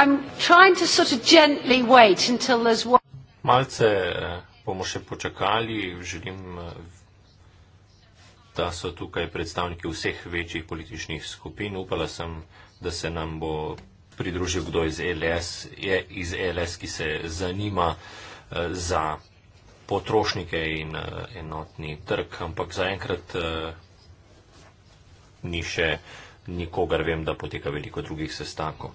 I'm trying to sort of gently wait until there's one. Malce eh, bomo še počakali, želim, eh, da so tukaj predstavniki vseh večjih političnih skupin. Upala sem, da se nam bo pridružil kdo iz LS, je iz LS, ki se zanima eh, za potrošnike in enotni trg, ampak zaenkrat ni še nikogar, vem, da poteka veliko drugih sestankov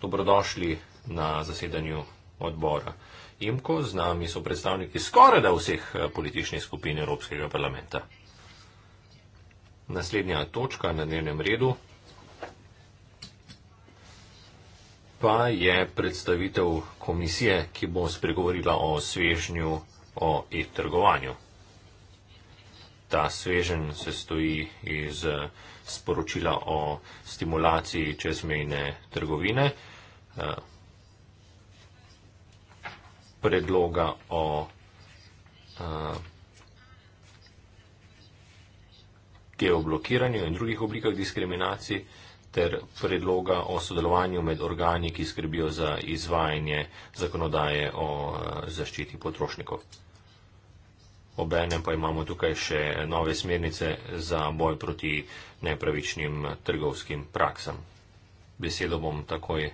dobrodošli na zasedanju odbora IMKO. Z nami so predstavniki skoraj da vseh eh, političnih skupin Evropskega parlamenta. Naslednja točka na dnevnem redu pa je predstavitev komisije, ki bo spregovorila o svežnju o e-trgovanju. Ta svežen se stoji iz sporočila o stimulaciji čezmejne trgovine. Eh, predloga o eh, geoblokiranju in drugih oblikah diskriminacij ter predloga o sodelovanju med organi, ki skrbijo za izvajanje zakonodaje o eh, zaščiti potrošnikov. Obenem pa imamo tukaj še nove smernice za boj proti nepravičnim trgovskim praksam. Besedo bom takoj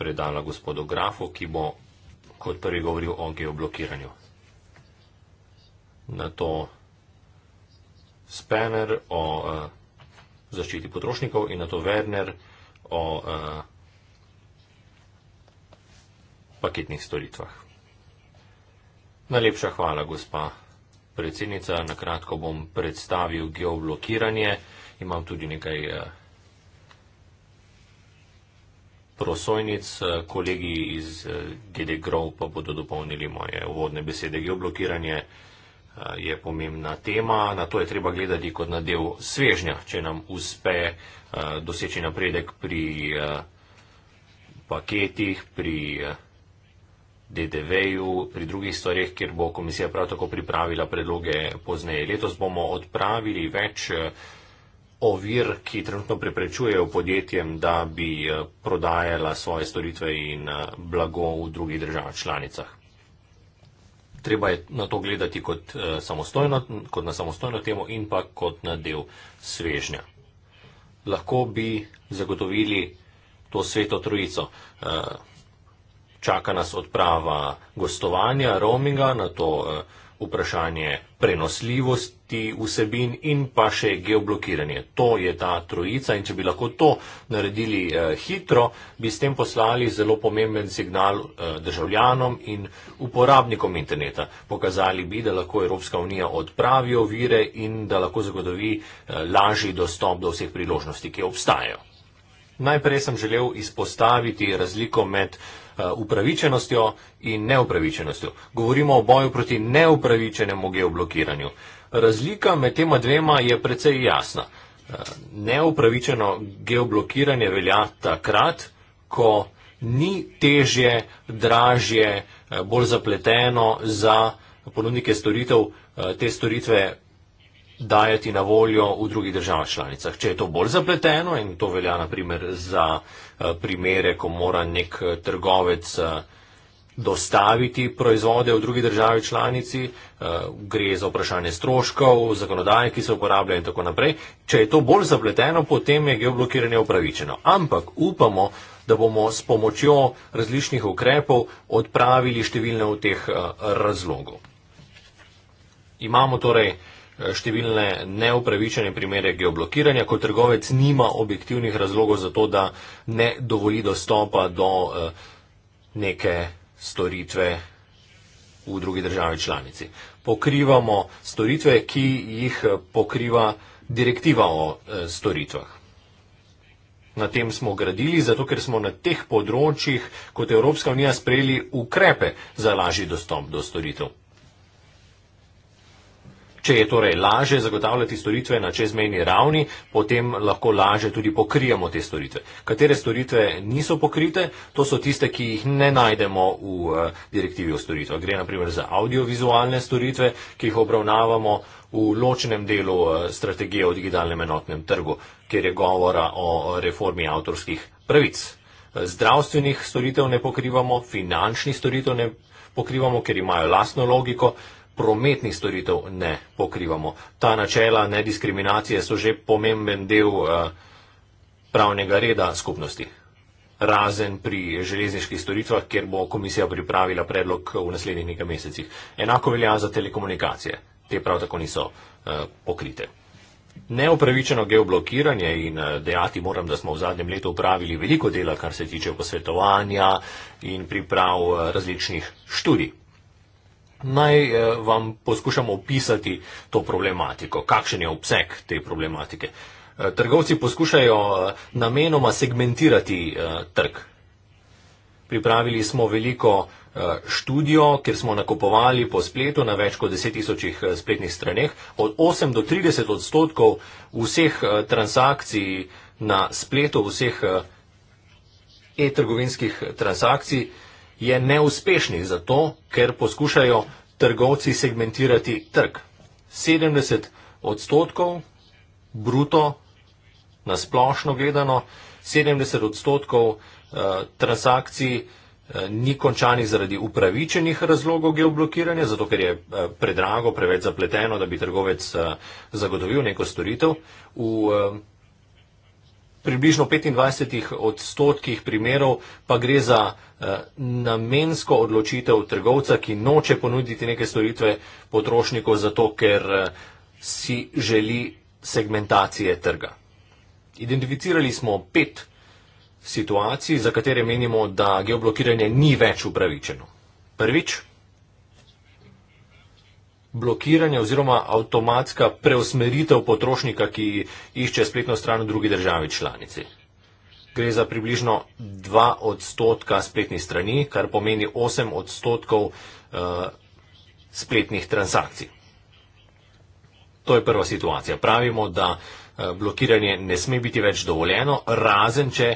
predala gospodu Grafu, ki bo kot prvi govoril o geoblokiranju. Na to Spener o uh, zaščiti potrošnikov in na to Werner o uh, paketnih storitvah. Najlepša hvala, gospa predsednica. Na kratko bom predstavil geoblokiranje. Imam tudi nekaj. Uh, prosojnic, eh, kolegi iz eh, Dede Grov pa bodo dopolnili moje uvodne besede. Geoblokiranje eh, je pomembna tema, na to je treba gledati kot na del svežnja, če nam uspe doseči napredek pri paketih, pri DDV-ju, pri drugih stvarih, kjer bo komisija prav tako pripravila predloge pozneje. Letos bomo odpravili več ovir, ki trenutno preprečujejo podjetjem, da bi eh, prodajala svoje storitve in eh, blago v drugih državah članicah. Treba je na to gledati kot, eh, kot na samostojno temo in pa kot na del svežnja. Lahko bi zagotovili to sveto trojico. Čaka nas odprava gostovanja, roaminga, na to vprašanje prenosljivosti vsebin in pa še geoblokiranje. To je ta trojica in če bi lahko to naredili eh, hitro, bi s tem poslali zelo pomemben signal eh, državljanom in uporabnikom interneta. Pokazali bi, da lahko Evropska unija odpravi ovire in da lahko zagotovi eh, lažji dostop do vseh priložnosti, ki obstajajo. Najprej sem želel izpostaviti razliko med Eh, upravičenostjo in neupravičenostjo. Govorimo o boju proti neupravičenemu geoblokiranju. Razlika med tema dvema je precej jasna. Eh, neupravičeno geoblokiranje velja takrat, ko ni težje, dražje, eh, bolj zapleteno za ponudnike storitev te storitve dajati na voljo v drugih državah članicah. Če je to bolj zapleteno in to velja naprimer za eh, primere, ko mora nek eh, trgovec eh, dostaviti proizvode v drugi državi članici, gre za vprašanje stroškov, zakonodaje, ki se uporablja in tako naprej. Če je to bolj zapleteno, potem je geoblokiranje upravičeno. Ampak upamo, da bomo s pomočjo različnih ukrepov odpravili številne v teh razlogov. Imamo torej uh, številne neupravičene primere geoblokiranja, ko trgovec nima objektivnih razlogov za to, da ne dovoli dostopa do eh, neke storitve v drugi državi članici. Pokrivamo storitve, ki jih eh, pokriva direktiva o eh, storitvah. Na tem smo gradili, zato ker smo na teh področjih kot Evropska unija sprejeli ukrepe za lažji dostop do storitev. Če je torej laže zagotavljati storitve na čezmejni ravni, potem lahko laže tudi pokrijemo te storitve. Katere storitve niso pokrite, to so tiste, ki jih ne najdemo v eh, direktivi o storitvah. Gre naprimer za audiovizualne storitve, ki jih obravnavamo v ločenem delu eh, strategije o digitalnem enotnem trgu, kjer je govora o reformi avtorskih pravic. Eh, zdravstvenih storitev ne pokrivamo, finančnih storitev ne pokrivamo, ker imajo lastno logiko, prometnih storitev ne pokrivamo. Ta načela nediskriminacije so že pomemben del eh, pravnega reda skupnosti. Razen pri železniških storitvah, kjer bo komisija pripravila predlog v naslednjih nekaj mesecih. Enako velja za telekomunikacije. Te prav tako niso eh, pokrite. Neopravičeno geoblokiranje in eh, dejati moram, da smo v zadnjem letu upravili veliko dela, kar se tiče posvetovanja in priprav različnih študij. Naj eh, vam poskušam opisati to problematiko, kakšen je obseg te problematike. Eh, trgovci poskušajo eh, namenoma segmentirati trg. Pripravili smo veliko študijo, kjer smo nakupovali po spletu na več kot deset tisočih spletnih straneh. Od 8 do 30 odstotkov vseh transakcij na spletu, vseh e-trgovinskih transakcij, je neuspešni zato, ker poskušajo trgovci segmentirati trg. 70 odstotkov bruto, nasplošno gledano, 70 odstotkov eh, transakcij eh, ni končani zaradi upravičenih razlogov geoblokiranja, zato ker je eh, predrago, preveč zapleteno, da bi trgovec eh, zagotovil neko storitev. V približno 25 odstotkih primerov pa gre za namensko odločitev trgovca, ki noče ponuditi neke storitve potrošnikov zato, ker eh, si želi segmentacije trga. Identificirali smo pet situacij, za katere menimo, da geoblokiranje ni več upravičeno. Prvič, blokiranje oziroma avtomatska preusmeritev potrošnika, ki išče spletno stran v drugi državi članici. Gre za približno 2 odstotka spletnih strani, kar pomeni 8 odstotkov uh, spletnih transakcij. To je prva situacija. Pravimo, da eh, blokiranje ne sme biti več dovoljeno, razen če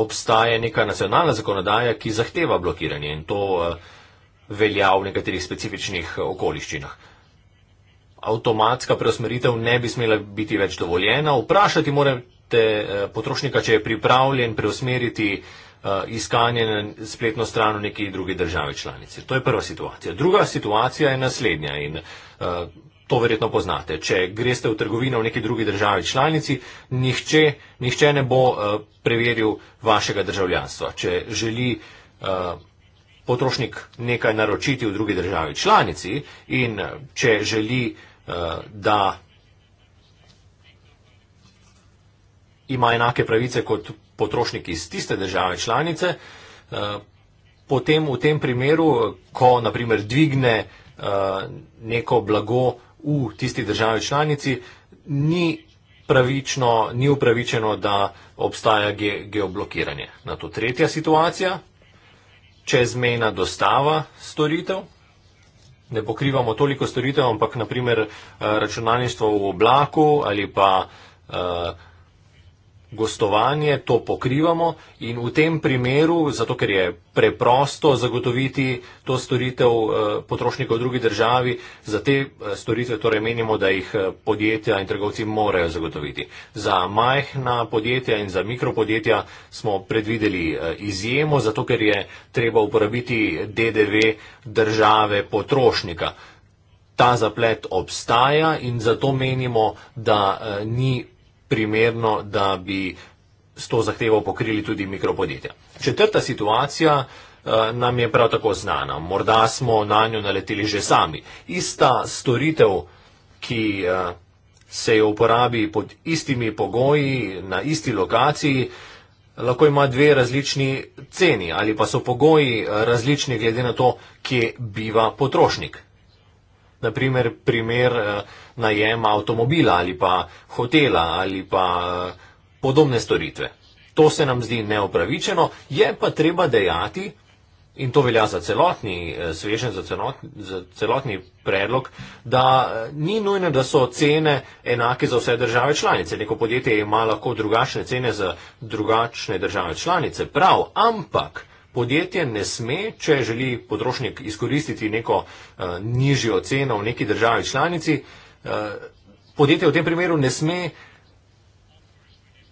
obstaja neka nacionalna zakonodaja, ki zahteva blokiranje in to eh, velja v nekaterih specifičnih okoliščinah. Avtomatska preusmeritev ne bi smela biti več dovoljena. Vprašati morate te eh, potrošnika, če je pripravljen preusmeriti eh, iskanje na spletno stran v neki drugi državi članici. To je prva situacija. Druga situacija je naslednja in eh, to verjetno poznate. Če greste v trgovino v neki drugi državi članici, nihče, nihče ne bo preveril vašega državljanstva. Če želi potrošnik nekaj naročiti v drugi državi članici in če želi, da ima enake pravice kot potrošniki iz tiste države članice, eh, potem v tem primeru, ko naprimer dvigne eh, neko blago v tisti državi članici, ni pravično, ni upravičeno, da obstaja ge geoblokiranje. Na to tretja situacija, čezmejna dostava storitev, ne pokrivamo toliko storitev, ampak naprimer eh, računalništvo v oblaku ali pa uh, gostovanje, to pokrivamo in v tem primeru, zato ker je preprosto zagotoviti to storitev eh, potrošnikov v drugi državi, za te eh, storitve torej menimo, da jih eh, podjetja in trgovci morajo zagotoviti. Za majhna podjetja in za mikropodjetja smo predvideli izjemo, zato ker je treba uporabiti DDV države potrošnika. Ta zaplet obstaja in zato menimo, da ni primerno, da bi s to zahtevo pokrili tudi mikropodjetja. Četrta situacija eh, nam je prav tako znana. Morda smo na njo naleteli že sami. Ista storitev, ki eh, se jo uporabi pod istimi pogoji, na isti lokaciji, lahko ima dve različni ceni ali pa so pogoji eh, različni glede na to, kje biva potrošnik. Naprimer, primer, primer najem avtomobila ali pa hotela ali pa eh, podobne storitve. To se nam zdi neopravičeno, je pa treba dejati, in to velja za celotni eh, svežen, za, za celotni predlog, da eh, ni nujno, da so cene enake za vse države članice. Neko podjetje ima lahko drugačne cene za drugačne države članice, prav, ampak podjetje ne sme, če želi potrošnik izkoristiti neko uh, nižjo ceno v neki državi članici, uh, podjetje v tem primeru ne sme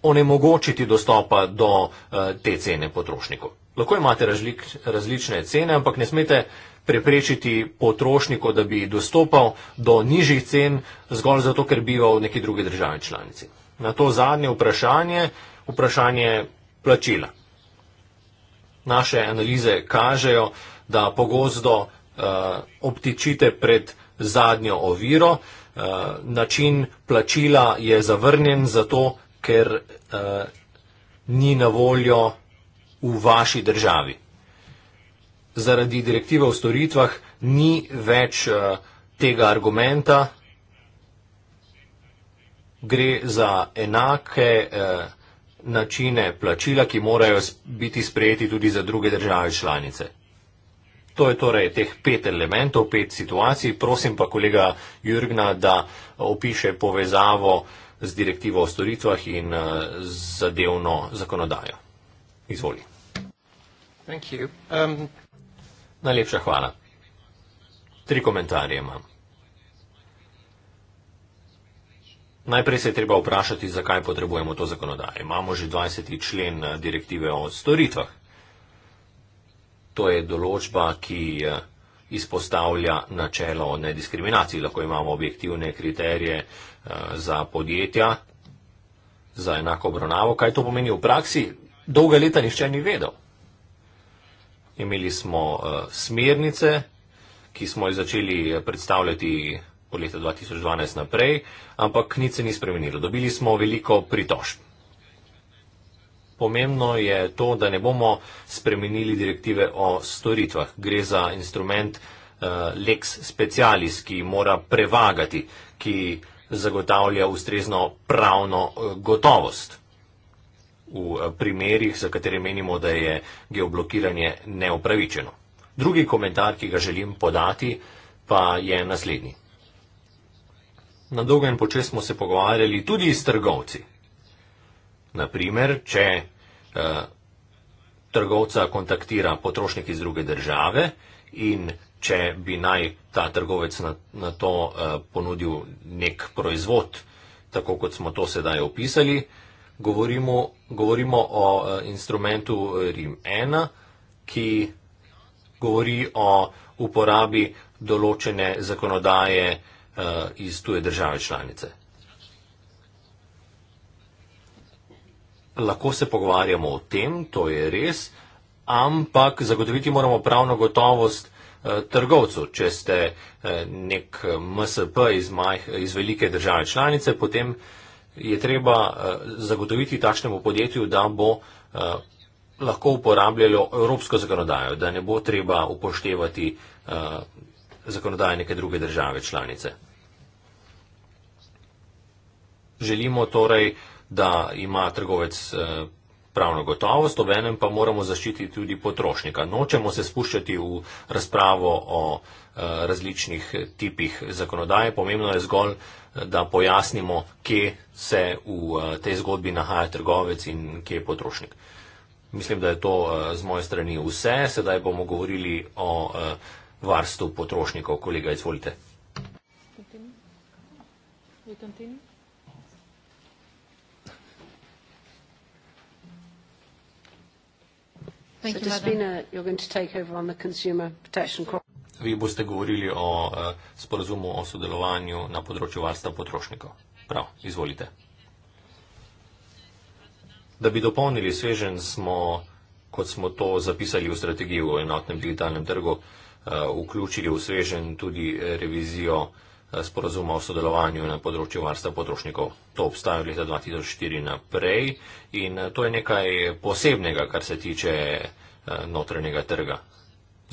onemogočiti dostopa do eh, te cene potrošniku. Lahko imate razlik, različne cene, ampak ne smete preprečiti potrošniku, da bi dostopal do nižjih cen zgolj zato, ker biva v neki drugi državi članici. Na to zadnje vprašanje, vprašanje plačila. Naše analize kažejo, da pogosto uh, eh, obtičite pred zadnjo oviro, uh, Eh, način plačila je zavrnjen zato, ker eh, ni na voljo v vaši državi. Zaradi direktive o storitvah ni več eh, tega argumenta. Gre za enake načine plačila, ki morajo biti sprejeti tudi za druge države članice. To je torej teh pet elementov, pet situacij. Prosim pa kolega Jurgna, da opiše povezavo z direktivo o storitvah in z eh, zadevno zakonodajo. Izvoli. Um... Najlepša hvala. Tri komentarje imam. Najprej se je treba vprašati, zakaj potrebujemo to zakonodajo. Imamo že 20. člen eh, direktive o storitvah. To je določba, ki eh, izpostavlja načelo nediskriminacije. Lahko imamo objektivne kriterije eh, za podjetja, za enako obravnavo. Kaj to pomeni v praksi? Dolga leta nišče ni vedel. Imeli smo eh, smernice, ki smo jih začeli predstavljati od leta 2012 naprej, ampak nič se ni spremenilo. Dobili smo veliko pritožb pomembno je to, da ne bomo spremenili direktive o storitvah. Gre za instrument uh, lex specialis, ki mora prevagati, ki zagotavlja ustrezno pravno uh, gotovost v uh, primerih, za katere menimo, da je geoblokiranje neopravičeno. Drugi komentar, ki ga želim podati, pa je naslednji. Na dolgem počes smo se pogovarjali tudi s trgovci. Naprimer, če Eh, trgovca kontaktira potrošnik iz druge države in če bi naj ta trgovec na, na to uh, ponudil nek proizvod, tako kot smo to sedaj opisali, govorimo, govorimo o uh, instrumentu RIM1, ki govori o uporabi določene zakonodaje uh, iz tuje države članice. lahko se pogovarjamo o tem, to je res, ampak zagotoviti moramo pravno gotovost eh, trgovcu. Če ste eh, nek eh, MSP iz, majh, iz velike države članice, potem je treba zagotoviti takšnemu podjetju, da bo lahko uporabljalo evropsko zakonodajo, da ne bo treba upoštevati zakonodaje neke druge države članice. Želimo torej uh, da ima trgovec eh, pravno gotovost, obenem pa moramo zaščititi tudi potrošnika. Nočemo se spuščati v razpravo o eh, različnih tipih zakonodaje. Pomembno je zgolj, eh, da pojasnimo, kje se v tej zgodbi nahaja trgovec in kje je potrošnik. Mislim, da je to z moje strani vse. Sedaj bomo govorili o varstvu potrošnikov. Kolega, izvolite. Potem. Potem. Potem. Thank so, you, Despina, you're going to take over on the consumer protection. Vi boste govorili o uh, sporazumu o sodelovanju na področju varstva potrošnikov. Prav, izvolite. Da bi dopolnili svežen, smo, kot smo to zapisali v strategiji o enotnem digitalnem trgu, uh, vključili v svežen tudi revizijo uh, sporozuma o sodelovanju na področju varstva potrošnikov. To obstaja od leta 2004 naprej in eh, to je nekaj posebnega, kar se tiče eh, notranjega trga.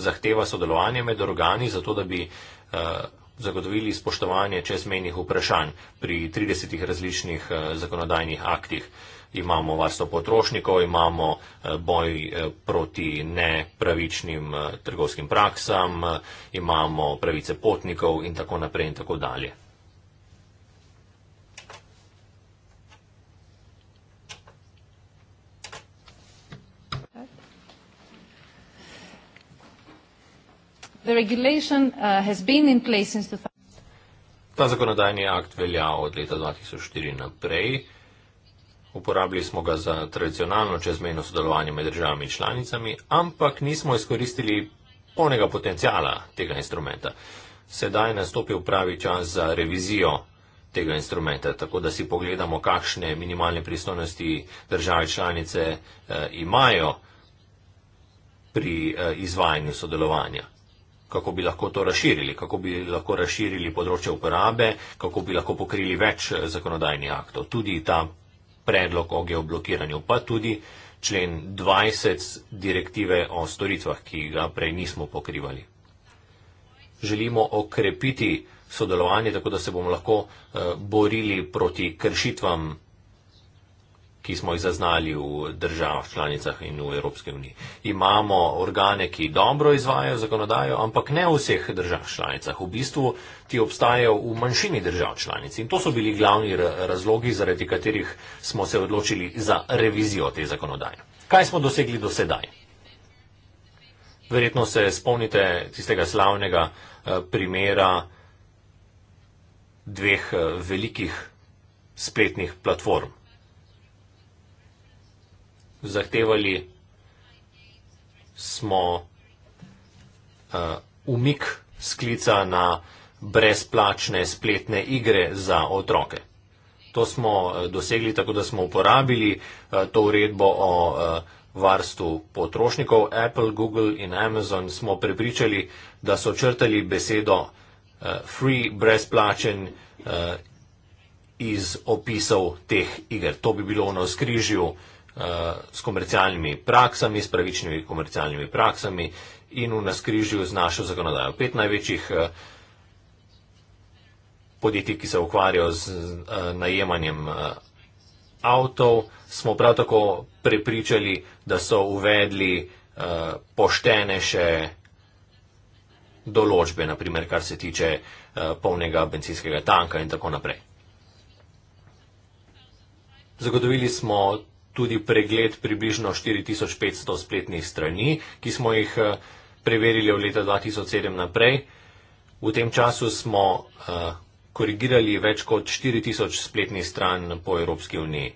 Zahteva sodelovanje med organi zato, da bi eh, zagotovili spoštovanje čezmenjih vprašanj pri 30 različnih zakonodajnih aktih imamo varstvo potrošnikov, imamo eh, boj eh, proti nepravičnim eh, trgovskim praksam, imamo pravice potnikov in tako naprej in tako dalje. Uh, Ta zakonodajni akt velja od leta 2004 naprej. Uporabili smo ga za tradicionalno čezmejno sodelovanje med državami in članicami, ampak nismo izkoristili polnega potencijala tega instrumenta. Sedaj nastopil pravi čas za revizijo tega instrumenta, tako da si pogledamo, kakšne minimalne pristojnosti države članice eh, imajo pri eh, izvajanju sodelovanja. Kako bi lahko to razširili, kako bi lahko razširili področje uporabe, kako bi lahko pokrili več eh, zakonodajnih aktov, tudi ta predlog o geoblokiranju, pa tudi člen 20 direktive o storitvah, ki ga prej nismo pokrivali. Želimo okrepiti sodelovanje, tako da se bomo lahko eh, borili proti kršitvam ki smo jih zaznali v državah članicah in v Evropske unije. Imamo organe, ki dobro izvajajo zakonodajo, ampak ne v vseh državah članicah. V bistvu ti obstajajo v manjšini držav članic in to so bili glavni razlogi, zaradi katerih smo se odločili za revizijo te zakonodaje. Kaj smo dosegli do sedaj? Verjetno se spomnite tistega slavnega eh, primera dveh eh, velikih spletnih platform zahtevali smo uh, umik sklica na brezplačne spletne igre za otroke. To smo eh, dosegli tako, da smo uporabili uh, to uredbo o uh, varstvu potrošnikov. Apple, Google in Amazon smo prepričali, da so črtali besedo uh, free, brezplačen uh, iz opisov teh iger. To bi bilo v navskrižju uh, Eh, s komercialnimi praksami, s pravičnimi komercialnimi praksami in v naskrižju z našo zakonodajo. Pet največjih eh, podjetij, ki se ukvarjajo z eh, najemanjem avtov, smo prav tako prepričali, da so uvedli poštenejše določbe, naprimer, kar se tiče polnega benzinskega tanka in tako naprej. Zagotovili smo tudi pregled približno 4500 spletnih strani, ki smo jih eh, preverili od leta 2007 naprej. V tem času smo eh, korigirali več kot 4000 spletnih stran po Evropski uniji.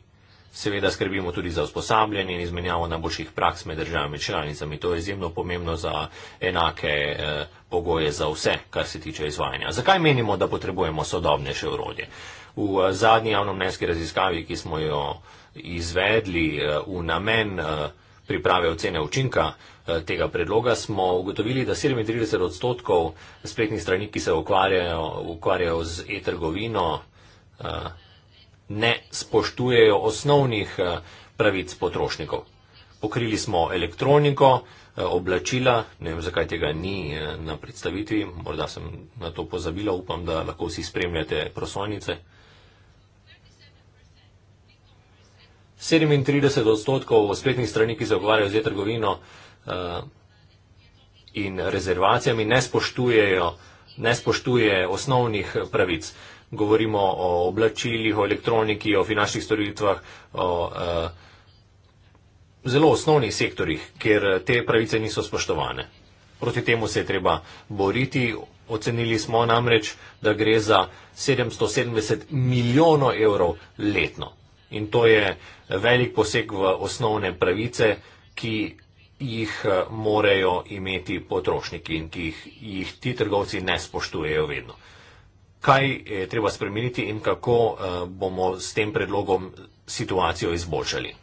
Seveda skrbimo tudi za usposabljanje in izmenjavo najboljših praks med državami članicami. To je izjemno pomembno za enake eh, pogoje za vse, kar se tiče izvajanja. Zakaj menimo, da potrebujemo sodobnejše urodje? V zadnji javnomnenjski raziskavi, ki smo jo izvedli eh, v namen eh, priprave ocene učinka eh, tega predloga, smo ugotovili, da 37 odstotkov spletnih strani, ki se ukvarjajo, ukvarjajo z e-trgovino, ne spoštujejo osnovnih pravic potrošnikov. Pokrili smo elektroniko, oblačila, ne vem, zakaj tega ni na predstavitvi, morda sem na to pozabila, upam, da lahko vsi spremljate prosojnice. 37 odstotkov spletnih strani, ki se ogovarjajo z e-trgovino uh, eh, in rezervacijami, ne spoštujejo, ne spoštujejo osnovnih pravic. Govorimo o oblačilih, o elektroniki, o finančnih storitvah, o uh, zelo osnovnih sektorjih, kjer te pravice niso spoštovane. Proti temu se je treba boriti. Ocenili smo namreč, da gre za 770 milijonov evrov letno in to je velik poseg v osnovne pravice, ki jih eh, morejo imeti potrošniki in ki jih, jih ti trgovci ne spoštujejo vedno. Kaj je treba spremeniti in kako eh, bomo s tem predlogom situacijo izboljšali?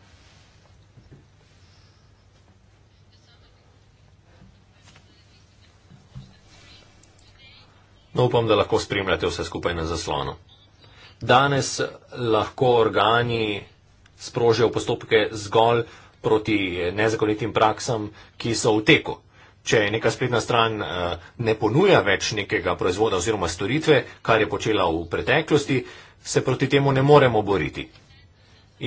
No, upam, da lahko spremljate vse skupaj na zaslonu. Danes lahko organi sprožijo postopke zgolj proti nezakonitim praksam, ki so v teku. Če neka spletna stran eh, ne ponuja več nekega proizvoda oziroma storitve, kar je počela v preteklosti, se proti temu ne moremo boriti.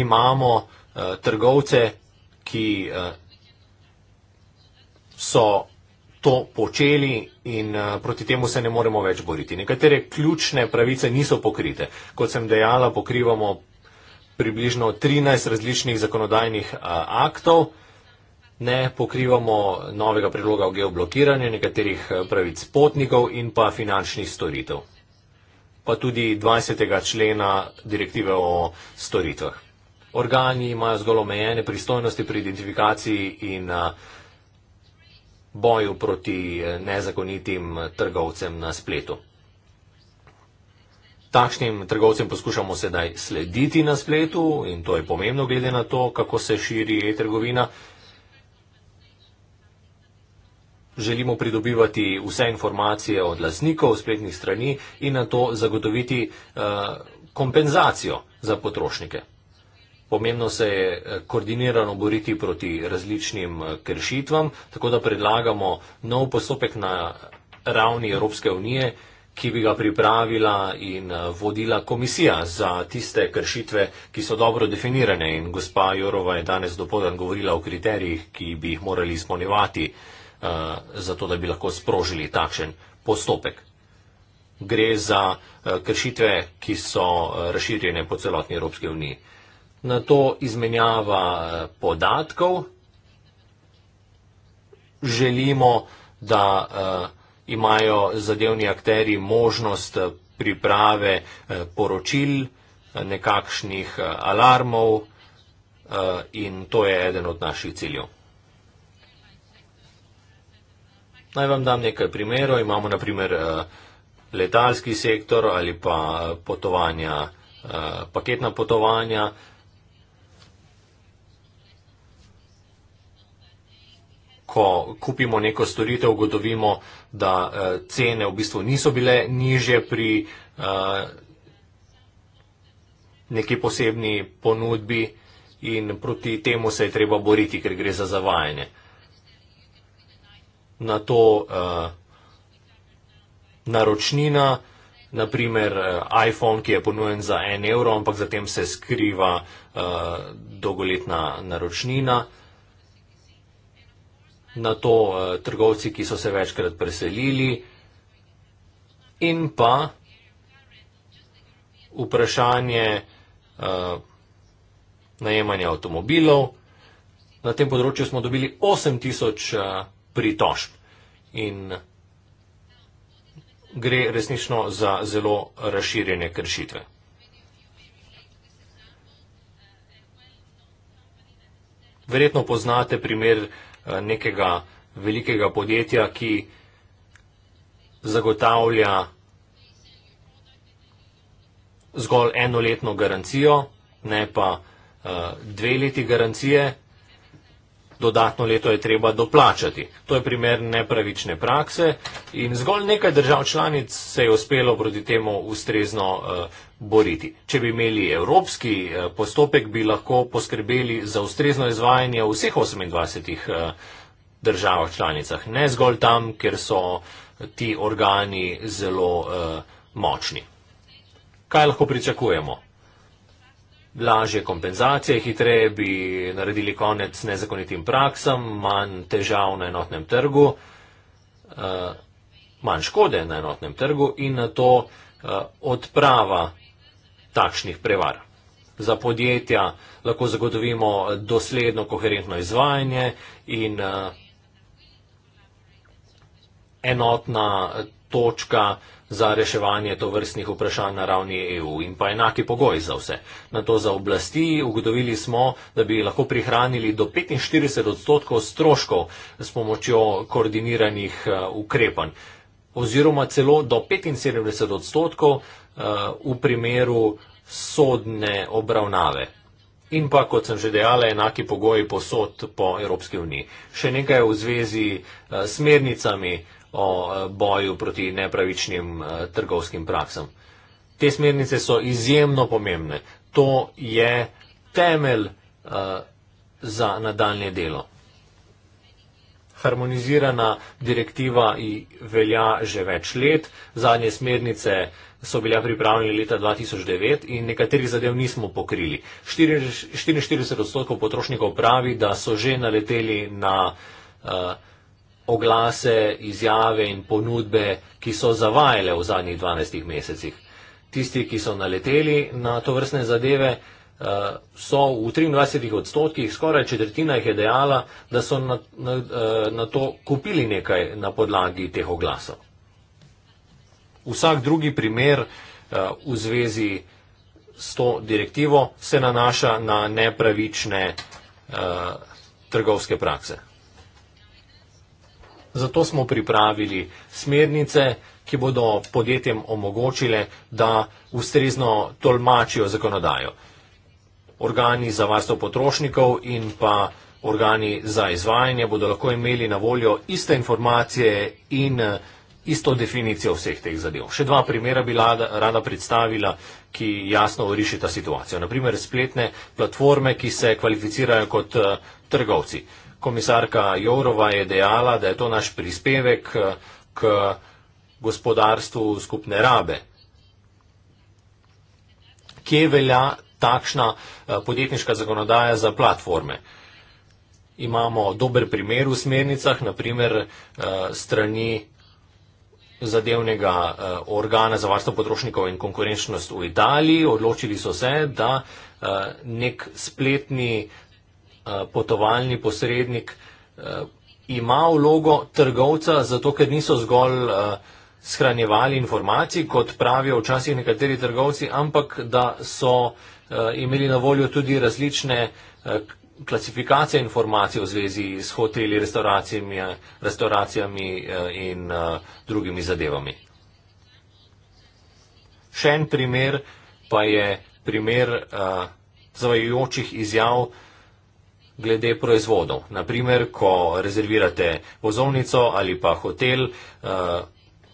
Imamo eh, trgovce, ki eh, so to počeli in uh, proti temu se ne moremo več boriti. Nekatere ključne pravice niso pokrite. Kot sem dejala, pokrivamo približno 13 različnih zakonodajnih uh, aktov, ne pokrivamo novega predloga o geoblokiranju nekaterih eh, pravic potnikov in pa finančnih storitev, pa tudi 20. člena direktive o storitvah. Organi imajo zgolj omejene pristojnosti pri identifikaciji in uh, boju proti eh, nezakonitim trgovcem na spletu. Takšnim trgovcem poskušamo sedaj slediti na spletu in to je pomembno glede na to, kako se širi e-trgovina. Želimo pridobivati vse informacije od lasnikov spletnih strani in na to zagotoviti uh, kompenzacijo za potrošnike. Pomembno se je eh, koordinirano boriti proti različnim eh, kršitvam, tako da predlagamo nov postopek na ravni Evropske unije, ki bi ga pripravila in eh, vodila komisija za tiste kršitve, ki so dobro definirane. In gospa Jorova je danes dopodan govorila o kriterijih, ki bi jih morali izpolnjevati, uh, zato da bi lahko sprožili takšen postopek. Gre za uh, kršitve, ki so uh, razširjene po celotni Evropski uniji. Uh, na to izmenjava eh, podatkov. Želimo, da eh, imajo zadevni akteri možnost eh, priprave poročil, nekakšnih alarmov in to je eden od naših ciljev. Naj vam dam nekaj primerov. Imamo na primer letalski sektor ali pa potovanja, paketna potovanja. ko kupimo neko storitev, ugotovimo, da uh, cene v bistvu niso bile niže pri uh, neki posebni ponudbi in proti temu se je treba boriti, ker gre za zavajanje. Na to uh, naročnina, naprimer uh, iPhone, ki je ponujen za en evro, ampak zatem se skriva uh, dolgoletna naročnina na to eh, trgovci, ki so se večkrat preselili, in pa vprašanje eh, najemanja avtomobilov. Na tem področju smo dobili 8000 eh, pritožb in gre resnično za zelo razširjene kršitve. Verjetno poznate primer Eh, nekega velikega podjetja, ki zagotavlja zgolj enoletno garancijo, ne pa eh, dve leti garancije dodatno leto je treba doplačati. To je primer nepravične prakse in zgolj nekaj držav članic se je uspelo proti temu ustrezno eh, boriti. Če bi imeli evropski eh, postopek, bi lahko poskrbeli za ustrezno izvajanje v vseh 28 eh, državah članicah, ne zgolj tam, kjer so ti organi zelo močni. Kaj lahko pričakujemo? lažje kompenzacije, hitreje bi naredili konec nezakonitim praksam, manj težav na enotnem trgu, eh, manj škode na enotnem trgu in na to eh, odprava takšnih prevar. Za podjetja lahko zagotovimo dosledno, koherentno izvajanje in eh, enotna točka, za reševanje tovrstnih vprašanj na ravni EU in pa enaki pogoj za vse. Na to za oblasti ugotovili smo, da bi lahko prihranili do 45 odstotkov stroškov s pomočjo koordiniranih eh, ukrepanj oziroma celo do 75 odstotkov eh, v primeru sodne obravnave. In pa, kot sem že dejala, enaki pogoji posod po Evropski uniji. Še nekaj v zvezi eh, s smernicami o e, boju proti nepravičnim e, trgovskim praksam. Te smernice so izjemno pomembne. To je temelj e, za nadaljne delo. Harmonizirana direktiva velja že več let, zadnje smernice so bile pripravljene leta 2009 in nekaterih zadev nismo pokrili. 44 odstotkov potrošnikov pravi, da so že naleteli na uh, oglase, izjave in ponudbe, ki so zavajale v zadnjih 12 mesecih. Tisti, ki so naleteli na to vrstne zadeve, eh, so v 23 odstotkih, skoraj četrtina jih je dejala, da so na, na, eh, na to kupili nekaj na podlagi teh oglasov. Vsak drugi primer eh, v zvezi s to direktivo se nanaša na nepravične trgovske prakse. Zato smo pripravili smernice, ki bodo podjetjem omogočile, da ustrezno tolmačijo zakonodajo. Organi za varstvo potrošnikov in pa organi za izvajanje bodo lahko imeli na voljo iste informacije in eh, isto definicijo vseh teh zadev. Še dva primera bi rada predstavila, ki jasno urišita situacijo. Naprimer, spletne platforme, ki se kvalificirajo kot eh, trgovci komisarka Jourova je dejala, da je to naš prispevek eh, k gospodarstvu skupne rabe. Kje velja takšna eh, podjetniška zakonodaja za platforme? Imamo dober primer v smernicah, naprimer eh, strani zadevnega organa za varstvo potrošnikov in konkurenčnost v Italiji. Odločili so se, da nek spletni Eh, potovalni posrednik eh, ima vlogo trgovca, zato ker niso zgolj eh, shranjevali informacij, kot pravijo včasih nekateri trgovci, ampak da so imeli na voljo tudi različne klasifikacije informacij v zvezi s hoteli, restauracijami, restauracijami in drugimi zadevami. Še en primer pa je primer uh, zavajajočih izjav uh, glede proizvodov. Naprimer, ko rezervirate vozovnico ali pa hotel, eh,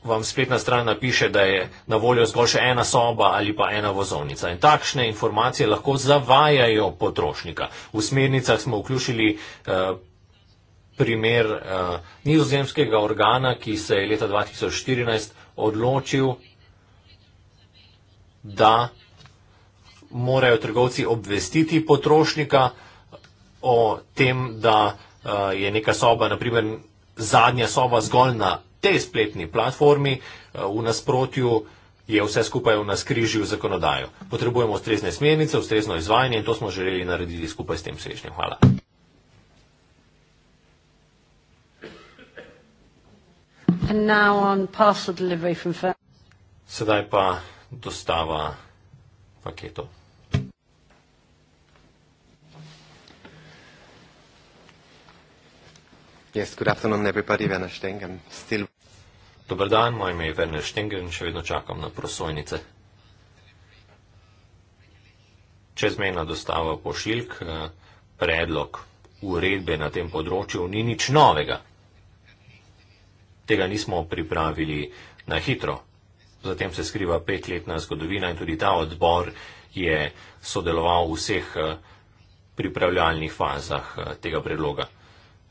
vam spletna stran napiše, da je na voljo zgolj še ena soba ali pa ena vozovnica. In takšne informacije lahko zavajajo potrošnika. V smernicah smo vključili eh, primer eh, nizozemskega organa, ki se je leta 2014 odločil, da morajo trgovci obvestiti potrošnika, o tem, da eh, je neka soba, naprimer zadnja soba zgolj na tej spletni platformi, eh, v nasprotju je vse skupaj v nas križil zakonodajo. Potrebujemo ustrezne smernice, ustrezno izvajanje in to smo želeli narediti skupaj s tem srečnjem. Hvala. Sedaj pa dostava paketov. Yes, good afternoon everybody, Werner Stengen. Still... Dobar dan, moje ime je Werner Stengen, še vedno čakam na prosojnice. Čezmejna dostava pošiljk, eh, predlog uredbe na tem področju ni nič novega. Tega nismo pripravili na hitro. Zatem se skriva petletna zgodovina in tudi ta odbor je sodeloval v vseh eh, pripravljalnih fazah eh, tega predloga.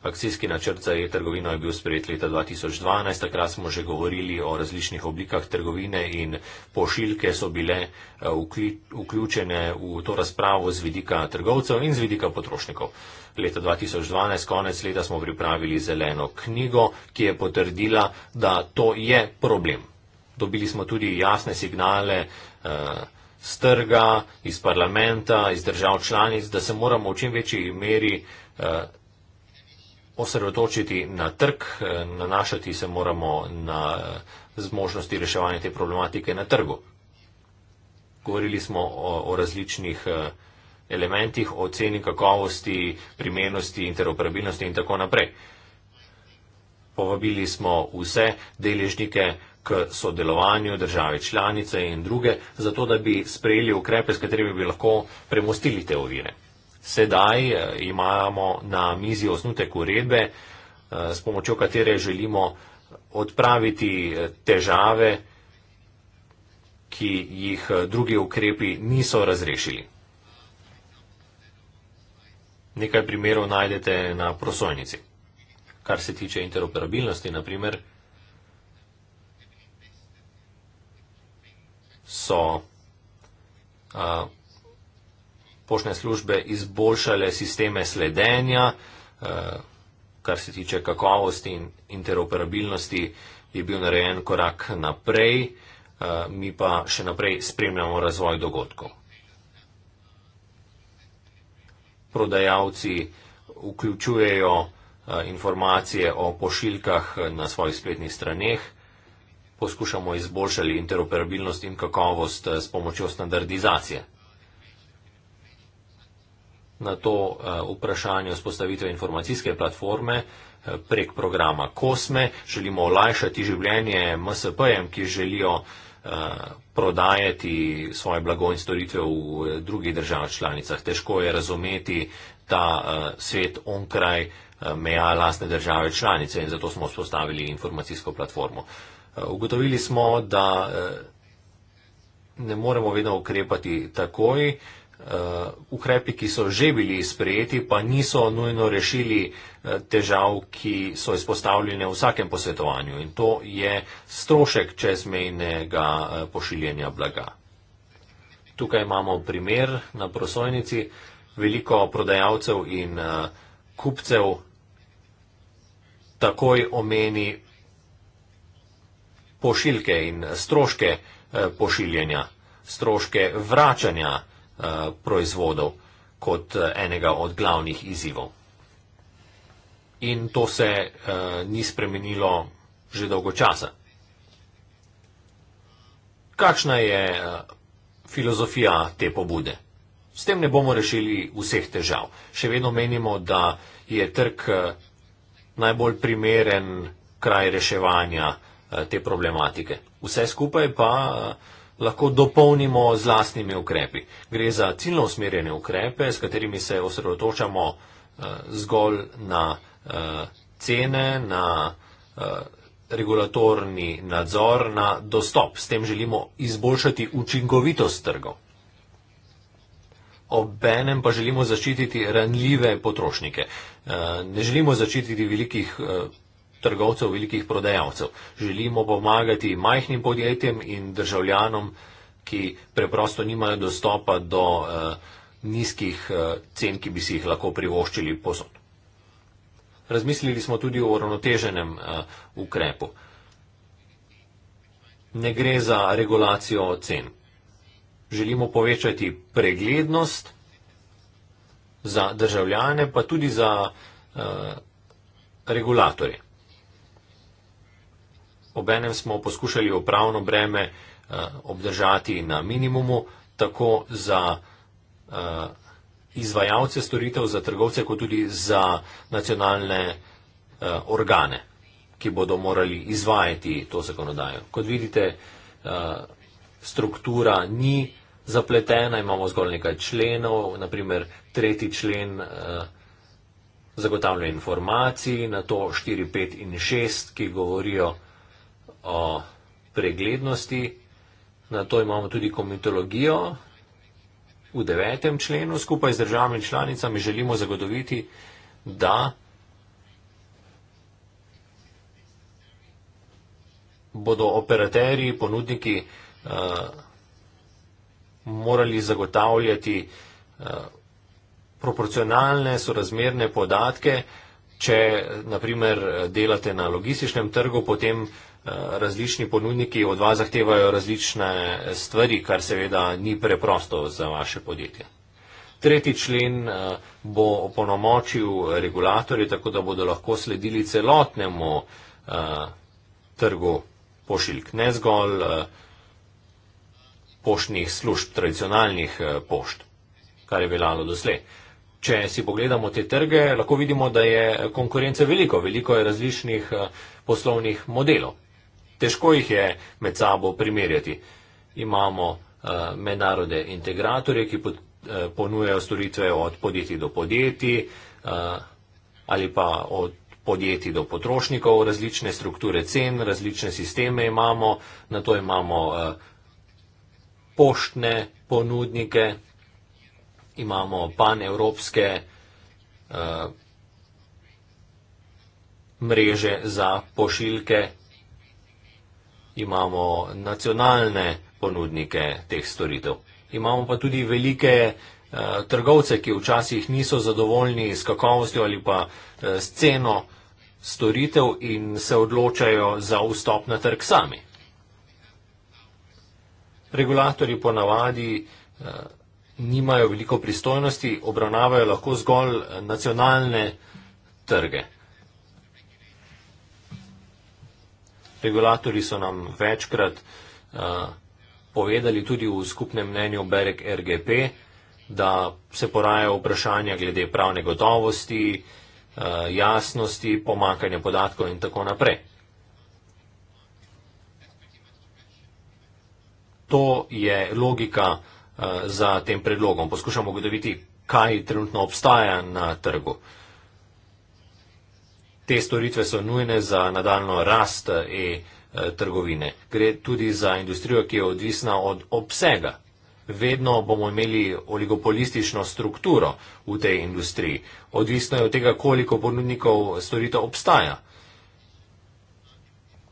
Akcijski načrt za e-trgovino je bil sprejet leta 2012, takrat smo že govorili o različnih oblikah trgovine in pošiljke so bile eh, vključene v to razpravo z vidika trgovcev in z vidika potrošnikov. Leta 2012, konec leta, smo pripravili zeleno knjigo, ki je potrdila, da to je problem. Dobili smo tudi jasne signale z eh, trga, iz parlamenta, iz držav članic, da se moramo v čim večji meri eh, osredotočiti na trg, nanašati se moramo na zmožnosti reševanja te problematike na trgu. Govorili smo o, o različnih elementih, o ceni kakovosti, primernosti, interoperabilnosti in tako naprej. Povabili smo vse deležnike k sodelovanju države članice in druge, zato da bi sprejeli ukrepe, s katerimi bi lahko premostili te ovire. Sedaj eh, imamo na mizi osnutek uredbe, eh, s pomočjo katere želimo odpraviti eh, težave, ki jih drugi ukrepi niso razrešili. Nekaj primerov najdete na prosojnici. Kar se tiče interoperabilnosti, naprimer, so poštne službe izboljšale sisteme sledenja, eh, kar se tiče kakovosti in interoperabilnosti, je bil narejen korak naprej, eh, mi pa še naprej spremljamo razvoj dogodkov. Prodajalci vključujejo eh, informacije o pošiljkah na svojih spletnih straneh, poskušamo izboljšati interoperabilnost in kakovost s pomočjo standardizacije na to eh, vprašanje vzpostavitve informacijske platforme eh, prek programa Kosme. Želimo olajšati življenje MSP-jem, ki želijo eh, prodajati svoje blago in storitve v drugih državah članicah. Težko je razumeti ta svet onkraj meja lastne države članice in zato smo vzpostavili informacijsko platformo. Ugotovili smo, da ne moremo vedno ukrepati takoj, uh, ukrepi, ki so že bili sprejeti, pa niso nujno rešili eh, težav, ki so izpostavljene v vsakem posvetovanju. In to je strošek čezmejnega eh, pošiljanja blaga. Tukaj imamo primer na prosojnici. Veliko prodajalcev in uh, kupcev takoj omeni pošiljke in stroške uh, pošiljanja, stroške vračanja Eh, proizvodov kot eh, enega od glavnih izzivov. In to se eh, ni spremenilo že dolgo časa. Kakšna je filozofija te pobude? S tem ne bomo rešili vseh težav. Še vedno menimo, da je trg najbolj primeren kraj reševanja te problematike. Vse skupaj pa lahko dopolnimo z lastnimi ukrepi. Gre za ciljno usmerjene ukrepe, s katerimi se osredotočamo uh, zgolj na uh, cene, na uh, regulatorni nadzor, na dostop. S tem želimo izboljšati učinkovitost trgov. Obenem pa želimo zaščititi ranljive potrošnike. Uh, ne želimo zaščititi velikih. Uh, trgovcev, velikih prodajalcev. Želimo pomagati majhnim podjetjem in državljanom, ki preprosto nimajo dostopa do eh, nizkih eh, cen, ki bi si jih lahko privoščili posod. Razmislili smo tudi o uravnoteženem eh, ukrepu. Ne gre za regulacijo cen. Želimo povečati preglednost za državljane, pa tudi za eh, regulatorje obenem smo poskušali upravno breme eh, obdržati na minimumu, tako za eh, izvajalce storitev, za trgovce, kot tudi za nacionalne eh, organe, ki bodo morali izvajati to zakonodajo. Kot vidite, struktura ni zapletena, imamo zgolj nekaj členov, naprimer tretji člen zagotavlja informacij, na to 4, 5 in 6, ki govorijo o o preglednosti, na to imamo tudi komitologijo. V devetem členu skupaj z državami članicami želimo zagotoviti, da bodo operaterji, ponudniki uh, morali zagotavljati uh, proporcionalne, sorazmerne podatke. Če, naprimer, delate na logističnem trgu, potem uh, različni ponudniki od vas zahtevajo različne stvari, kar seveda ni preprosto za vaše podjetje. Tretji člen eh, bo oponomočil regulatorje, tako da bodo lahko sledili celotnemu eh, trgu pošiljk, ne zgolj eh, poštnih služb, tradicionalnih pošt, kar je veljalo doslej. Če si pogledamo te trge, lahko vidimo, da je konkurence veliko, veliko je različnih poslovnih modelov težko jih je med sabo primerjati. Imamo uh, mednarodne integratorje, ki pod, uh, ponujajo storitve od podjetij do podjetij uh, ali pa od podjetij do potrošnikov, različne strukture cen, različne sisteme imamo, na to imamo uh, poštne ponudnike, imamo panevropske uh, mreže za pošiljke imamo nacionalne ponudnike teh storitev. Imamo pa tudi velike uh, trgovce, ki včasih niso zadovoljni s kakovostjo ali pa uh, s ceno storitev in se odločajo za vstop na trg sami. Regulatori ponavadi uh, eh, nimajo veliko pristojnosti, obravnavajo lahko zgolj nacionalne trge. Regulatori so nam večkrat uh, povedali tudi v skupnem mnenju Berek RGP, da se porajajo vprašanja glede pravne gotovosti, uh, jasnosti, pomankanja podatkov in tako naprej. To je logika uh, za tem predlogom. Poskušamo ugotoviti, kaj trenutno obstaja na trgu. Uh, Te storitve so nujne za nadaljno rast e-trgovine. Eh, Gre tudi za industrijo, ki je odvisna od obsega. Vedno bomo imeli oligopolistično strukturo v tej industriji. Odvisno je od tega, koliko ponudnikov storitev obstaja.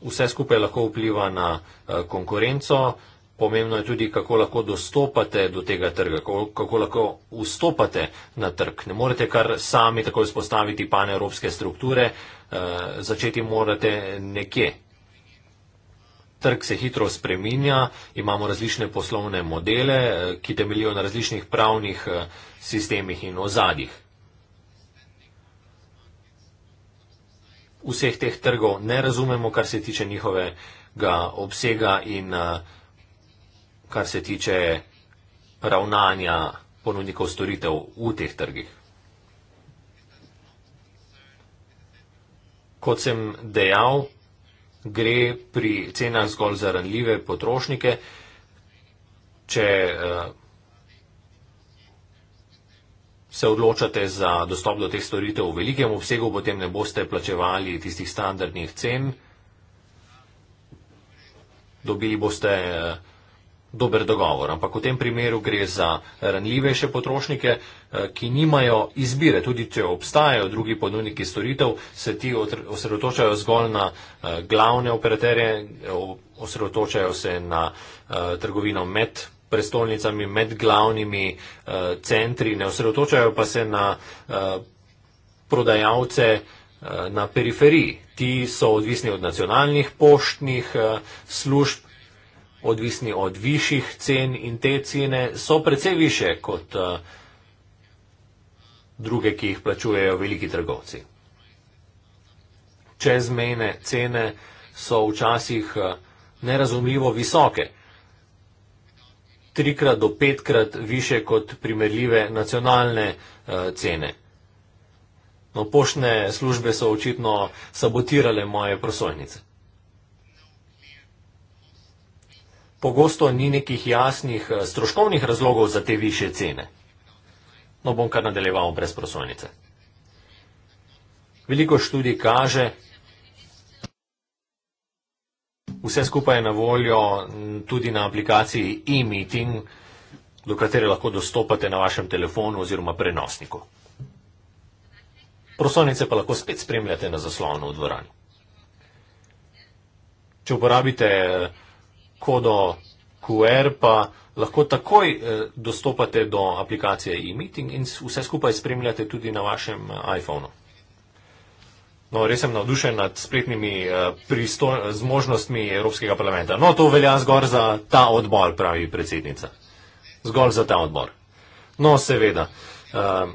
Vse skupaj lahko vpliva na eh, konkurenco, pomembno je tudi, kako lahko dostopate do tega trga, kako, kako lahko vstopate na trg. Ne morete kar sami tako izpostaviti paneuropske strukture, uh, začeti morate nekje. Trg se hitro spreminja, imamo različne poslovne modele, eh, ki temeljijo na različnih pravnih eh, sistemih in ozadjih. Vseh teh trgov ne razumemo, kar se tiče njihovega obsega in uh, kar se tiče ravnanja ponudnikov storitev v teh trgih. Kot sem dejal, gre pri cenah zgolj za ranljive potrošnike. Če eh, se odločate za dostop do teh storitev v velikem obsegu, potem ne boste plačevali tistih standardnih cen. Dobili boste uh, dober dogovor. Ampak v tem primeru gre za ranljivejše potrošnike, eh, ki nimajo izbire. Tudi če obstajajo drugi ponudniki storitev, se ti osredotočajo zgolj na eh, glavne operaterje, osredotočajo se na eh, trgovino med prestolnicami, med glavnimi centri, ne osredotočajo pa se na prodajalce na periferiji. Ti so odvisni od nacionalnih poštnih služb, odvisni od višjih cen in te cene so precej više kot eh, druge, ki jih plačujejo veliki trgovci. Čezmejne cene so včasih eh, nerazumljivo visoke, trikrat do petkrat više kot primerljive nacionalne eh, cene. No, poštne službe so očitno sabotirale moje prosojnice. pogosto ni nekih jasnih eh, stroškovnih razlogov za te više cene. No, bom kar nadaljeval brez prosojnice. Veliko študij kaže, vse skupaj je na voljo tudi na aplikaciji e-meeting, do katere lahko dostopate na vašem telefonu oziroma prenosniku. Prosojnice pa lahko spet spremljate na zaslonu v dvorani. Če uporabite eh, kodo QR, pa lahko takoj eh, dostopate do aplikacije e-meeting in vse skupaj spremljate tudi na vašem eh, iPhonu. No, res sem navdušen nad spletnimi eh, zmožnostmi Evropskega parlamenta. No, to velja zgolj za ta odbor, pravi predsednica. Zgolj za ta odbor. No, seveda. Ehm,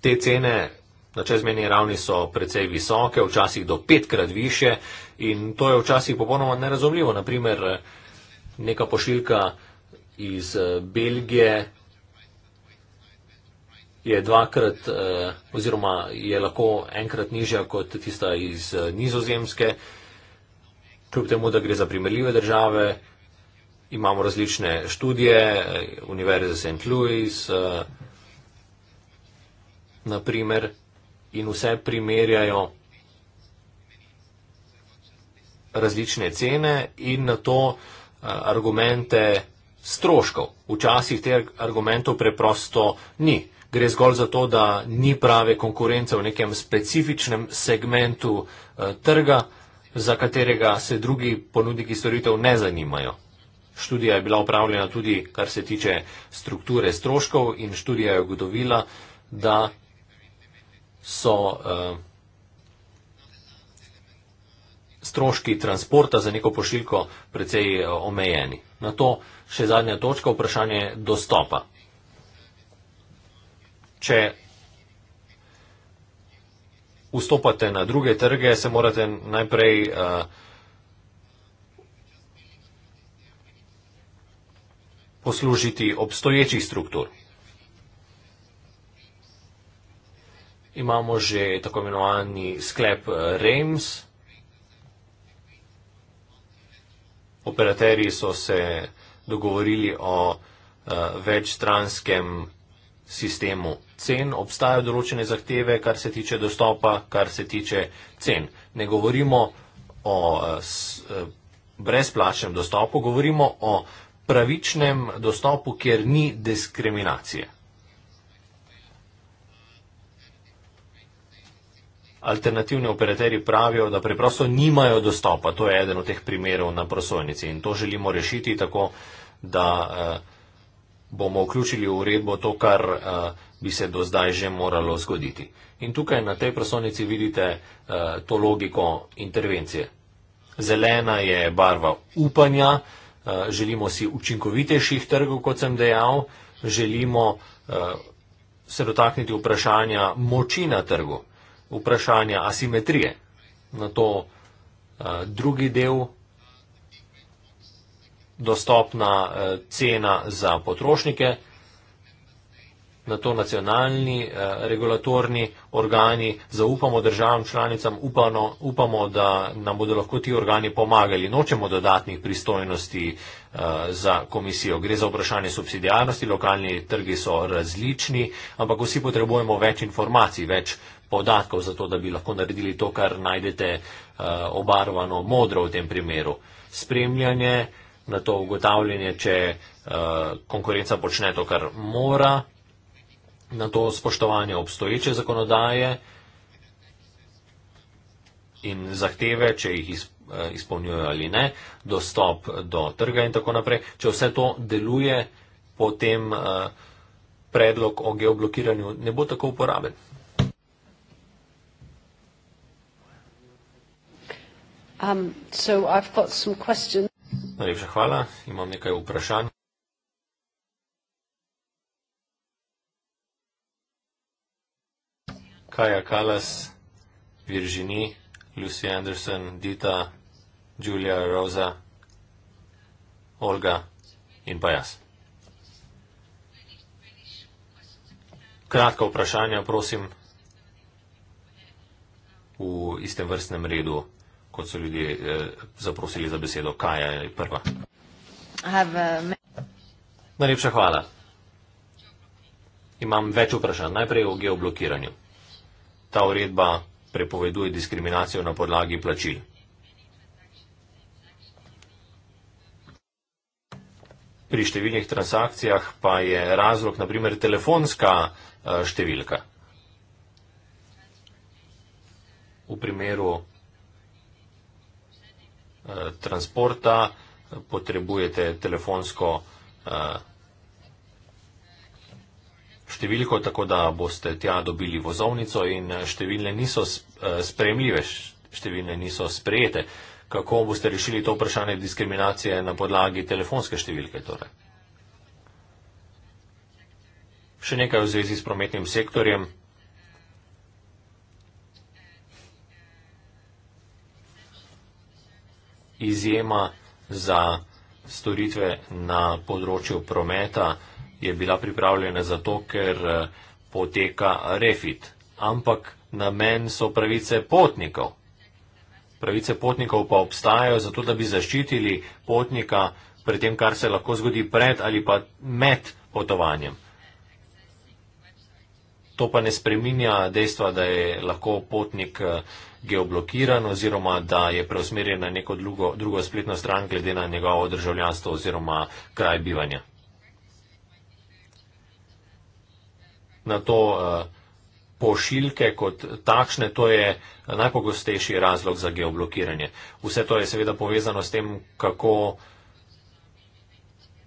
te cene na čezmeni ravni so precej visoke, včasih do petkrat više. In to je včasih popolnoma nerazumljivo. Naprimer, neka pošiljka iz eh, Belgije je dvakrat eh, oziroma je lahko enkrat nižja kot tista iz eh, nizozemske. Kljub temu, da gre za primerljive države, imamo različne študije, Univerze St. Louis, naprimer, in vse primerjajo različne cene in na to eh, argumente stroškov. Včasih teh argumentov preprosto ni. Gre zgolj za to, da ni prave konkurence v nekem specifičnem segmentu eh, trga, za katerega se drugi ponudniki storitev ne zanimajo. Študija je bila upravljena tudi, kar se tiče strukture stroškov in študija je ugotovila, da so. Uh, stroški transporta za neko pošiljko precej eh, omejeni. Na to še zadnja točka, vprašanje dostopa. Če vstopate na druge trge, se morate najprej eh, poslužiti obstoječih struktur. Imamo že tako imenovani sklep eh, REMS, operaterji so se dogovorili o uh, večstranskem sistemu cen, obstajajo določene zahteve, kar se tiče dostopa, kar se tiče cen. Ne govorimo o uh, s, uh, brezplačnem dostopu, govorimo o pravičnem dostopu, kjer ni diskriminacije. alternativni operaterji pravijo, da preprosto nimajo dostopa. To je eden od teh primerov na prosojnici in to želimo rešiti tako, da eh, bomo vključili v uredbo to, kar eh, bi se do zdaj že moralo zgoditi. In tukaj na tej prosojnici vidite eh, to logiko intervencije. Zelena je barva upanja, želimo si učinkovitejših trgov, kot sem dejal, želimo se dotakniti vprašanja moči na trgu vprašanja asimetrije. Na to uh, drugi del, dostopna uh, cena za potrošnike, na to nacionalni uh, regulatorni organi zaupamo državam članicam, upano, upamo, da nam bodo lahko ti organi pomagali. Nočemo dodatnih pristojnosti uh, za komisijo. Gre za vprašanje subsidijarnosti, lokalni trgi so različni, ampak vsi potrebujemo več informacij, več informacij podatkov za to, da bi lahko naredili to, kar najdete uh, obarvano modro v tem primeru. Spremljanje, na to ugotavljanje, če uh, konkurenca počne to, kar mora, na to spoštovanje obstoječe zakonodaje in zahteve, če jih eh, izpolnjujete izpolnjujo ali ne, dostop do trga in tako naprej. Če vse to deluje, potem predlog o geoblokiranju ne bo tako uporaben. Um, so I've got some questions. Najlepša hvala, imam nekaj vprašanj. Kaja Kalas, Virginie, Lucy Anderson, Dita, Julia, Rosa, Olga in pa jaz. Kratka vprašanja, prosim, v istem vrstnem redu kot so ljudje eh, zaprosili za besedo, kaj je prva. Eh, Najlepša hvala. Imam več vprašanj. Najprej o geoblokiranju. Ta uredba prepoveduje diskriminacijo na podlagi plačil. Pri številnih transakcijah pa je razlog naprimer telefonska eh, številka. V primeru Eh, transporta, potrebujete telefonsko eh, številko, tako da boste tja dobili vozovnico in eh, številne niso spremljive, številne niso sprejete. Kako boste rešili to vprašanje diskriminacije na podlagi telefonske številke? Torej? Še nekaj v zvezi s prometnim sektorjem. izjema za storitve na področju prometa je bila pripravljena zato, ker eh, poteka refit. Ampak namen so pravice potnikov. Pravice potnikov pa obstajajo zato, da bi zaščitili potnika pred tem, kar se lahko zgodi pred ali pa med potovanjem. To pa ne spreminja dejstva, da je lahko potnik eh, geoblokiran oziroma da je preusmerjen na neko drugo, drugo spletno stran glede na njegovo državljanstvo oziroma kraj bivanja. Na to eh, pošiljke kot takšne, to je najpogostejši razlog za geoblokiranje. Vse to je seveda povezano s tem, kako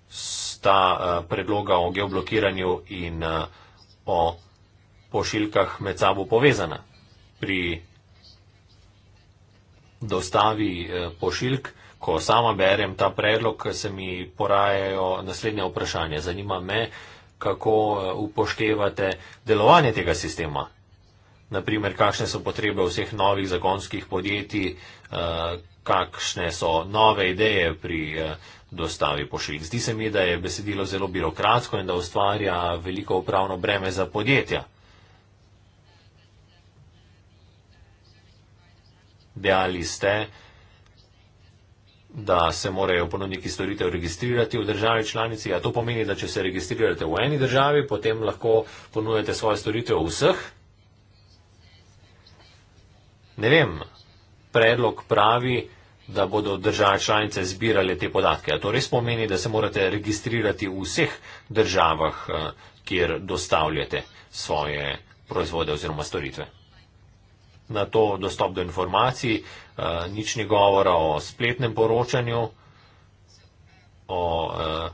sta eh, predloga o geoblokiranju in o pošiljkah med sabo povezana. Pri dostavi eh, pošiljk, ko sama berem ta predlog, se mi porajajo naslednje vprašanje. Zanima me, kako eh, upoštevate delovanje tega sistema. Naprimer, kakšne so potrebe vseh novih zagonskih podjetij, eh, kakšne so nove ideje pri dostavi pošiljk. Zdi se mi, da je besedilo zelo birokratsko in da ustvarja veliko upravno breme za podjetja. dejali ste, da se morajo ponudniki storitev registrirati v državi članici. A to pomeni, da če se registrirate v eni državi, potem lahko ponujete svoje storitev v vseh? Ne vem. Predlog pravi, da bodo države članice zbirale te podatke. A to res pomeni, da se morate registrirati v vseh državah, eh, kjer dostavljate svoje proizvode oziroma storitve na to dostop do informacij, eh, nič ni govora o spletnem poročanju, o eh,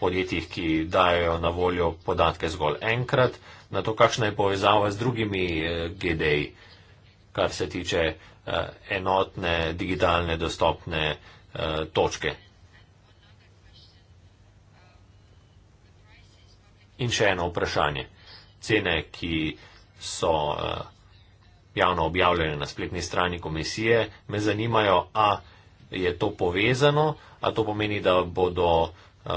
podjetjih, ki dajo na voljo podatke zgolj enkrat, na to, kakšna je povezava z drugimi eh, GD-ji, kar se tiče enotne digitalne dostopne točke. In še eno vprašanje. Cene, ki so javno objavljene na spletni strani komisije, me zanimajo, a je to povezano, a to pomeni, da bodo uh,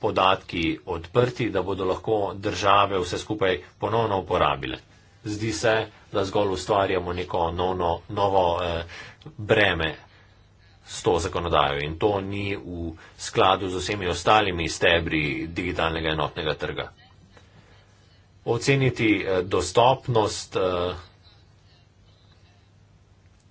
podatki odprti, da bodo lahko države vse skupaj ponovno uporabile. Zdi se, da zgolj ustvarjamo neko novno, novo eh, breme s to zakonodajo in to ni v skladu z vsemi ostalimi stebri digitalnega enotnega trga. Oceniti eh, dostopnost eh,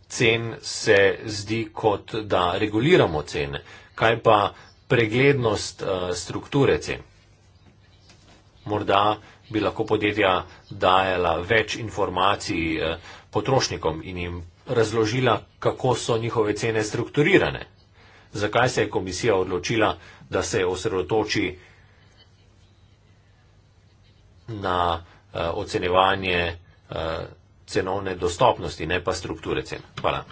cen se zdi, kot da reguliramo cene. Kaj pa preglednost eh, strukture cen? Morda bi lahko podjetja dajala več informacij eh, potrošnikom in jim razložila, kako so njihove cene strukturirane. Zakaj se je komisija odločila, da se osredotoči na eh, ocenevanje cenovne dostopnosti, ne pa strukture cen. Hvala.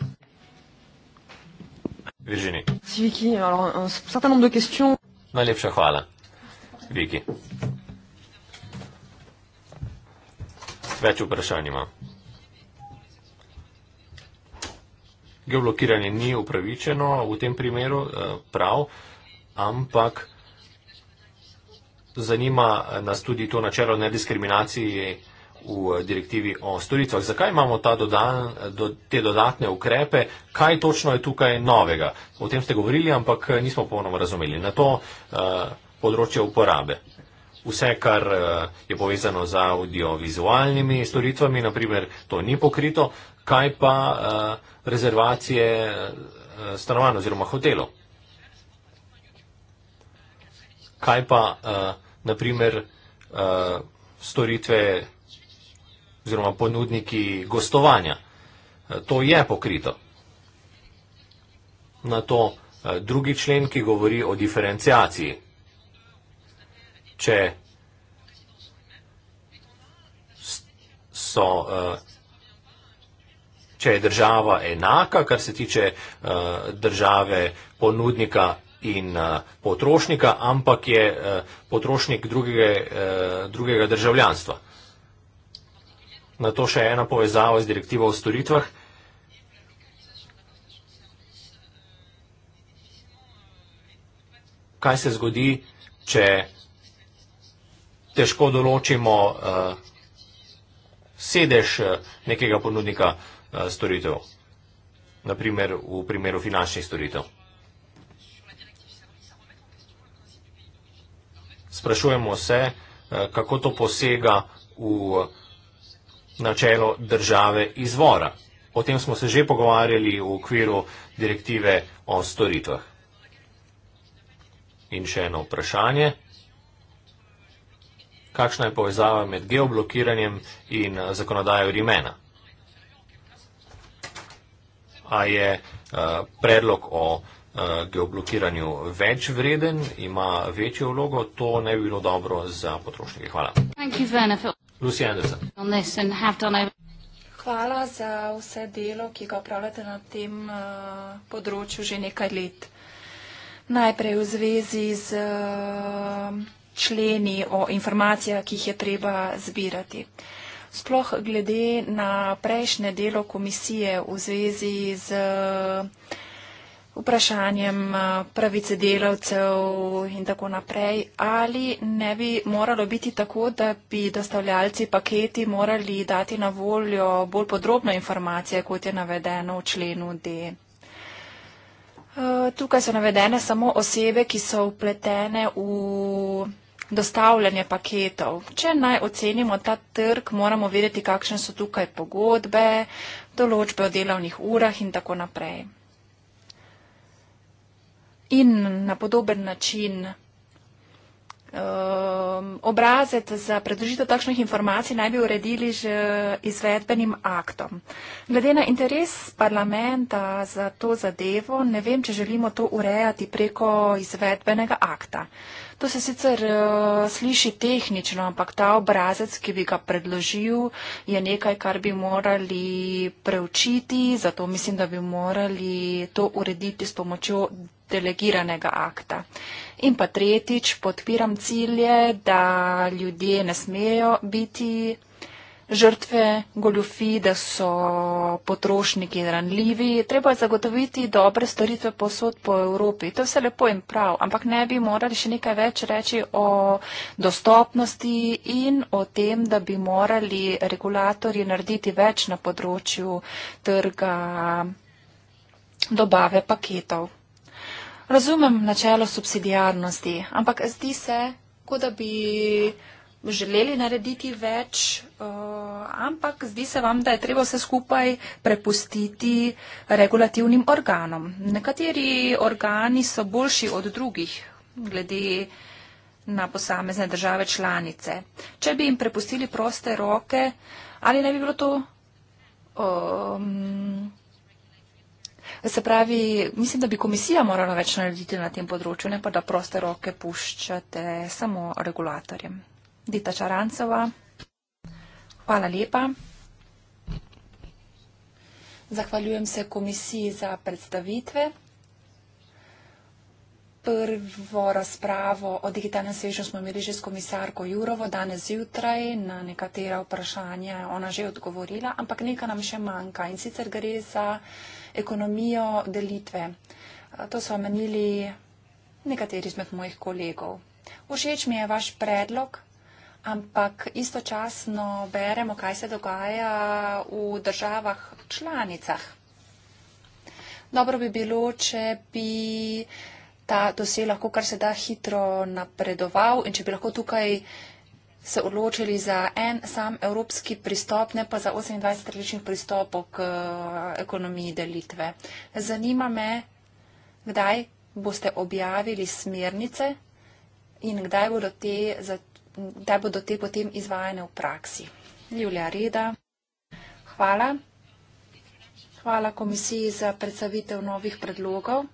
Virginie. Si Viki, alors, un nombre de questions. Najlepša hvala. Viki. Več vprašanj ima. Geoblokiranje ni upravičeno v tem primeru, eh, prav, ampak zanima nas tudi to načelo nediskriminacije v direktivi o storitvah. Zakaj imamo dodan, do, te dodatne ukrepe, kaj točno je tukaj novega? O tem ste govorili, ampak eh, nismo popolnoma razumeli. Na to uh, področje uporabe. Vse, kar uh, je povezano z audiovizualnimi storitvami, naprimer, to ni pokrito, kaj pa uh, rezervacije uh, stanovanj oziroma hotelov? Kaj pa, uh, naprimer, uh, storitve oziroma ponudniki gostovanja. E, to je pokrito. Na to e, drugi člen, ki govori o diferencijaciji. Če so. E, če je država enaka, kar se tiče uh, države ponudnika in uh, potrošnika, ampak je uh, potrošnik drugega, uh, drugega državljanstva na to še ena povezava z direktivo o storitvah. Kaj se zgodi, če težko določimo uh, sedež eh, nekega ponudnika uh, storitev, naprimer v primeru finančnih storitev? Sprašujemo se, uh, kako to posega v. Uh, načelo države izvora. O tem smo se že pogovarjali v okviru direktive o storitvah. In še eno vprašanje. Kakšna je povezava med geoblokiranjem in zakonodajo rimena? A je eh, predlog o eh, geoblokiranju več vreden, ima večjo vlogo, to ne bi bilo dobro za potrošnike. Hvala. Lucy Anderson. Hvala za vse delo, ki ga upravljate na tem uh, področju že nekaj let. Najprej v zvezi z uh, členi o informacijah, ki jih je treba zbirati. Sploh glede na prejšnje delo komisije v zvezi z uh, vprašanjem eh, pravice delavcev in tako naprej. Ali ne bi moralo biti tako, da bi dostavljalci paketi morali dati na voljo bolj podrobno informacije, kot je navedeno v členu D? Eh, tukaj so navedene samo osebe, ki so upletene v dostavljanje paketov. Če naj ocenimo ta trg, moramo vedeti, kakšne so tukaj pogodbe, določbe o delovnih urah in tako naprej in na podoben način um, obrazec za predložitev takšnih informacij naj bi uredili že izvedbenim aktom. Glede na interes parlamenta za to zadevo, ne vem, če želimo to urejati preko izvedbenega akta. To se sicer uh, sliši tehnično, ampak ta obrazec, ki bi ga predložil, je nekaj, kar bi morali preučiti, zato mislim, da bi morali to urediti s pomočjo delegiranega akta. In pa tretjič, podpiram cilje, da ljudje ne smejo biti žrtve goljufi, da so potrošniki ranljivi. Treba je zagotoviti dobre storitve posod po Evropi. To je vse lepo in prav, ampak ne bi morali še nekaj več reči o dostopnosti in o tem, da bi morali regulatorji narediti več na področju trga dobave paketov. Razumem načelo subsidijarnosti, ampak zdi se, kot da bi želeli narediti več, uh, ampak zdi se vam, da je treba vse skupaj prepustiti regulativnim organom. Nekateri organi so boljši od drugih, glede na posamezne države članice. Če bi jim prepustili proste roke, ali ne bi bilo to. Um, Se pravi, mislim, da bi komisija morala več narediti na tem področju, ne pa da proste roke puščate samo regulatorjem. Dita Čarancova, hvala lepa. Zahvaljujem se komisiji za predstavitve prvo razpravo o digitalnem svežnju smo imeli že s komisarko Jurovo danes zjutraj. Na nekatera vprašanja je ona že odgovorila, ampak nekaj nam še manjka in sicer gre za ekonomijo delitve. To so omenili nekateri izmed mojih kolegov. Všeč mi je vaš predlog, ampak istočasno beremo, kaj se dogaja v državah članicah. Dobro bi bilo, če bi ta dosej lahko kar se da hitro napredoval in če bi lahko tukaj se odločili za en sam evropski pristop, ne pa za 28 različnih pristopov k eh, ekonomiji delitve. Zanima me, kdaj boste objavili smernice in kdaj bodo te, kdaj bodo te potem izvajane v praksi. Julija Reda, hvala. Hvala komisiji za predstavitev novih predlogov.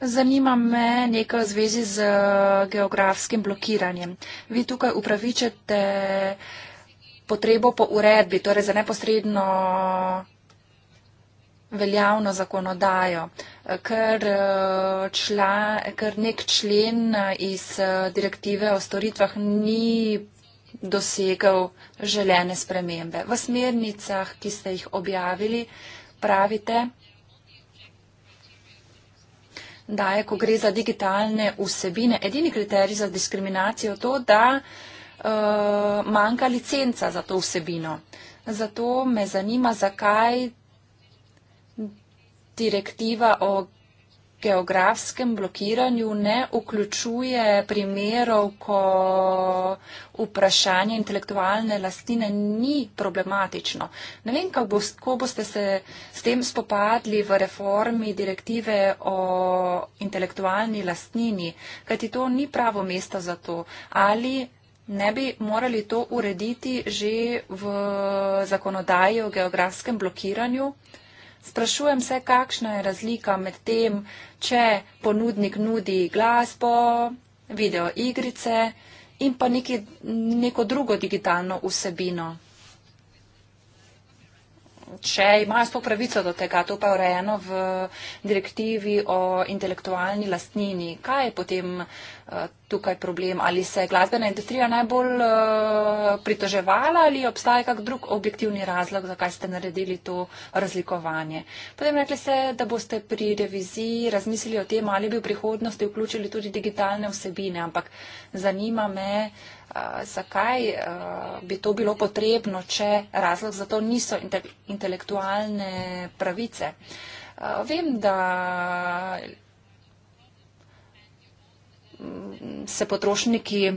Zanima me nekaj v zvezi z eh, geografskim blokiranjem. Vi tukaj upravičate potrebo po uredbi, torej za neposredno veljavno zakonodajo, eh, ker, eh, čla, ker nek člen iz direktive o storitvah ni dosegel želene spremembe. V smernicah, ki ste jih objavili, pravite, da je, ko gre za digitalne vsebine, edini kriterij za diskriminacijo to, da uh, manjka licenca za to vsebino. Zato me zanima, zakaj direktiva o geografskem blokiranju ne vključuje primerov, ko vprašanje intelektualne lastine ni problematično. Ne vem, kako boste se s tem spopadli v reformi direktive o intelektualni lastnini, kajti to ni pravo mesto za to. Ali ne bi morali to urediti že v zakonodaji o geografskem blokiranju? Sprašujem se, kakšna je razlika med tem, če ponudnik nudi glasbo, videoigrice in pa neki, neko drugo digitalno vsebino če imajo sploh pravico do tega, to pa je urejeno v direktivi o intelektualni lastnini. Kaj je potem eh, tukaj problem? Ali se je glasbena industrija najbolj eh, pritoževala ali obstaja kak drug objektivni razlog, zakaj ste naredili to razlikovanje? Potem rekli ste, da boste pri reviziji razmislili o tem, ali bi v prihodnosti vključili tudi digitalne vsebine, ampak zanima me, zakaj bi to bilo potrebno, če razlog za to niso intelektualne pravice. Vem, da mm, se potrošniki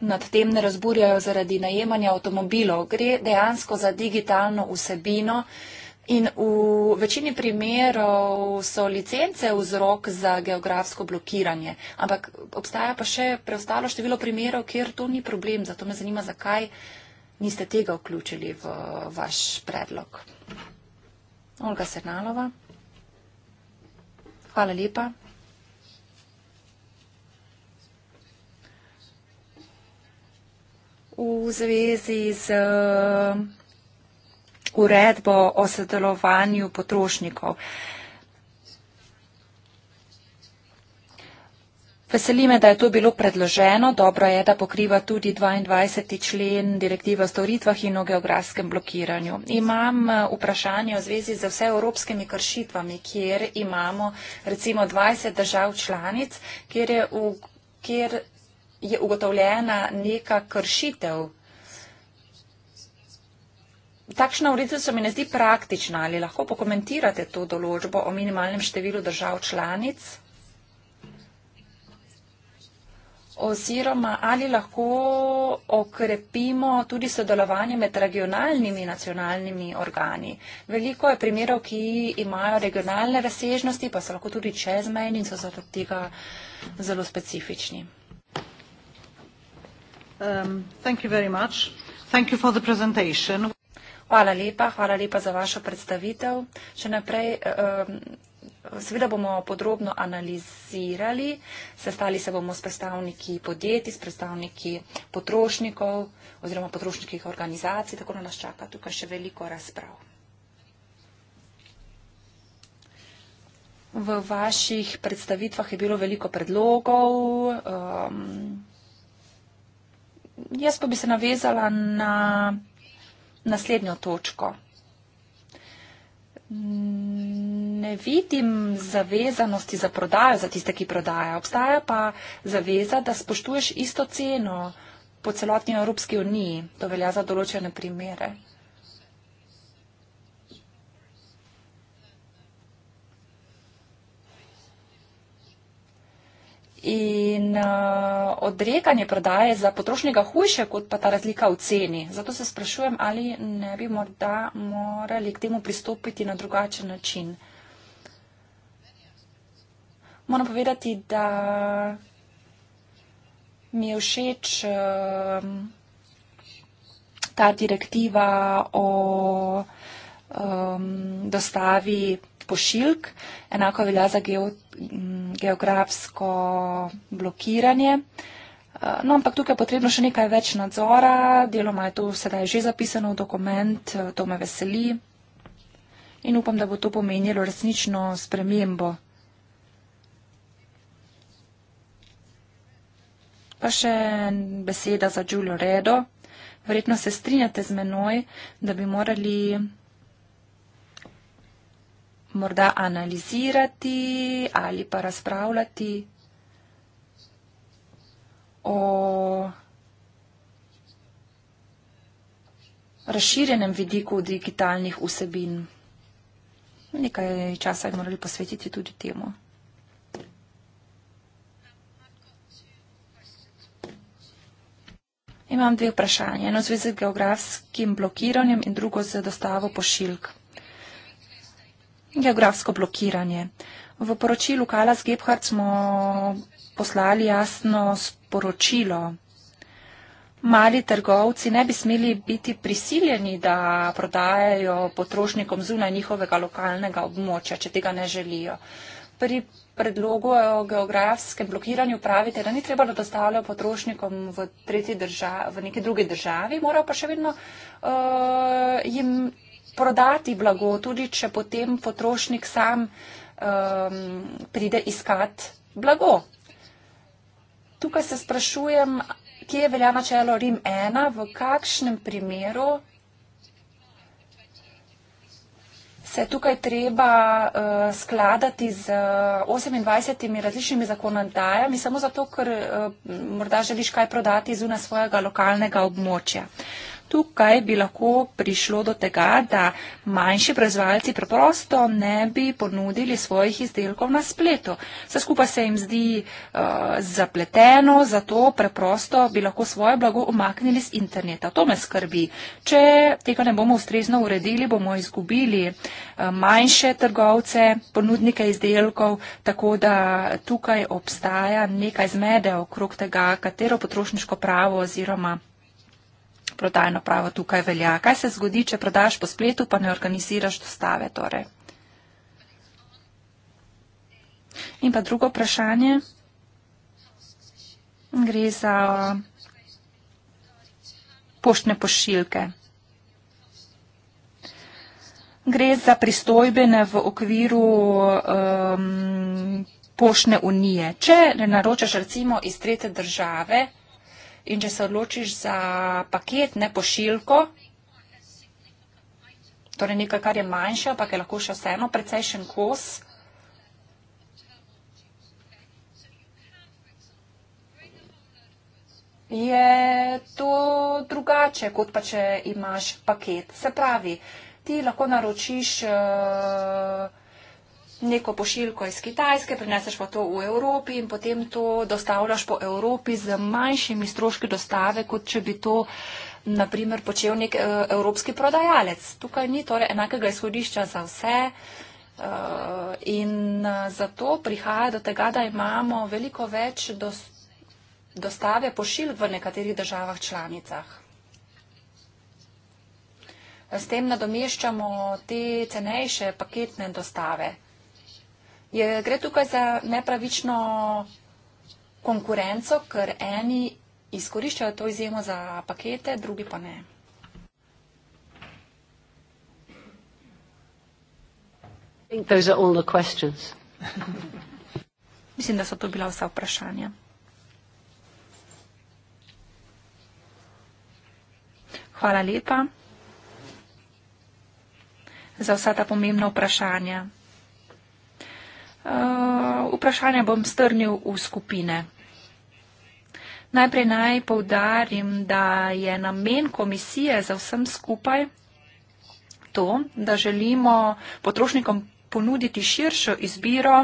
nad tem ne razburjajo zaradi najemanja avtomobilov. Gre dejansko za digitalno vsebino, In v večini primerov so licence vzrok za geografsko blokiranje, ampak obstaja pa še preostalo število primerov, kjer to ni problem. Zato me zanima, zakaj niste tega vključili v vaš predlog. Olga Sernalova. Hvala lepa. V zvezi z uredbo o sodelovanju potrošnikov. Veseli me, da je to bilo predloženo. Dobro je, da pokriva tudi 22. člen direktive o storitvah in o geografskem blokiranju. Imam eh, vprašanje v zvezi z vse evropskimi kršitvami, kjer imamo recimo 20 držav članic, kjer je, v, kjer je ugotovljena neka kršitev takšna ureditev se mi ne zdi praktična. Ali lahko pokomentirate to določbo o minimalnem številu držav članic? Oziroma, ali lahko okrepimo tudi sodelovanje med regionalnimi in nacionalnimi organi? Veliko je primerov, ki imajo regionalne razsežnosti, pa so lahko tudi čezmejni in so zato tega zelo specifični. Um, thank you very much. Thank you for the presentation. Hvala lepa, hvala lepa za vašo predstavitev. Še naprej, eh, eh, seveda bomo podrobno analizirali, sestali se bomo s predstavniki podjetij, s predstavniki potrošnikov oziroma potrošnikih organizacij, tako da nas čaka tukaj še veliko razprav. V vaših predstavitvah je bilo veliko predlogov. Eh, jaz pa bi se navezala na naslednjo točko. Ne vidim zavezanosti za prodajo, za tiste, ki prodajajo. Obstaja pa zaveza, da spoštuješ isto ceno po celotni Evropski uniji. To velja za določene primere. In uh, odreganje prodaje za potrošnika hujše kot pa ta razlika v ceni. Zato se sprašujem, ali ne bi morda morali k temu pristopiti na drugačen način. Moram povedati, da mi je všeč uh, ta direktiva o um, dostavi pošiljk, enako velja za geo, geografsko blokiranje. Eh, no, ampak tukaj je potrebno še nekaj več nadzora, deloma je to sedaj že zapisano v dokument, eh, to me veseli in upam, da bo to pomenilo resnično spremembo. Pa še beseda za Giulio Redo. Verjetno se strinjate z menoj, da bi morali morda analizirati ali pa razpravljati o razširjenem vidiku digitalnih vsebin. Nekaj časa bi morali posvetiti tudi temu. Imam dve vprašanje. Eno v zvezi z geografskim blokiranjem in drugo z dostavo pošiljk geografsko blokiranje. V poročilu Kalas Gebhardt smo poslali jasno sporočilo. Mali trgovci ne bi smeli biti prisiljeni, da prodajajo potrošnikom zunaj njihovega lokalnega območja, če tega ne želijo. Pri predlogu o geografskem blokiranju pravite, da ni treba, da dostavljajo potrošnikom v, v neki drugi državi, morajo pa še vedno uh, jim prodati blago, tudi če potem potrošnik sam um, pride iskat blago. Tukaj se sprašujem, kje velja načelo Rim 1, v kakšnem primeru se tukaj treba uh, skladati z 28 uh, različnimi zakonodajami, samo zato, ker uh, morda želiš kaj prodati zunaj svojega lokalnega območja. Uh, Tukaj bi lahko prišlo do tega, da manjši proizvajalci preprosto ne bi ponudili svojih izdelkov na spletu. Vse skupaj se jim zdi uh, zapleteno, zato preprosto bi lahko svoje blago omaknili z interneta. To me skrbi. Če tega ne bomo ustrezno uredili, bomo izgubili uh, manjše trgovce, ponudnike izdelkov, tako da tukaj obstaja nekaj zmede okrog tega, katero potrošniško pravo oziroma prodajno pravo tukaj velja. Kaj se zgodi, če prodaš po spletu, pa ne organiziraš dostave? Torej? In pa drugo vprašanje. Gre za poštne pošiljke. Gre za pristojbene v okviru um, poštne unije. Če ne naročaš recimo iz trete države, in če se odločiš za paket, ne pošiljko, torej nekaj, kar je manjše, ampak je lahko še vseeno precejšen kos. je to drugače, kot pa če imaš paket. Se pravi, ti lahko naročiš uh, neko pošiljko iz Kitajske, prineseš pa to v Evropi in potem to dostavljaš po Evropi z manjšimi stroški dostave, kot če bi to naprimer počel nek eh, evropski prodajalec. Tukaj ni torej enakega izhodišča za vse eh, in eh, zato prihaja do tega, da imamo veliko več dostave pošiljk v nekaterih državah članicah. S tem nadomeščamo te cenejše paketne dostave. Je, gre tukaj za nepravično konkurenco, ker eni izkoriščajo to izjemo za pakete, drugi pa ne. Mislim, da so to bila vsa vprašanja. Hvala lepa za vsa ta pomembna vprašanja. Eh, vprašanja bom strnil v skupine. Najprej naj povdarim, da je namen komisije za vsem skupaj to, da želimo potrošnikom ponuditi širšo izbiro,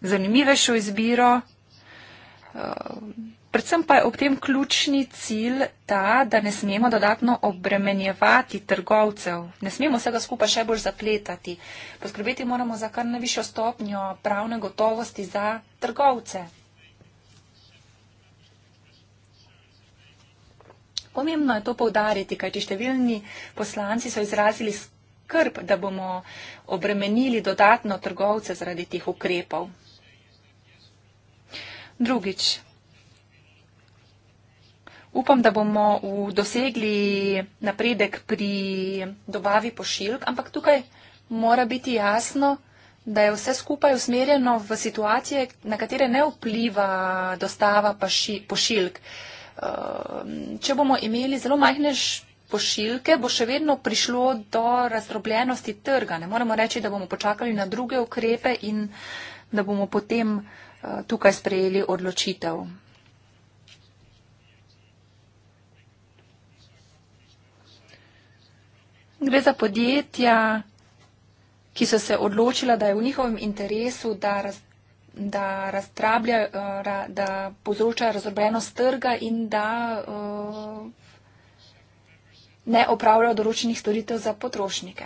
zanimivejšo izbiro, eh, Predvsem pa je ob tem ključni cilj ta, da ne smemo dodatno obremenjevati trgovcev, ne smemo vsega skupaj še bolj zapletati. Poskrbeti moramo za kar najvišjo stopnjo pravne gotovosti za trgovce. Pomembno je to povdariti, kajti številni poslanci so izrazili skrb, da bomo obremenili dodatno trgovce zaradi tih ukrepov. Drugič, Upam, da bomo dosegli napredek pri dobavi pošiljk, ampak tukaj mora biti jasno, da je vse skupaj usmerjeno v situacije, na katere ne vpliva dostava pošiljk. Ehm, če bomo imeli zelo majhne pošiljke, bo še vedno prišlo do razdrobljenosti trga. Ne moremo reči, da bomo počakali na druge ukrepe in da bomo potem eh, tukaj sprejeli odločitev. Gre za podjetja, ki so se odločila, da je v njihovem interesu, da, raz, da, raztrablja, eh, da povzroča razrobenost trga in da eh, ne opravljajo določenih storitev za potrošnike.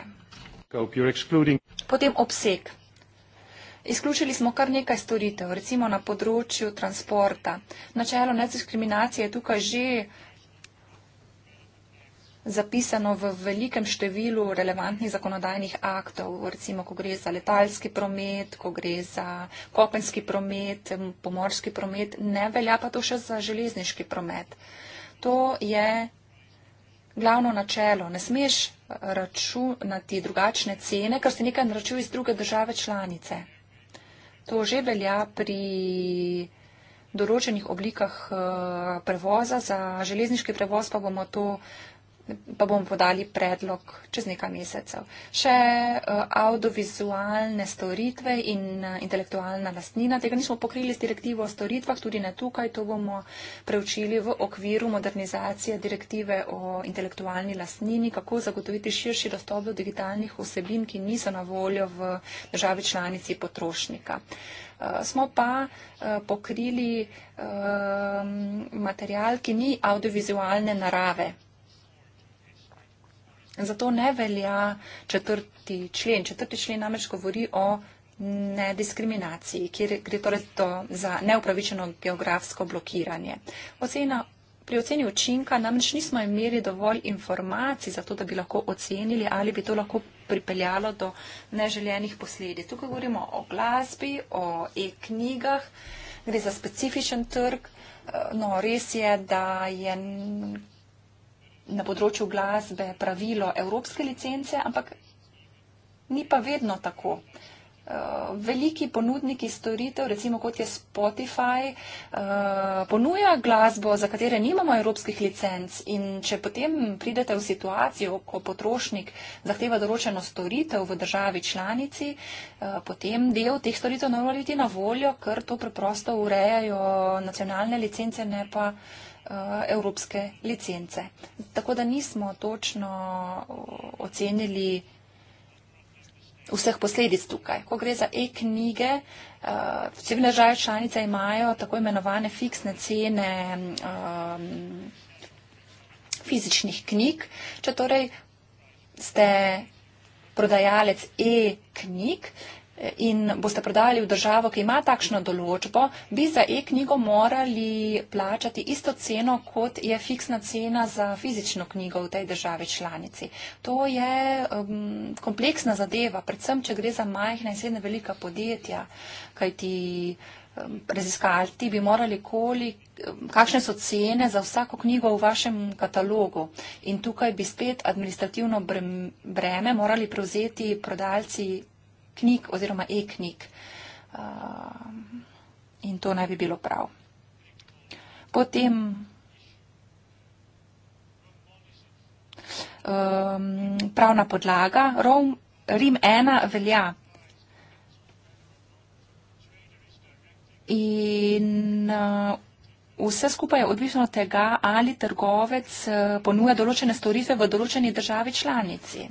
Potem obseg. Izključili smo kar nekaj storitev, recimo na področju transporta. Načelo nediskriminacije je tukaj že zapisano v velikem številu relevantnih zakonodajnih aktov, recimo, ko gre za letalski promet, ko gre za kopenski promet, pomorski promet, ne velja pa to še za železniški promet. To je glavno načelo. Ne smeš eh, računati drugačne cene, ker se nekaj naročil iz druge države članice. To že velja pri določenih oblikah eh, prevoza, za železniški prevoz pa bomo to pa bomo podali predlog čez nekaj mesecev. Še eh, audiovizualne storitve in eh, intelektualna lastnina, tega nismo pokrili s direktivo o storitvah, tudi ne tukaj, to bomo preučili v okviru modernizacije direktive o intelektualni lastnini, kako zagotoviti širši dostop do digitalnih vsebin, ki niso na voljo v državi članici potrošnika. Eh, smo pa pokrili material, ki ni audiovizualne narave, Zato ne velja četrti člen. Četrti člen namreč govori o nediskriminaciji, kjer gre torej to za neupravičeno geografsko blokiranje. Ocena, pri oceni učinka namreč nismo imeli dovolj informacij za to, da bi lahko ocenili ali bi to lahko pripeljalo do neželjenih posledic. Tukaj govorimo o glasbi, o e-knjigah, gre za specifičen trg. No, res je, da je na področju glasbe pravilo evropske licence, ampak ni pa vedno tako. Eh, veliki ponudniki storitev, recimo kot je Spotify, eh, ponuja glasbo, za katere nimamo evropskih licenc in če potem pridete v situacijo, ko potrošnik zahteva določeno storitev v državi članici, eh, potem del teh storitev ne more biti na voljo, ker to preprosto urejajo nacionalne licence, ne pa. Eh, evropske licence. Tako da nismo točno eh, ocenili vseh posledic tukaj. Ko gre za e-knjige, vse eh, države članice imajo tako imenovane fiksne cene fizičnih knjig. Če torej ste prodajalec e-knjig, in boste prodajali v državo, ki ima takšno določbo, bi za e-knjigo morali plačati isto ceno, kot je fiksna cena za fizično knjigo v tej državi članici. To je um, kompleksna zadeva, predvsem, če gre za majhna in srednja velika podjetja, kajti um, raziskati bi morali, koli, um, kakšne so cene za vsako knjigo v vašem katalogu. In tukaj bi spet administrativno breme morali prevzeti prodajalci knjig oziroma e-knjig. Eh, in to naj bi bilo prav. Potem. Um, pravna podlaga. Rome, Rim 1 velja. In uh, vse skupaj je odvisno od tega, ali trgovec uh, ponuja določene storitve v določeni državi članici.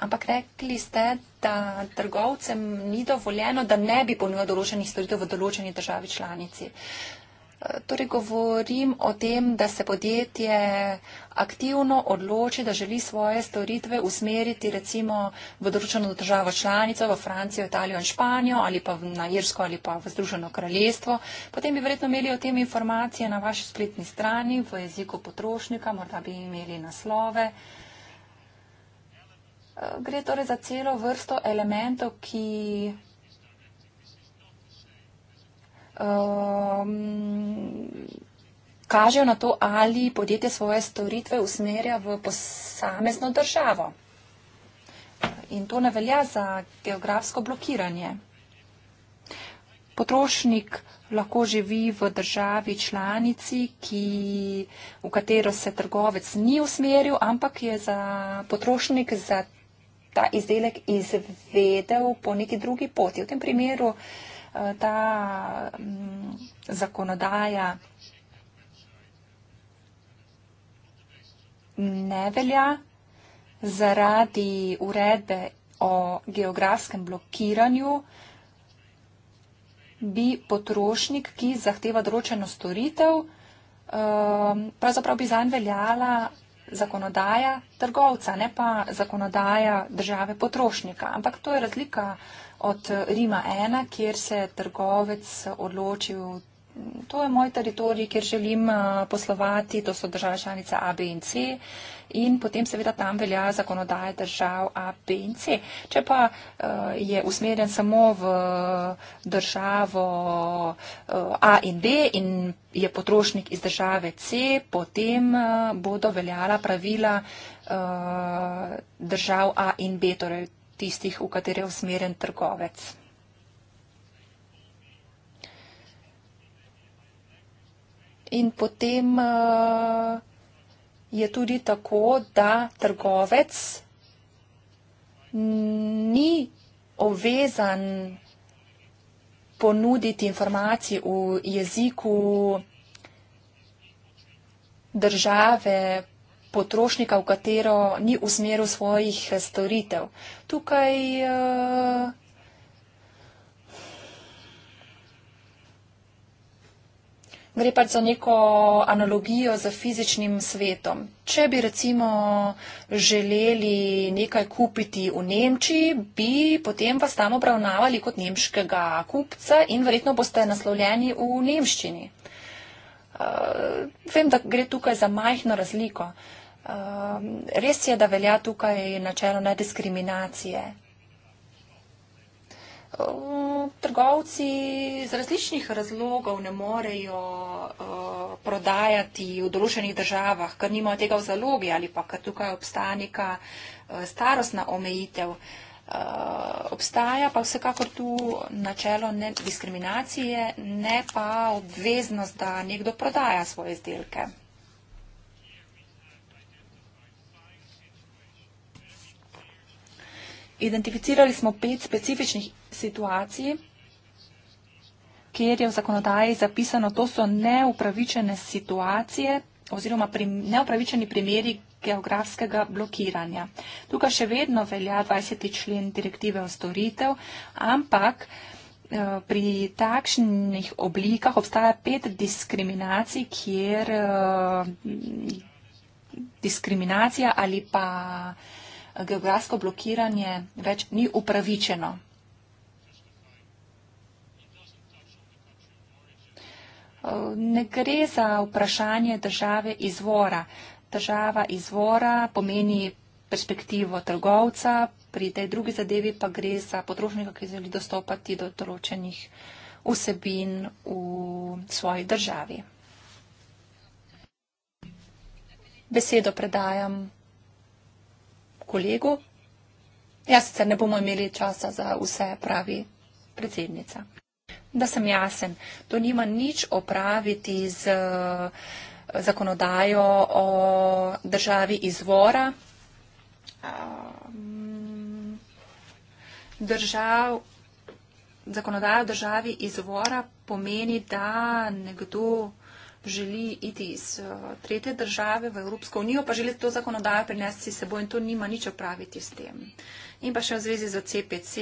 Ampak rekli ste, da trgovcem ni dovoljeno, da ne bi ponudili določenih storitev v določeni državi članici. E, torej govorim o tem, da se podjetje aktivno odloči, da želi svoje storitve usmeriti recimo v določeno državo članico, v Francijo, Italijo in Španijo ali pa na Irsko ali pa v Združeno kraljestvo. Potem bi verjetno imeli o tem informacije na vaši spletni strani v jeziku potrošnika, morda bi imeli naslove. Uh, Gre torej za celo vrsto elementov, ki um, kažejo na to, ali podjetje svoje storitve usmerja v posamezno državo. In to ne velja za geografsko blokiranje. Potrošnik lahko živi v državi članici, ki, v katero se trgovec ni usmeril, ampak je za potrošnik za ta izdelek izvedel po neki drugi poti. V tem primeru eh, ta mm, zakonodaja ne velja zaradi uredbe o geografskem blokiranju bi potrošnik, ki zahteva določeno storitev, eh, pravzaprav bi zanj veljala zakonodaja trgovca, ne pa zakonodaja države potrošnika. Ampak to je razlika od Rima 1, kjer se trgovec odločil to je moj teritorij, kjer želim eh, poslovati, to so države članice A, B in C in potem seveda tam velja zakonodaje držav A, B in C. Če pa eh, je usmerjen samo v državo eh, A in B in je potrošnik iz države C, potem bodo veljala pravila držav A in B, torej tistih, v katere je usmerjen trgovec. In potem uh, je tudi tako, da trgovec ni obvezan ponuditi informacij v jeziku države potrošnika, v katero ni usmeril svojih storitev. Tukaj eh, gre pač za neko analogijo z fizičnim svetom. Če bi recimo želeli nekaj kupiti v Nemčiji, bi potem vas tam obravnavali kot nemškega kupca in verjetno boste naslovljeni v nemščini. Uh, vem, da gre tukaj za majhno razliko. Uh, res je, da velja tukaj načelo nediskriminacije um, trgovci iz različnih razlogov ne morejo uh, prodajati v določenih državah, ker nimajo tega v zalogi ali pa ker tukaj obstaja neka uh, starostna omejitev. Uh, obstaja pa vsekakor tu načelo ne diskriminacije, ne pa obveznost, da nekdo prodaja svoje izdelke. Identificirali smo pet specifičnih situaciji, kjer je v zakonodaji zapisano, to so neupravičene situacije oziroma prim, neupravičeni primeri geografskega blokiranja. Tukaj še vedno velja 20. člen direktive o storitev, ampak eh, pri takšnih oblikah obstaja pet diskriminacij, kjer eh, diskriminacija ali pa geografsko blokiranje več ni upravičeno. ne gre za vprašanje države izvora. Država izvora pomeni perspektivo trgovca, pri tej drugi zadevi pa gre za potrošnika, ki želi dostopati do določenih vsebin v svoji državi. Besedo predajam kolegu. Jaz sicer ne bomo imeli časa za vse, pravi predsednica da sem jasen. To nima nič opraviti z eh, zakonodajo o državi izvora. Ehm, držav, zakonodaja o državi izvora pomeni, da nekdo želi iti iz eh, tretje države v Evropsko unijo, pa želi to zakonodajo prinesti s seboj in to nima nič opraviti s tem. In pa še v zvezi z CPC,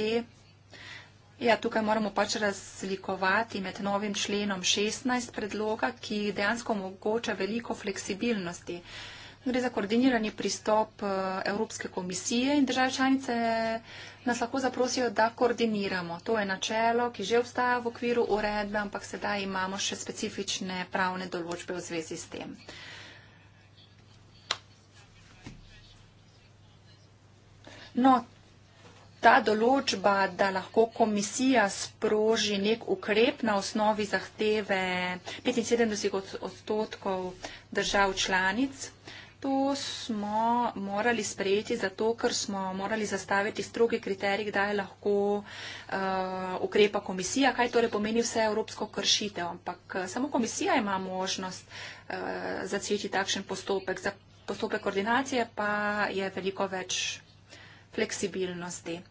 Ja, tukaj moramo pač razlikovati med novim členom 16 predloga, ki dejansko omogoča veliko fleksibilnosti. Gre za koordinirani pristop eh, Evropske komisije in države članice nas lahko zaprosijo, da koordiniramo. To je načelo, ki že obstaja v okviru uredbe, ampak sedaj imamo še specifične pravne določbe v zvezi s tem. No, ta določba, da lahko komisija sproži nek ukrep na osnovi zahteve 75 odstotkov držav članic. To smo morali sprejeti zato, ker smo morali zastaviti strogi kriterij, kdaj lahko uh, ukrepa komisija, kaj torej pomeni vse evropsko kršitev. Ampak eh, samo komisija ima možnost uh, eh, zaceti takšen postopek. Za postopek koordinacije pa je veliko več fleksibilnosti.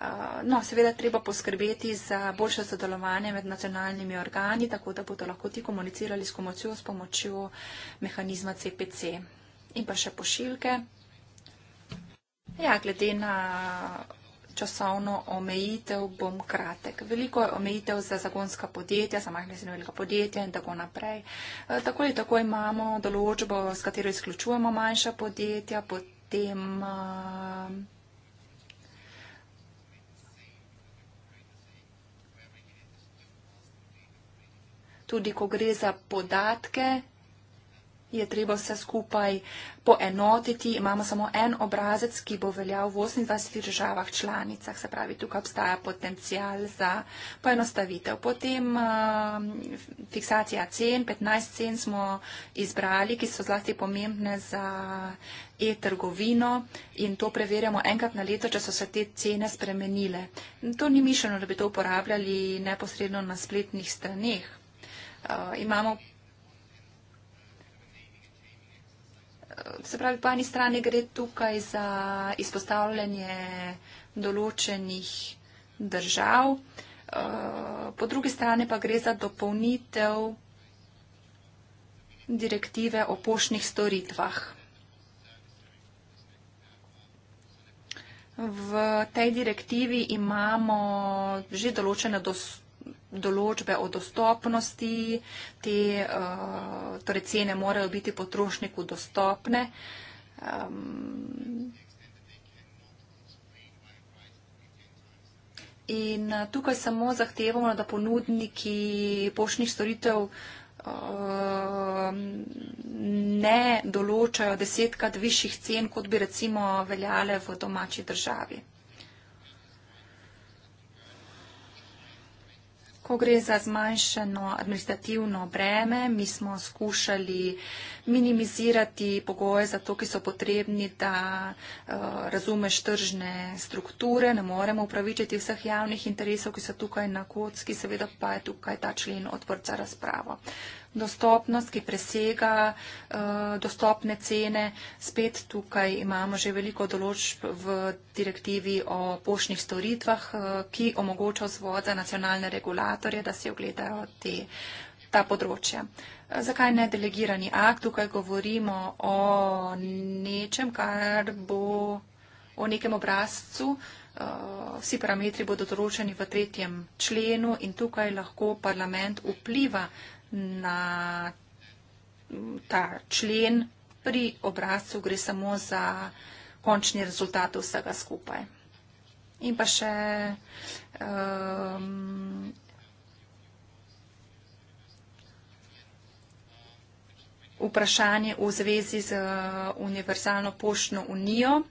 Eh, no, seveda treba poskrbeti za boljše sodelovanje med nacionalnimi organi, tako da bodo lahko ti komunicirali s pomočjo, s pomočjo mehanizma CPC. In pa še pošiljke. Ja, glede na časovno omejitev bom kratek. Veliko je omejitev za zagonska podjetja, za majhne in velika podjetja in tako naprej. Eh, tako ali tako imamo določbo, s katero izključujemo manjša podjetja, potem. Uh, tudi ko gre za podatke, je treba vse skupaj poenotiti. Imamo samo en obrazec, ki bo veljal v 28 državah članicah, se pravi, tukaj obstaja potencial za poenostavitev. Potem uh, fiksacija cen, 15 cen smo izbrali, ki so zlasti pomembne za e-trgovino in to preverjamo enkrat na leto, če so se te cene spremenile. To ni mišljeno, da bi to uporabljali neposredno na spletnih straneh uh, imamo. Se pravi, po eni strani gre tukaj za izpostavljanje določenih držav, eh, po drugi strani pa gre za dopolnitev direktive o poštnih storitvah. V tej direktivi imamo že določene dostopnosti določbe o dostopnosti, te eh, torej cene morajo biti potrošniku dostopne. Ehm, in eh, tukaj samo zahtevamo, da ponudniki poštnih storitev ehm, ne določajo desetkrat višjih cen, kot bi recimo veljale v domači državi. Ko gre za zmanjšeno administrativno breme, mi smo skušali minimizirati pogoje za to, ki so potrebni, da uh, razumeš tržne strukture. Ne moremo upravičiti vseh javnih interesov, ki so tukaj na kocki, seveda pa je tukaj ta člen odprt za razpravo dostopnost, ki presega eh, dostopne cene. Spet tukaj imamo že veliko določb v direktivi o poštnih storitvah, eh, ki omogoča vzvod za nacionalne regulatorje, da se ogledajo te, ta področja. Eh, zakaj ne delegirani akt? Tukaj govorimo o nečem, kar bo o nekem obrazcu. Vsi parametri bodo določeni v tretjem členu in tukaj lahko parlament vpliva na ta člen, pri obrazcu gre samo za končni rezultat vsega skupaj. In pa še um, vprašanje v zvezi z uh, Univerzalno poštno unijo.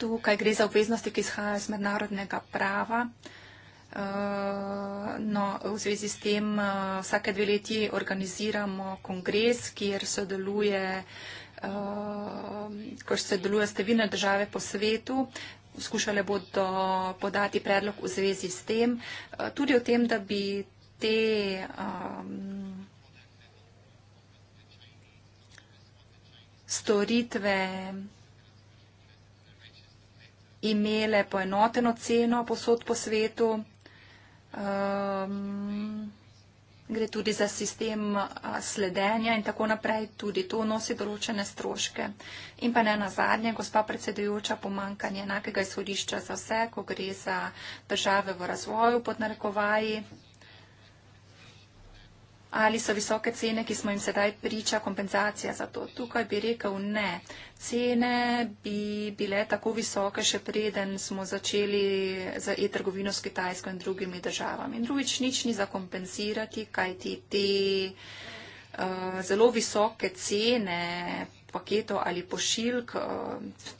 Tukaj gre za obveznosti, ki izhajajo iz mednarodnega prava. Uh, Eh, no, v zvezi s tem eh, vsake dve leti organiziramo kongres, kjer sodeluje, eh, ko sodeluje stevine države po svetu. Skušali bodo podati predlog v zvezi s tem, tudi o tem, da bi te storitve imele poenoteno ceno posod po svetu um, gre tudi za sistem sledenja in tako naprej, tudi to nosi določene stroške. In pa ne na zadnje, gospa predsedujoča, pomankanje enakega izhodišča za vse, ko gre za države v razvoju pod narekovaji. Ali so visoke cene, ki smo jim sedaj priča, kompenzacija za to? Tukaj bi rekel ne. Cene bi bile tako visoke, še preden smo začeli z e-trgovino s Kitajsko in drugimi državami. In drugič, nič ni za kompenzirati, kaj ti te uh, zelo visoke cene paketov ali pošiljk eh,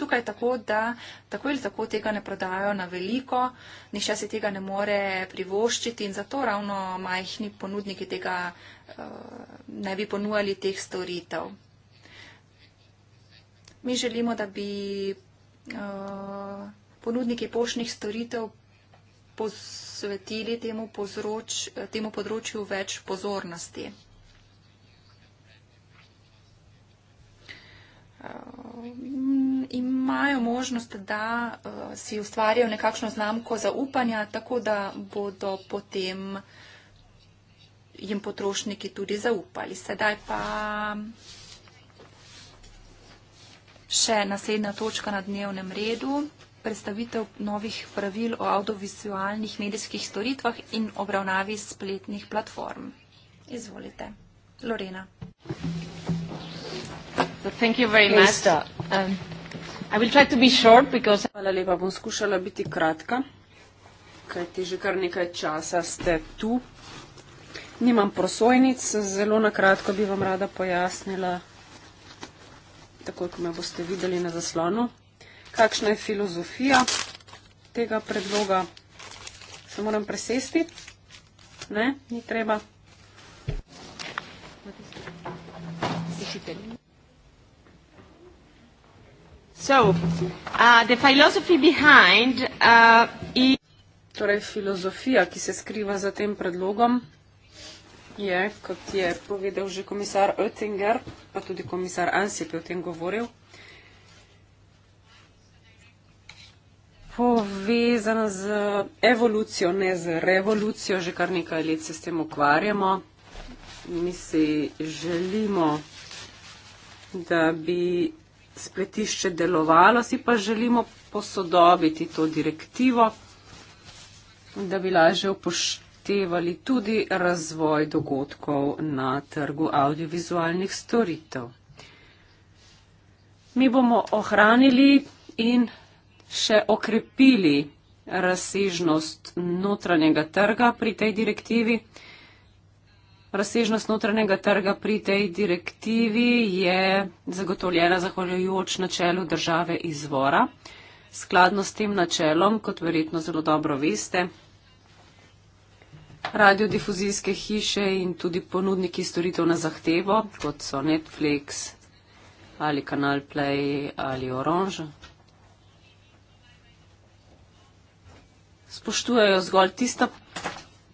tukaj tako, da tako ali tako tega ne prodajo na veliko, nišče se tega ne more privoščiti in zato ravno majhni ponudniki tega eh, ne bi ponujali teh storitev. Mi želimo, da bi eh, ponudniki poštnih storitev posvetili temu, pozroč, temu področju več pozornosti. Eh, imajo možnost, da eh, si ustvarjajo nekakšno znamko zaupanja, tako da bodo potem jim potrošniki tudi zaupali. Sedaj pa še naslednja točka na dnevnem redu. Predstavitev novih pravil o audiovizualnih medijskih storitvah in obravnavi spletnih platform. Izvolite. Lorena. Thank you. Thank you very much. Um, I will try to be short because Hvala lepa, bom skušala biti kratka, kaj ti že kar nekaj časa ste tu. Nimam prosojnic, zelo na kratko bi vam rada pojasnila, tako kot me boste videli na zaslonu, kakšna je filozofija tega predloga. Se moram presesti? Ne, ni treba. Slišite li? So, uh, the philosophy behind, uh, is... Torej, filozofija, ki se skriva za tem predlogom, je, kot je povedal že komisar Oettinger, pa tudi komisar Ansip je o tem govoril, povezana z evolucijo, ne z revolucijo, že kar nekaj let se s tem ukvarjamo. Mi si želimo, da bi spletišče delovalo, si pa želimo posodobiti to direktivo, da bi lažje upoštevali tudi razvoj dogodkov na trgu audiovizualnih storitev. Mi bomo ohranili in še okrepili razsežnost notranjega trga pri tej direktivi. Razsežnost notranjega trga pri tej direktivi je zagotovljena zahvaljujoč načelu države izvora. Skladno s tem načelom, kot verjetno zelo dobro veste, radiodifuzijske hiše in tudi ponudniki storitev na zahtevo, kot so Netflix ali Kanal Play ali Orange, spoštujejo zgolj tista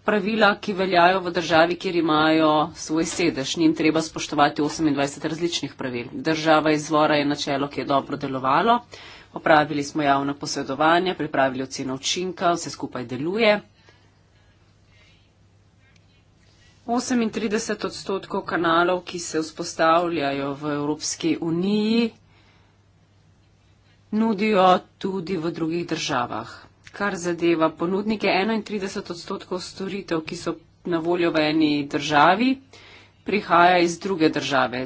pravila, ki veljajo v državi, kjer imajo svoj sedež. Njim treba spoštovati 28 različnih pravil. Država izvora je načelo, ki je dobro delovalo. Opravili smo javno posvedovanje, pripravili oceno učinka, vse skupaj deluje. 38 odstotkov kanalov, ki se vzpostavljajo v Evropski uniji, nudijo tudi v drugih državah kar zadeva ponudnike 31 odstotkov storitev, ki so na voljo v eni državi, prihaja iz druge države,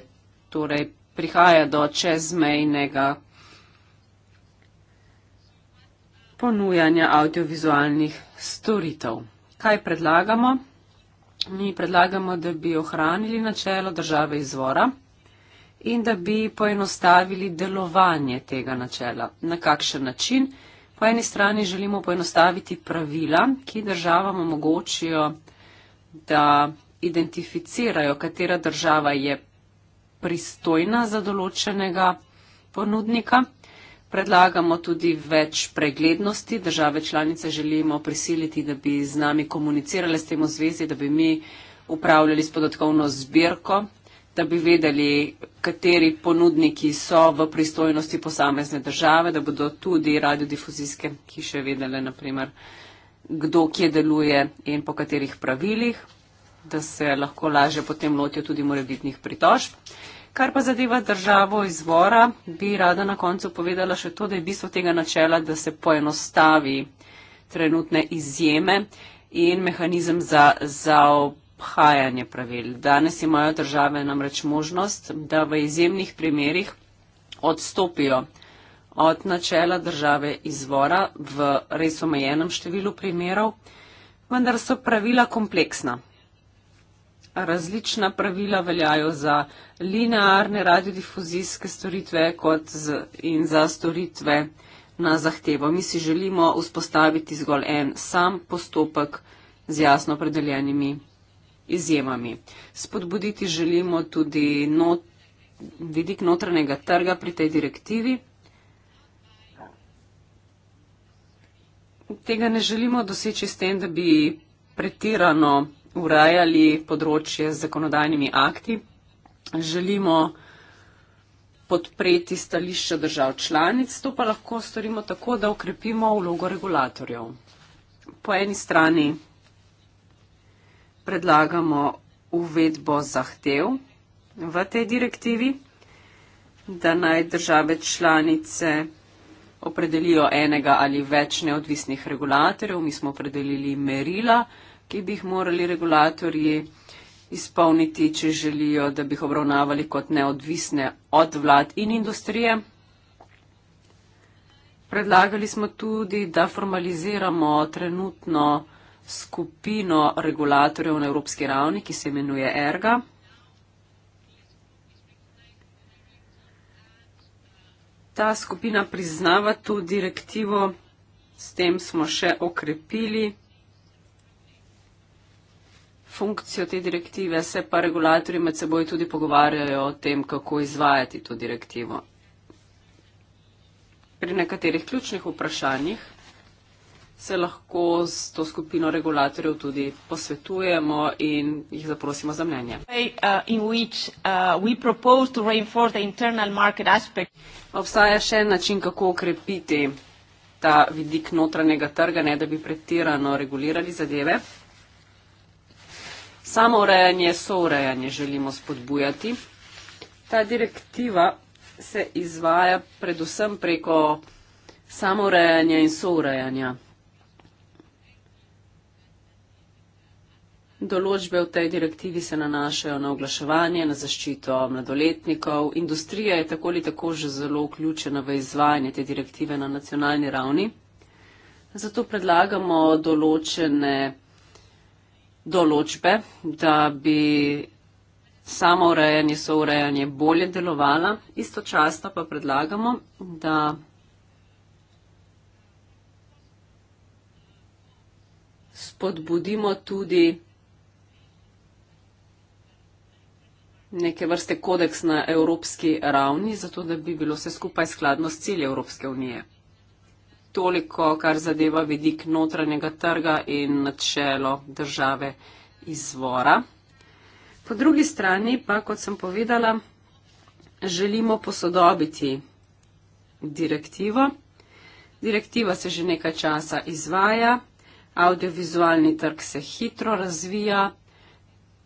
torej prihaja do čezmejnega ponujanja audiovizualnih storitev. Kaj predlagamo? Mi predlagamo, da bi ohranili načelo države izvora in da bi poenostavili delovanje tega načela. Na kakšen način? Po eni strani želimo poenostaviti pravila, ki državam omogočijo, da identificirajo, katera država je pristojna za določenega ponudnika. Predlagamo tudi več preglednosti. Države članice želimo prisiliti, da bi z nami komunicirale s tem v zvezi, da bi mi upravljali s podatkovno zbirko da bi vedeli, kateri ponudniki so v pristojnosti posamezne države, da bodo tudi radiodifuzijske hiše vedele, naprimer, kdo kje deluje in po katerih pravilih, da se lahko laže potem lotijo tudi morebitnih pritožb. Kar pa zadeva državo izvora, bi rada na koncu povedala še to, da je bistvo tega načela, da se poenostavi trenutne izjeme in mehanizem za, za ob obhajanje pravil. Danes imajo države namreč možnost, da v izjemnih primerjih odstopijo od načela države izvora v res omejenem številu primerov, vendar so pravila kompleksna. Različna pravila veljajo za linearne radiodifuzijske storitve kot z, in za storitve na zahtevo. Mi si želimo vzpostaviti zgolj en sam postopek z jasno predeljenimi izjemami. Spodbuditi želimo tudi not, vidik notranjega trga pri tej direktivi. Tega ne želimo doseči s tem, da bi pretirano urajali področje z zakonodajnimi akti. Želimo podpreti stališča držav članic, to pa lahko storimo tako, da okrepimo vlogo regulatorjev. Po eni strani predlagamo uvedbo zahtev v tej direktivi, da naj države članice opredelijo enega ali več neodvisnih regulatorjev. Mi smo opredelili merila, ki bi jih morali regulatorji izpolniti, če želijo, da bi jih obravnavali kot neodvisne od vlad in industrije. Predlagali smo tudi, da formaliziramo trenutno skupino regulatorjev na evropski ravni, ki se imenuje ERGA. Ta skupina priznava to direktivo, s tem smo še okrepili funkcijo te direktive, se pa regulatorji med seboj tudi pogovarjajo o tem, kako izvajati to direktivo. Pri nekaterih ključnih vprašanjih se lahko s to skupino regulatorjev tudi posvetujemo in jih zaprosimo za mnenje. Uh, uh, obstaja še način, kako ukrepiti ta vidik notranjega trga, ne da bi pretirano regulirali zadeve. Samo urejanje, sourejanje želimo spodbujati. Ta direktiva se izvaja predvsem preko samourejanja in sourejanja. Določbe v tej direktivi se nanašajo na oglaševanje, na zaščito mladoletnikov. Industrija je tako ali tako že zelo vključena v izvajanje te direktive na nacionalni ravni. Zato predlagamo določene določbe, da bi samo urejanje, so urejanje bolje delovala. Istočasno pa predlagamo, da. Spodbudimo tudi neke vrste kodeks na evropski ravni, zato da bi bilo vse skupaj skladno s cilji Evropske unije. Toliko, kar zadeva vidik notranjega trga in načelo države izvora. Po drugi strani pa, kot sem povedala, želimo posodobiti direktivo. Direktiva se že nekaj časa izvaja, audiovizualni trg se hitro razvija,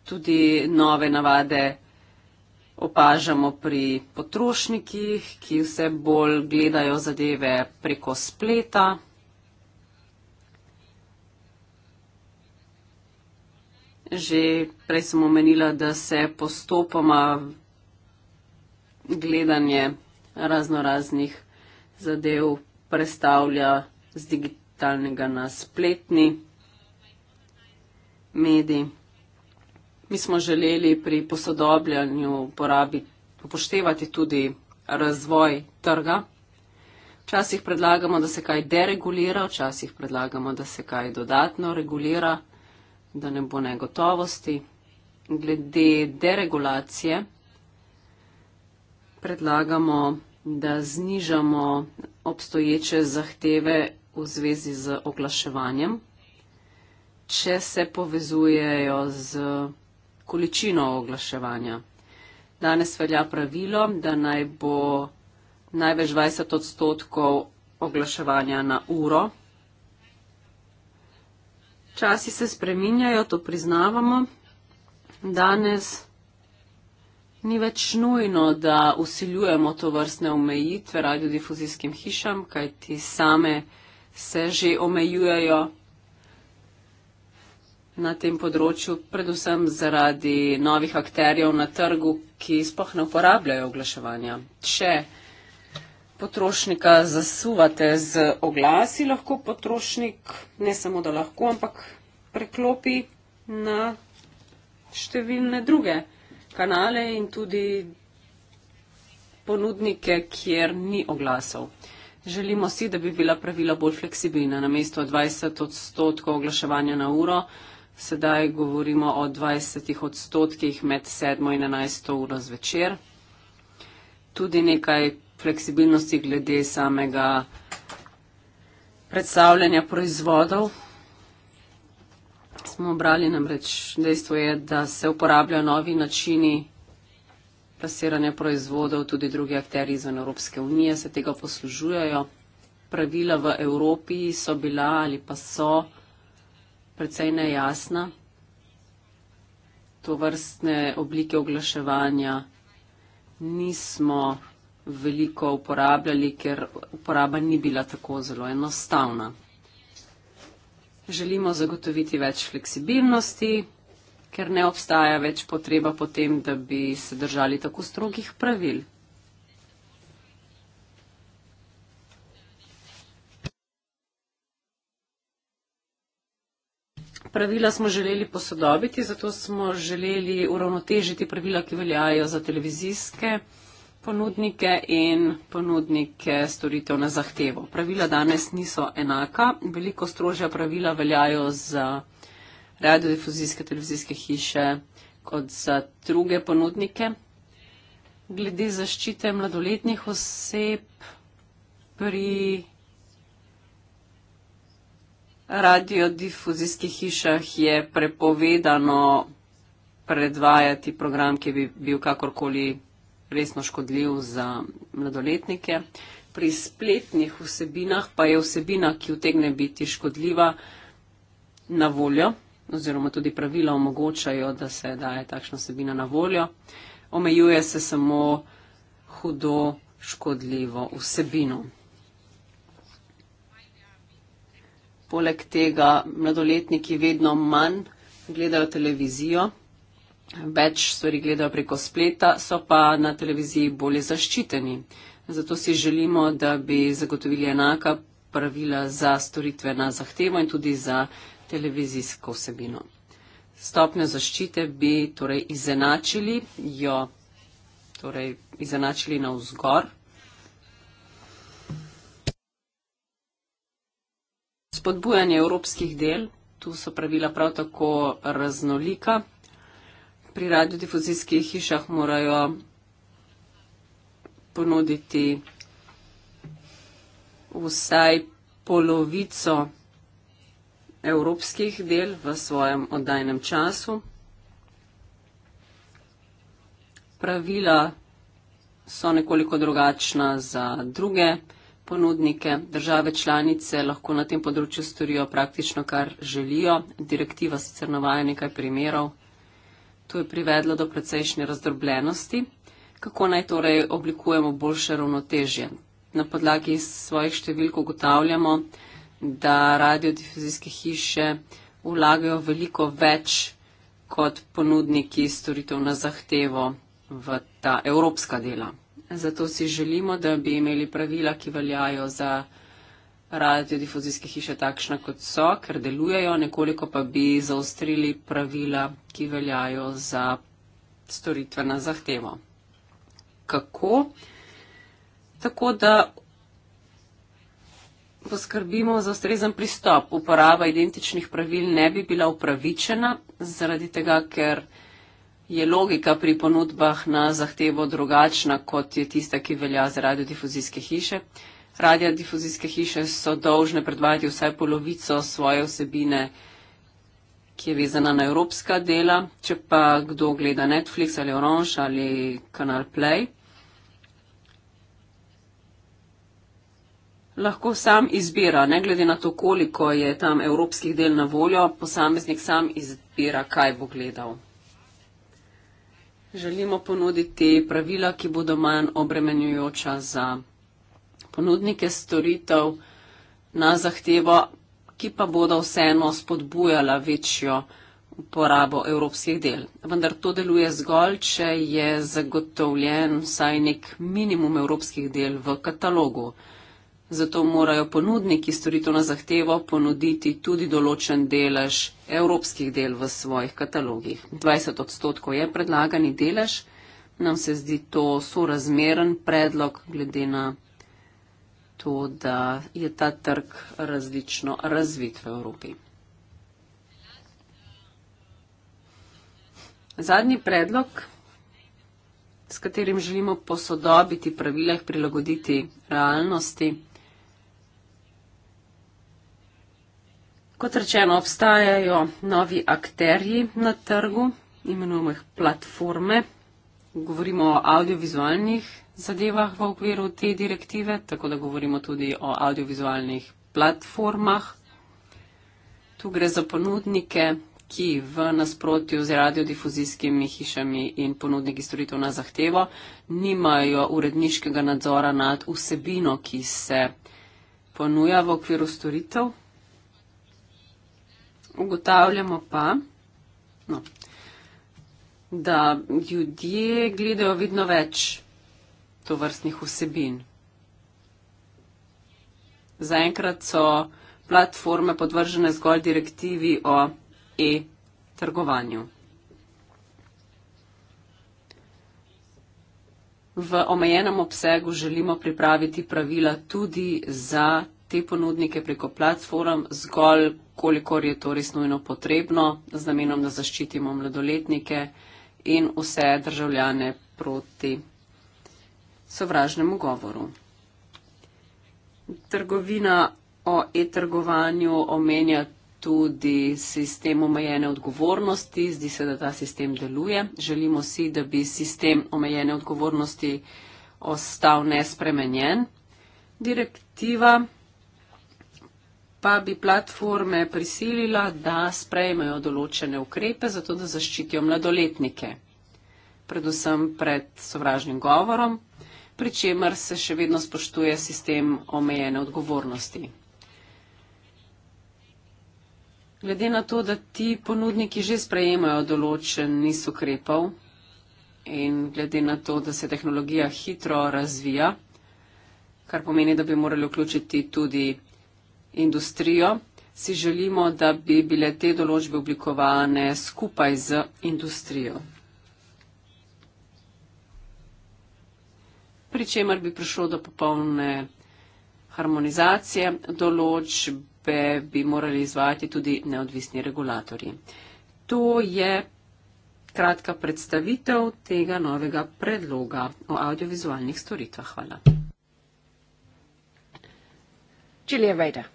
tudi nove navade opažamo pri potrošnikih, ki vse bolj gledajo zadeve preko spleta. Že prej sem omenila, da se postopoma gledanje razno raznih zadev prestavlja z digitalnega na spletni medij. Mi smo želeli pri posodobljanju porabi upoštevati tudi razvoj trga. Včasih predlagamo, da se kaj deregulira, včasih predlagamo, da se kaj dodatno regulira, da ne bo negotovosti. Glede deregulacije predlagamo, da znižamo obstoječe zahteve v zvezi z oglaševanjem, če se povezujejo z količino oglaševanja. Danes velja pravilo, da naj bo največ 20 odstotkov oglaševanja na uro. Časi se spreminjajo, to priznavamo. Danes ni več nujno, da usiljujemo to vrstne omejitve radiodifuzijskim hišam, kajti same se že omejujejo na tem področju, predvsem zaradi novih akterjev na trgu, ki spoh ne uporabljajo oglaševanja. Če potrošnika zasuvate z oglasi, lahko potrošnik ne samo da lahko, ampak preklopi na številne druge kanale in tudi ponudnike, kjer ni oglasov. Želimo si, da bi bila pravila bolj fleksibilna. Na mesto 20 odstotkov oglaševanja na uro sedaj govorimo o 20 odstotkih med 7 in 11 uro zvečer. Tudi nekaj fleksibilnosti glede samega predstavljanja proizvodov. Smo obrali namreč dejstvo je, da se uporabljajo novi načini plasiranja proizvodov, tudi drugi akteri izven Evropske unije se tega poslužujejo. Pravila v Evropi so bila ali pa so precej nejasna. To vrstne oblike oglaševanja nismo veliko uporabljali, ker uporaba ni bila tako zelo enostavna. Želimo zagotoviti več fleksibilnosti, ker ne obstaja več potreba potem, da bi se držali tako strogih pravil. Pravila smo želeli posodobiti, zato smo želeli uravnotežiti pravila, ki veljajo za televizijske ponudnike in ponudnike storitev na zahtevo. Pravila danes niso enaka, veliko strožja pravila veljajo za radiodifuzijske televizijske hiše kot za druge ponudnike. Glede zaščite mladoletnih oseb pri radiodifuzijskih hišah je prepovedano predvajati program, ki bi bil kakorkoli resno škodljiv za mladoletnike. Pri spletnih vsebinah pa je vsebina, ki utegne biti škodljiva, na voljo oziroma tudi pravila omogočajo, da se daje takšna vsebina na voljo. Omejuje se samo hudo škodljivo vsebino. Poleg tega mladoletniki vedno manj gledajo televizijo, več stvari gledajo preko spleta, so pa na televiziji bolje zaščiteni. Zato si želimo, da bi zagotovili enaka pravila za storitve na zahtevo in tudi za televizijsko vsebino. Stopnjo zaščite bi torej izenačili, jo torej izenačili na vzgor. Spodbujanje evropskih del, tu so pravila prav tako raznolika. Pri radiodifuzijskih hišah morajo ponuditi vsaj polovico evropskih del v svojem oddajnem času. Pravila so nekoliko drugačna za druge ponudnike. Države članice lahko na tem področju storijo praktično, kar želijo. Direktiva sicer navaja nekaj primerov. To je privedlo do precejšnje razdrobljenosti. Kako naj torej oblikujemo boljše ravnotežje? Na podlagi svojih številk ugotavljamo, da radiodifuzijske hiše vlagajo veliko več kot ponudniki storitev na zahtevo v ta evropska dela zato si želimo, da bi imeli pravila, ki veljajo za radiodifuzijske hiše takšna, kot so, ker delujejo, nekoliko pa bi zaostrili pravila, ki veljajo za storitve na zahtevo. Kako? Tako da poskrbimo za ustrezen pristop. Uporaba identičnih pravil ne bi bila upravičena zaradi tega, ker je logika pri ponudbah na zahtevo drugačna, kot je tista, ki velja za radiodifuzijske hiše. Radiodifuzijske hiše so dolžne predvajati vsaj polovico svoje vsebine, ki je vezana na evropska dela. Če pa kdo gleda Netflix ali Orange ali Kanal Play, lahko sam izbira, ne glede na to, koliko je tam evropskih del na voljo, posameznik sam izbira, kaj bo gledal želimo ponuditi pravila, ki bodo manj obremenjujoča za ponudnike storitev na zahtevo, ki pa bodo vseeno spodbujala večjo uporabo evropskih del. Vendar to deluje zgolj, če je zagotovljen vsaj nek minimum evropskih del v katalogu zato morajo ponudniki storitev na zahtevo ponuditi tudi določen delež evropskih del v svojih katalogih. 20 odstotkov je predlagani delež, nam se zdi to sorazmeren predlog glede na to, da je ta trg različno razvit v Evropi. Zadnji predlog, s katerim želimo posodobiti pravilah, prilagoditi realnosti, Kot rečeno, obstajajo novi akterji na trgu, imenujemo jih platforme. Govorimo o audiovizualnih zadevah v okviru te direktive, tako da govorimo tudi o audiovizualnih platformah. Tu gre za ponudnike, ki v nasprotju z radiodifuzijskimi hišami in ponudniki storitev na zahtevo nimajo uredniškega nadzora nad vsebino, ki se ponuja v okviru storitev ugotavljamo pa, no, da ljudje gledajo vedno več to vrstnih vsebin. Zaenkrat so platforme podvržene zgolj direktivi o e-trgovanju. V omejenem obsegu želimo pripraviti pravila tudi za te ponudnike preko platform zgolj, kolikor je to res nujno potrebno, z namenom, da zaščitimo mladoletnike in vse državljane proti sovražnemu govoru. Trgovina o e-trgovanju omenja tudi sistem omejene odgovornosti. Zdi se, da ta sistem deluje. Želimo si, da bi sistem omejene odgovornosti ostal nespremenjen. Direktiva pa bi platforme prisilila, da sprejmejo določene ukrepe za to, da zaščitijo mladoletnike, predvsem pred sovražnim govorom, pri čemer se še vedno spoštuje sistem omejene odgovornosti. Glede na to, da ti ponudniki že sprejemajo določen niz ukrepov in glede na to, da se tehnologija hitro razvija, kar pomeni, da bi morali vključiti tudi industrijo, si želimo, da bi bile te določbe oblikovane skupaj z industrijo. Pri čemer bi prišlo do popolne harmonizacije, določbe bi morali izvajati tudi neodvisni regulatori. To je kratka predstavitev tega novega predloga o audiovizualnih storitvah. Hvala. Julia Rader.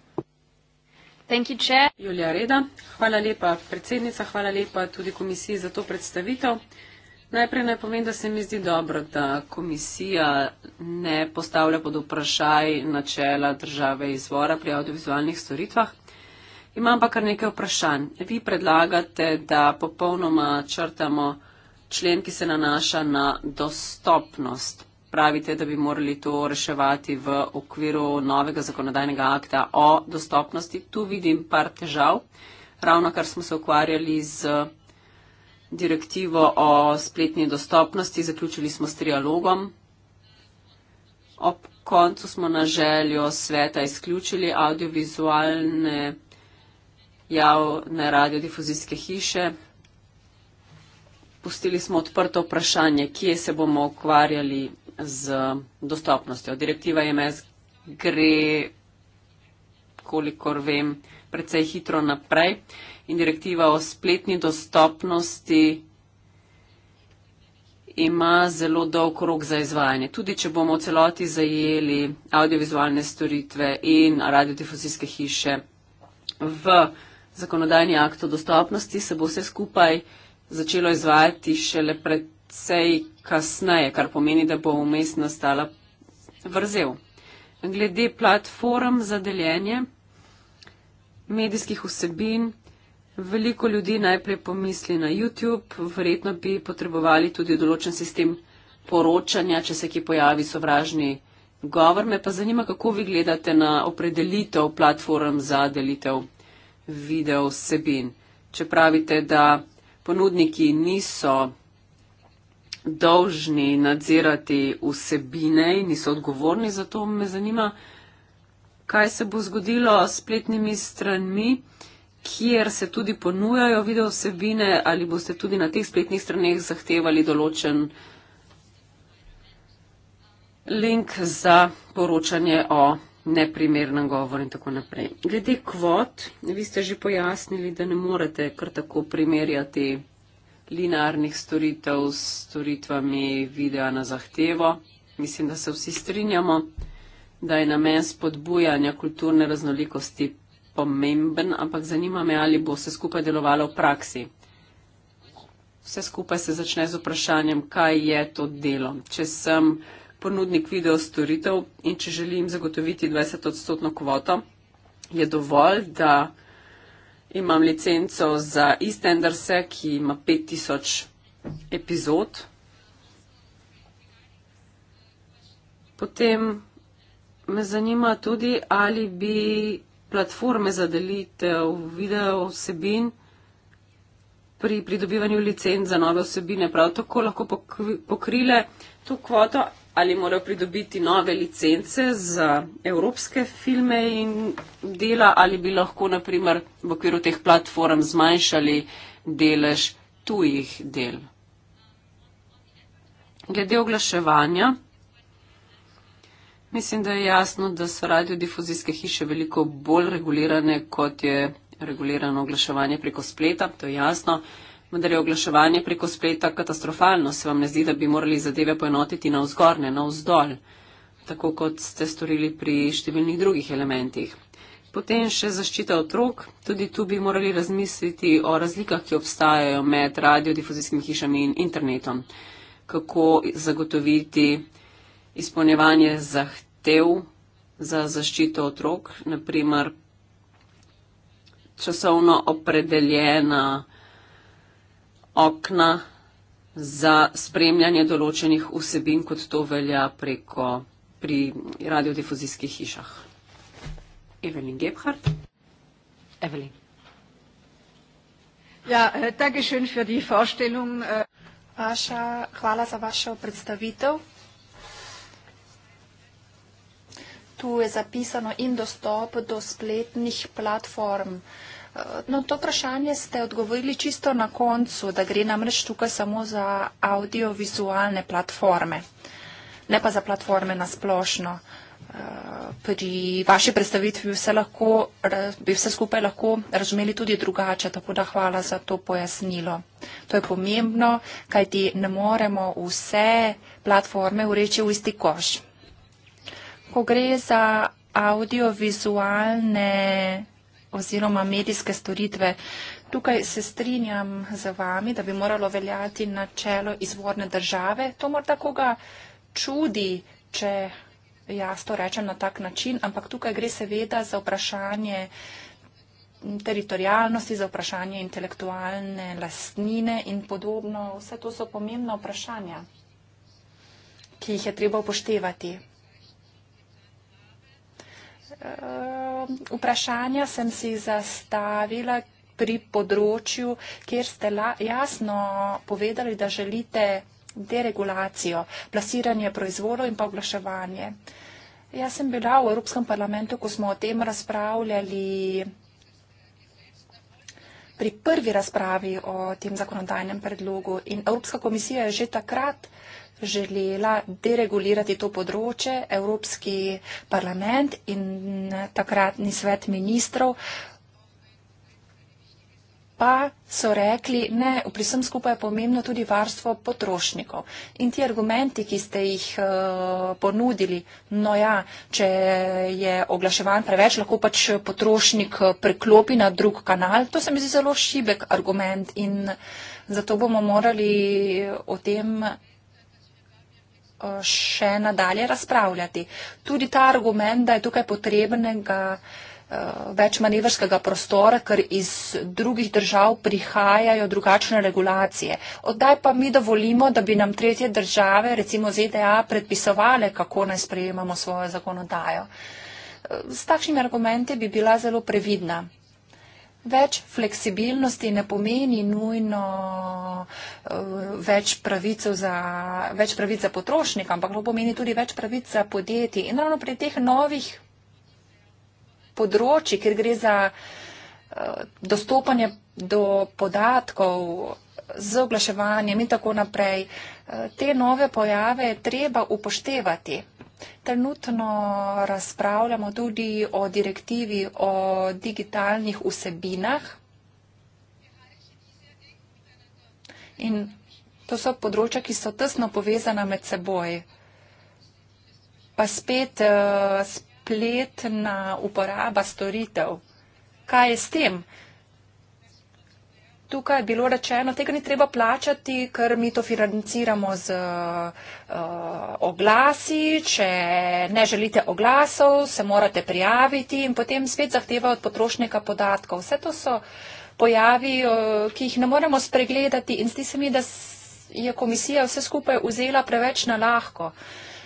Julija Reda, hvala lepa predsednica, hvala lepa tudi komisiji za to predstavitev. Najprej naj povem, da se mi zdi dobro, da komisija ne postavlja pod vprašaj načela države izvora pri audiovizualnih storitvah. Imam pa kar nekaj vprašanj. Vi predlagate, da popolnoma črtamo člen, ki se nanaša na dostopnost pravite, da bi morali to reševati v okviru novega zakonodajnega akta o dostopnosti. Tu vidim par težav. Ravno kar smo se ukvarjali z direktivo o spletni dostopnosti, zaključili smo s trialogom. Ob koncu smo na željo sveta izključili audiovizualne javne radiodifuzijske hiše. Pustili smo odprto vprašanje, kje se bomo ukvarjali z dostopnostjo. Direktiva EMS gre, kolikor vem, precej hitro naprej in direktiva o spletni dostopnosti ima zelo dolg rok za izvajanje. Tudi, če bomo v celoti zajeli audiovizualne storitve in radiodifuzijske hiše v zakonodajni akt o dostopnosti, se bo vse skupaj začelo izvajati šele predvsej kasneje, kar pomeni, da bo vmes nastala vrzel. Glede platform za deljenje medijskih vsebin, veliko ljudi najprej pomisli na YouTube, verjetno bi potrebovali tudi določen sistem poročanja, če se ki pojavi sovražni govor. Me pa zanima, kako vi gledate na opredelitev platform za delitev video vsebin. Če pravite, da ponudniki niso dolžni nadzirati vsebine in niso odgovorni, zato me zanima, kaj se bo zgodilo s spletnimi stranmi, kjer se tudi ponujajo video vsebine, ali boste tudi na teh spletnih straneh zahtevali določen link za poročanje o neprimernem govoru in tako naprej. Glede kvot, vi ste že pojasnili, da ne morete kar tako primerjati linearnih storitev s storitvami videa na zahtevo. Mislim, da se vsi strinjamo, da je namen spodbujanja kulturne raznolikosti pomemben, ampak zanima me, ali bo vse skupaj delovalo v praksi. Vse skupaj se začne z vprašanjem, kaj je to delo. Če sem ponudnik video storitev in če želim zagotoviti 20-odstotno kvoto, je dovolj, da imam licenco za EastEnderse, ki ima 5000 epizod. Potem me zanima tudi, ali bi platforme za delitev video vsebin pri pridobivanju licenc za nove vsebine prav tako lahko pokrile to kvoto ali morajo pridobiti nove licence za evropske filme in dela, ali bi lahko naprimer v okviru teh platform zmanjšali delež tujih del. Glede oglaševanja, mislim, da je jasno, da so radiodifuzijske hiše veliko bolj regulirane, kot je regulirano oglaševanje preko spleta, to je jasno. Uh, vendar je oglaševanje preko spleta katastrofalno. Se vam ne zdi, da bi morali zadeve poenotiti na vzgor, ne na vzdol, tako kot ste storili pri številnih drugih elementih. Potem še zaščita otrok. Tudi tu bi morali razmisliti o razlikah, ki obstajajo med radiodifuzijskimi hišami in internetom. Kako zagotoviti izpolnjevanje zahtev za zaščito otrok, naprimer časovno opredeljena okna za spremljanje določenih vsebin, kot to velja preko pri radiodifuzijskih hišah. Evelin Gebhardt. Evelin. Ja, tako še en fjordi forštelum. Vaša, hvala za vašo predstavitev. Tu je zapisano in dostop do spletnih platform. Uh, No, to vprašanje ste odgovorili čisto na koncu, da gre namreč tukaj samo za audiovizualne platforme, ne pa za platforme na splošno. Eh, pri vaši predstavitvi bi vse, lahko, bi vse skupaj lahko razumeli tudi drugače, tako da hvala za to pojasnilo. To je pomembno, kajti ne moremo vse platforme ureči v isti koš. Ko gre za audiovizualne platforme, oziroma medijske storitve. Tukaj se strinjam z vami, da bi moralo veljati načelo izvorne države. To morda koga čudi, če jaz to rečem na tak način, ampak tukaj gre seveda za vprašanje teritorijalnosti, za vprašanje intelektualne lastnine in podobno. Vse to so pomembna vprašanja, ki jih je treba upoštevati. Ehm, vprašanja sem si zastavila pri področju, kjer ste jasno povedali, da želite deregulacijo, plasiranje proizvodov in pa oglaševanje. Jaz sem bila v Evropskem parlamentu, ko smo o tem razpravljali pri prvi razpravi o tem zakonodajnem predlogu in Evropska komisija je že takrat uh, želela deregulirati to področje, Evropski parlament in takratni svet ministrov pa so rekli, ne, pri vsem skupaj je pomembno tudi varstvo potrošnikov. In ti argumenti, ki ste jih eh, ponudili, no ja, če je oglaševan preveč, lahko pač potrošnik eh, preklopi na drug kanal, to se mi zdi zelo šibek argument in zato bomo morali o tem Eh, še nadalje razpravljati. Tudi ta argument, da je tukaj potrebnega eh, več manevrskega prostora, ker iz drugih držav prihajajo drugačne regulacije. Oddaj pa mi dovolimo, da bi nam tretje države, recimo ZDA, predpisovale, kako naj sprejemamo svojo zakonodajo. Eh, s takšnimi argumenti bi bila zelo previdna. Več fleksibilnosti ne pomeni nujno eh, več, za, več pravic za potrošnika, ampak to pomeni tudi več pravic za podjetje. In ravno pri teh novih področjih, kjer gre za eh, dostopanje do podatkov z oglaševanjem in tako naprej, te nove pojave treba upoštevati. Trenutno razpravljamo tudi o direktivi o digitalnih vsebinah in to so področja, ki so tesno povezana med seboj. Pa spet eh, spletna uporaba storitev. Kaj je s tem? Kaj je s tem? tukaj je bilo rečeno, tega ni treba plačati, ker mi to financiramo z uh, oglasi. Če ne želite oglasov, se morate prijaviti in potem spet zahteva od potrošnika podatkov. Vse to so pojavi, uh, ki jih ne moremo spregledati in zdi se mi, da je komisija vse skupaj vzela preveč na lahko. Uh,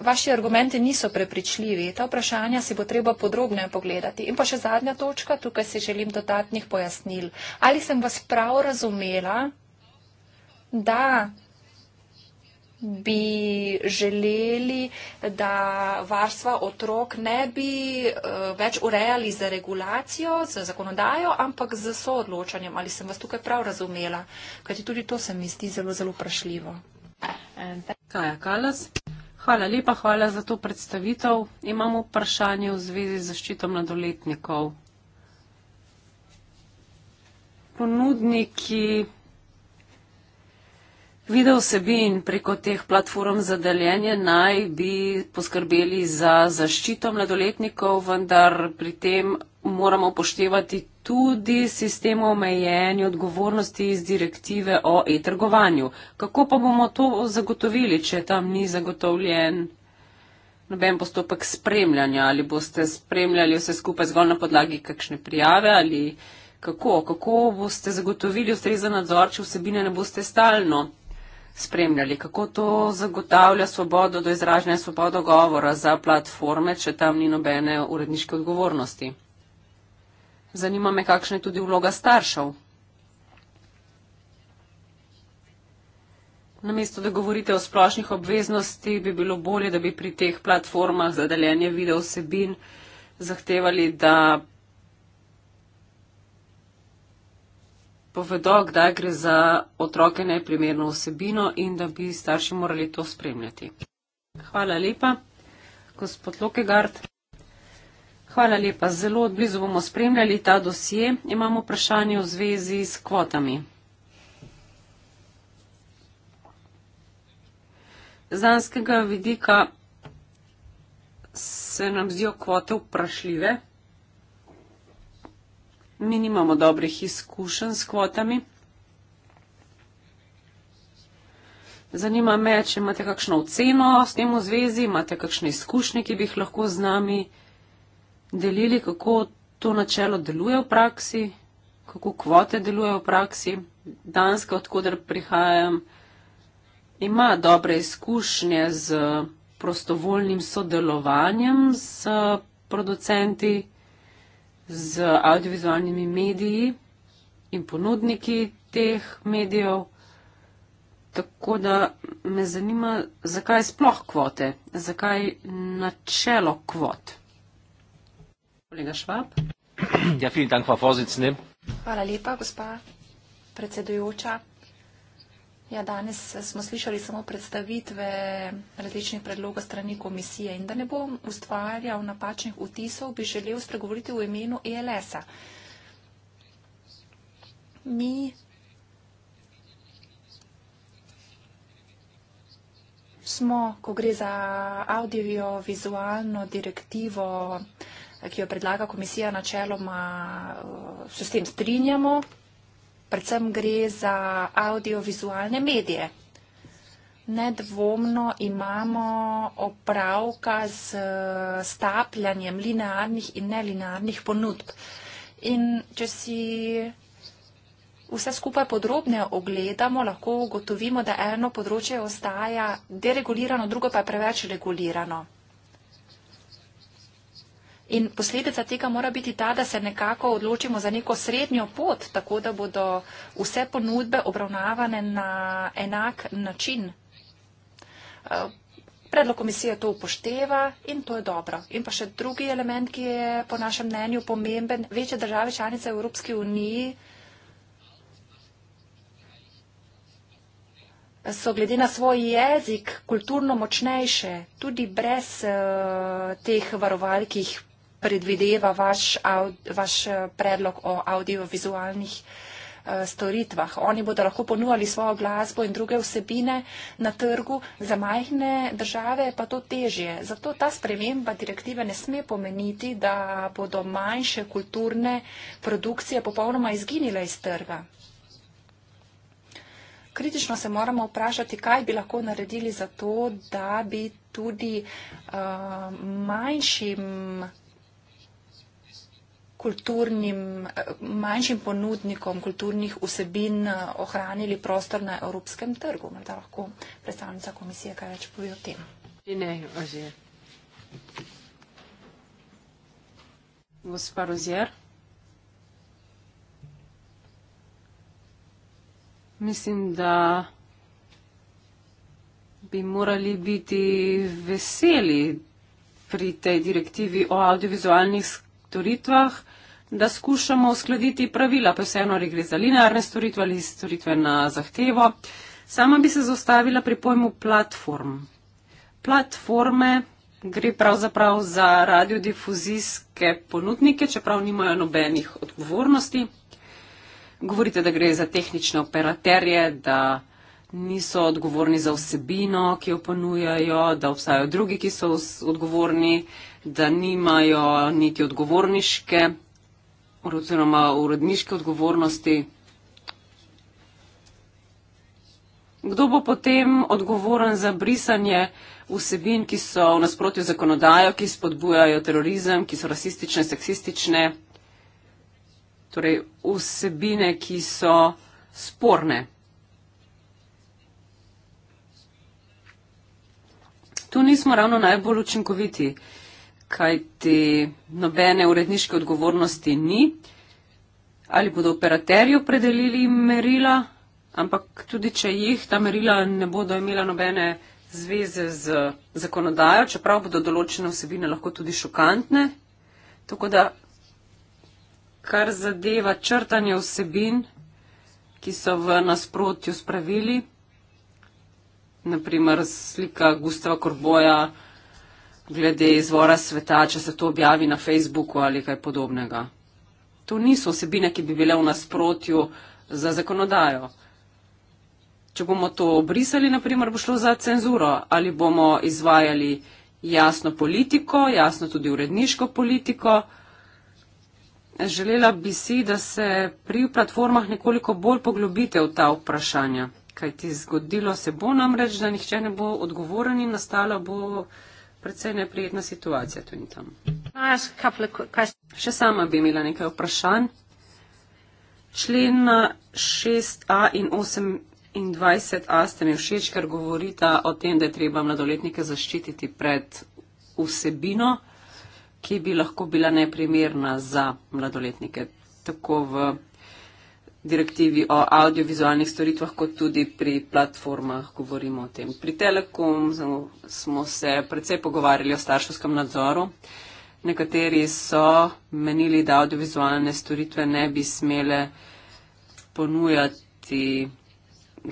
Vaši argumenti niso prepričljivi, ta vprašanja si bo treba podrobneje pogledati. In pa še zadnja točka, tukaj si želim dodatnih pojasnil. Ali sem vas prav razumela, da bi želeli, da varstva otrok ne bi uh, več urejali za regulacijo, za zakonodajo, ampak za soodločanjem. Ali sem vas tukaj prav razumela? Kajti tudi to se mi zdi zelo, zelo vprašljivo. Kaja Kalas. Hvala lepa, hvala za to predstavitev. Imamo vprašanje v zvezi z zaščito mladoletnikov. Ponudniki videosebin preko teh platform za deljenje naj bi poskrbeli za zaščito mladoletnikov, vendar pri tem moramo upoštevati tudi sistem omejenja odgovornosti iz direktive o e-trgovanju. Kako pa bomo to zagotovili, če tam ni zagotovljen noben postopek spremljanja? Ali boste spremljali vse skupaj zgolj na podlagi kakšne prijave ali kako? Kako boste zagotovili ustrezen nadzor, če vsebine ne boste stalno? Spremljali, kako to zagotavlja svobodo do izražanja svobodo govora za platforme, če tam ni nobene uredniške odgovornosti. Zanima me, kakšna je tudi vloga staršev. Namesto, da govorite o splošnih obveznosti, bi bilo bolje, da bi pri teh platformah za deljenje video vsebin zahtevali, da povedo, kdaj gre za otroke najprimerno vsebino in da bi starši morali to spremljati. Hvala lepa, gospod Lokegard. Hvala lepa. Zelo odblizu bomo spremljali ta dosje. Imamo vprašanje v zvezi s kvotami. Z danskega vidika se nam zdijo kvote vprašljive. Mi nimamo dobrih izkušenj s kvotami. Zanima me, če imate kakšno oceno s tem v zvezi, imate kakšne izkušnje, ki bi jih lahko z nami delili, kako to načelo deluje v praksi, kako kvote delujejo v praksi. Danska, odkuder prihajam, ima dobre izkušnje z prostovoljnim sodelovanjem s producenti, z audiovizualnimi mediji in ponudniki teh medijev. Tako da me zanima, zakaj sploh kvote, zakaj načelo kvote. Kolega Švab. Ja, vielen Dank, Frau Vorsitzende. Hvala lepa, gospa predsedujoča. Ja, danes smo slišali samo predstavitve različnih predlogov strani komisije in da ne bom ustvarjal napačnih vtisov, bi želel spregovoriti v imenu ELS-a. Mi smo, ko gre za audiovizualno direktivo, ki jo predlaga komisija, načeloma eh, se s tem strinjamo. Predvsem gre za audiovizualne medije. Nedvomno imamo opravka z eh, stapljanjem linearnih in nelinearnih ponudb. In če si vse skupaj podrobne ogledamo, lahko ugotovimo, da eno področje ostaja deregulirano, drugo pa je preveč regulirano. In posledica tega mora biti ta, da se nekako odločimo za neko srednjo pot, tako da bodo vse ponudbe obravnavane na enak način. Eh, predlog komisije to upošteva in to je dobro. In pa še drugi element, ki je po našem mnenju pomemben, večje države članice Evropske unije so glede na svoj jezik kulturno močnejše, tudi brez uh, teh varovalkih predvideva vaš, vaš eh, predlog o audiovizualnih eh, storitvah. Oni bodo lahko ponujali svojo glasbo in druge vsebine na trgu, za majhne države pa to težje. Zato ta sprememba direktive ne sme pomeniti, da bodo manjše kulturne produkcije popolnoma izginile iz trga. Kritično se moramo vprašati, kaj bi lahko naredili za to, da bi tudi uh, manjšim kulturnim, manjšim ponudnikom kulturnih vsebin eh, ohranili prostor na evropskem trgu. Morda lahko predstavnica komisije kaj več pove o tem. Ne, Gospa Rozier. Mislim, da bi morali biti veseli pri tej direktivi o audiovizualnih storitvah da skušamo uskladiti pravila, pa vseeno ali gre za linearne storitve ali storitve na zahtevo. Sama bi se zaustavila pri pojmu platform. Platforme gre pravzaprav za radiodifuzijske ponudnike, čeprav nimajo nobenih odgovornosti. Govorite, da gre za tehnične operaterje, da niso odgovorni za vsebino, ki jo ponujajo, da obstajajo drugi, ki so odgovorni, da nimajo niti odgovorniške oziroma uredniške odgovornosti. Kdo bo potem odgovoren za brisanje vsebin, ki so v nasprotju zakonodajo, ki spodbujajo terorizem, ki so rasistične, seksistične, torej vsebine, ki so sporne? Tu nismo ravno najbolj učinkoviti kaj ti nobene uredniške odgovornosti ni, ali bodo operaterji opredelili merila, ampak tudi, če jih ta merila ne bodo imela nobene zveze z zakonodajo, čeprav bodo določene vsebine lahko tudi šokantne. Tako da, kar zadeva črtanje vsebin, ki so v nasprotju s pravili, naprimer slika Gustava Korboja, glede izvora sveta, če se to objavi na Facebooku ali kaj podobnega. To niso osebine, ki bi bile v nasprotju za zakonodajo. Če bomo to obrisali, naprimer, bo šlo za cenzuro ali bomo izvajali jasno politiko, jasno tudi uredniško politiko. Želela bi si, da se pri platformah nekoliko bolj poglobite v ta vprašanja, kajti zgodilo se bo namreč, da nihče ne bo odgovoren in nastala bo precej neprijetna situacija tu in tam. Še sama bi imela nekaj vprašanj. Člena 6a in 28a ste mi všeč, ker govorita o tem, da je treba mladoletnike zaščititi pred vsebino, ki bi lahko bila neprimerna za mladoletnike. Tako v direktivi o audiovizualnih storitvah, kot tudi pri platformah govorimo o tem. Pri Telekom smo se precej pogovarjali o starševskem nadzoru. Nekateri so menili, da audiovizualne storitve ne bi smele ponujati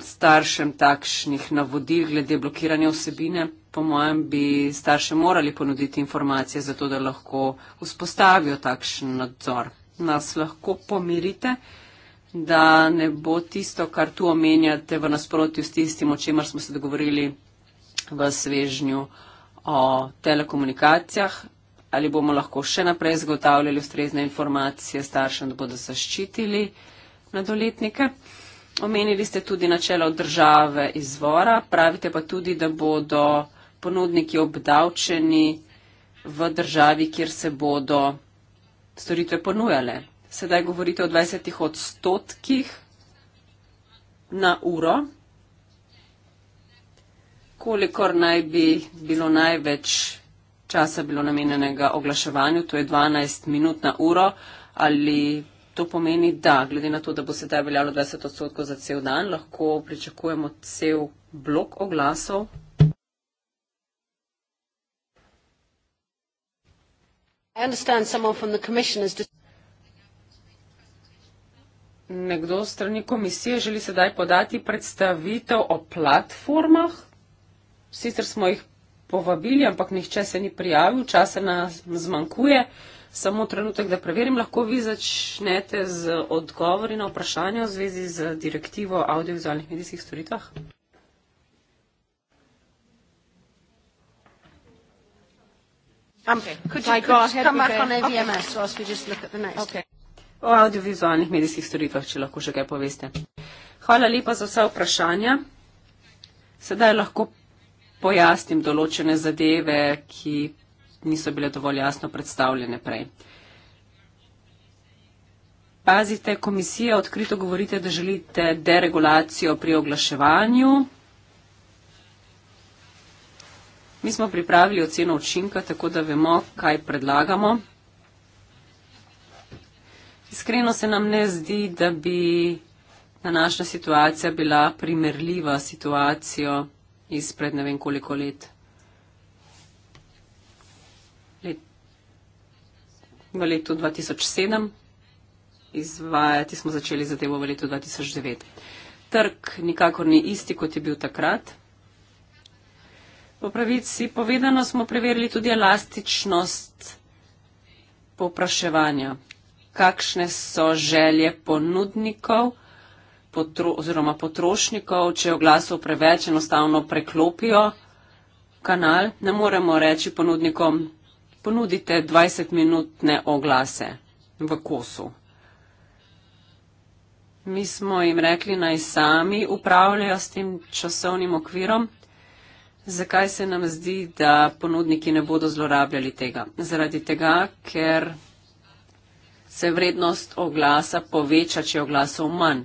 staršem takšnih navodil glede blokiranja vsebine. Po mojem bi starše morali ponuditi informacije, zato da lahko vzpostavijo takšen nadzor. Nas lahko pomirite da ne bo tisto, kar tu omenjate, v nasprotju s tistim, o čemer smo se dogovorili v svežnju o telekomunikacijah, ali bomo lahko še naprej zagotavljali ustrezne informacije staršem, da bodo zaščitili mladoletnike. Omenili ste tudi načelo države izvora, pravite pa tudi, da bodo ponudniki obdavčeni v državi, kjer se bodo storitve ponujale sedaj govorite o 20 odstotkih na uro, kolikor naj bi bilo največ časa bilo namenjenega oglaševanju, to je 12 minut na uro, ali to pomeni, da glede na to, da bo sedaj veljalo 20 odstotkov za cel dan, lahko pričakujemo cel blok oglasov. I understand someone from the commission has just nekdo strani komisije želi sedaj podati predstavitev o platformah. Sicer smo jih povabili, ampak nihče se ni prijavil, časa nam zmanjkuje. Samo trenutek, da preverim, lahko vi začnete z odgovori na vprašanje v zvezi z direktivo o audiovizualnih medijskih storitvah. Okay. Could you, could you come back on AVMS okay. whilst we just look at the next? Okay o audiovizualnih medijskih storitvah, če lahko še kaj poveste. Hvala lepa za vse vprašanja. Sedaj lahko pojasnim določene zadeve, ki niso bile dovolj jasno predstavljene prej. Pazite, komisija odkrito govorite, da želite deregulacijo pri oglaševanju. Mi smo pripravili oceno učinka, tako da vemo, kaj predlagamo iskreno se nam ne zdi, da bi današnja situacija bila primerljiva situacijo izpred ne vem koliko let. let. V letu 2007 izvajati smo začeli zadevo v letu 2009. Trg nikakor ni isti, kot je bil takrat. Po pravici povedano smo preverili tudi elastičnost popraševanja kakšne so želje ponudnikov potro, oziroma potrošnikov, če oglasov preveč enostavno preklopijo kanal. Ne moremo reči ponudnikom, ponudite 20-minutne oglase v kosu. Mi smo jim rekli, naj sami upravljajo s tem časovnim okvirom. Zakaj se nam zdi, da ponudniki ne bodo zlorabljali tega? Zaradi tega, ker se vrednost oglasa poveča, če je oglasov manj.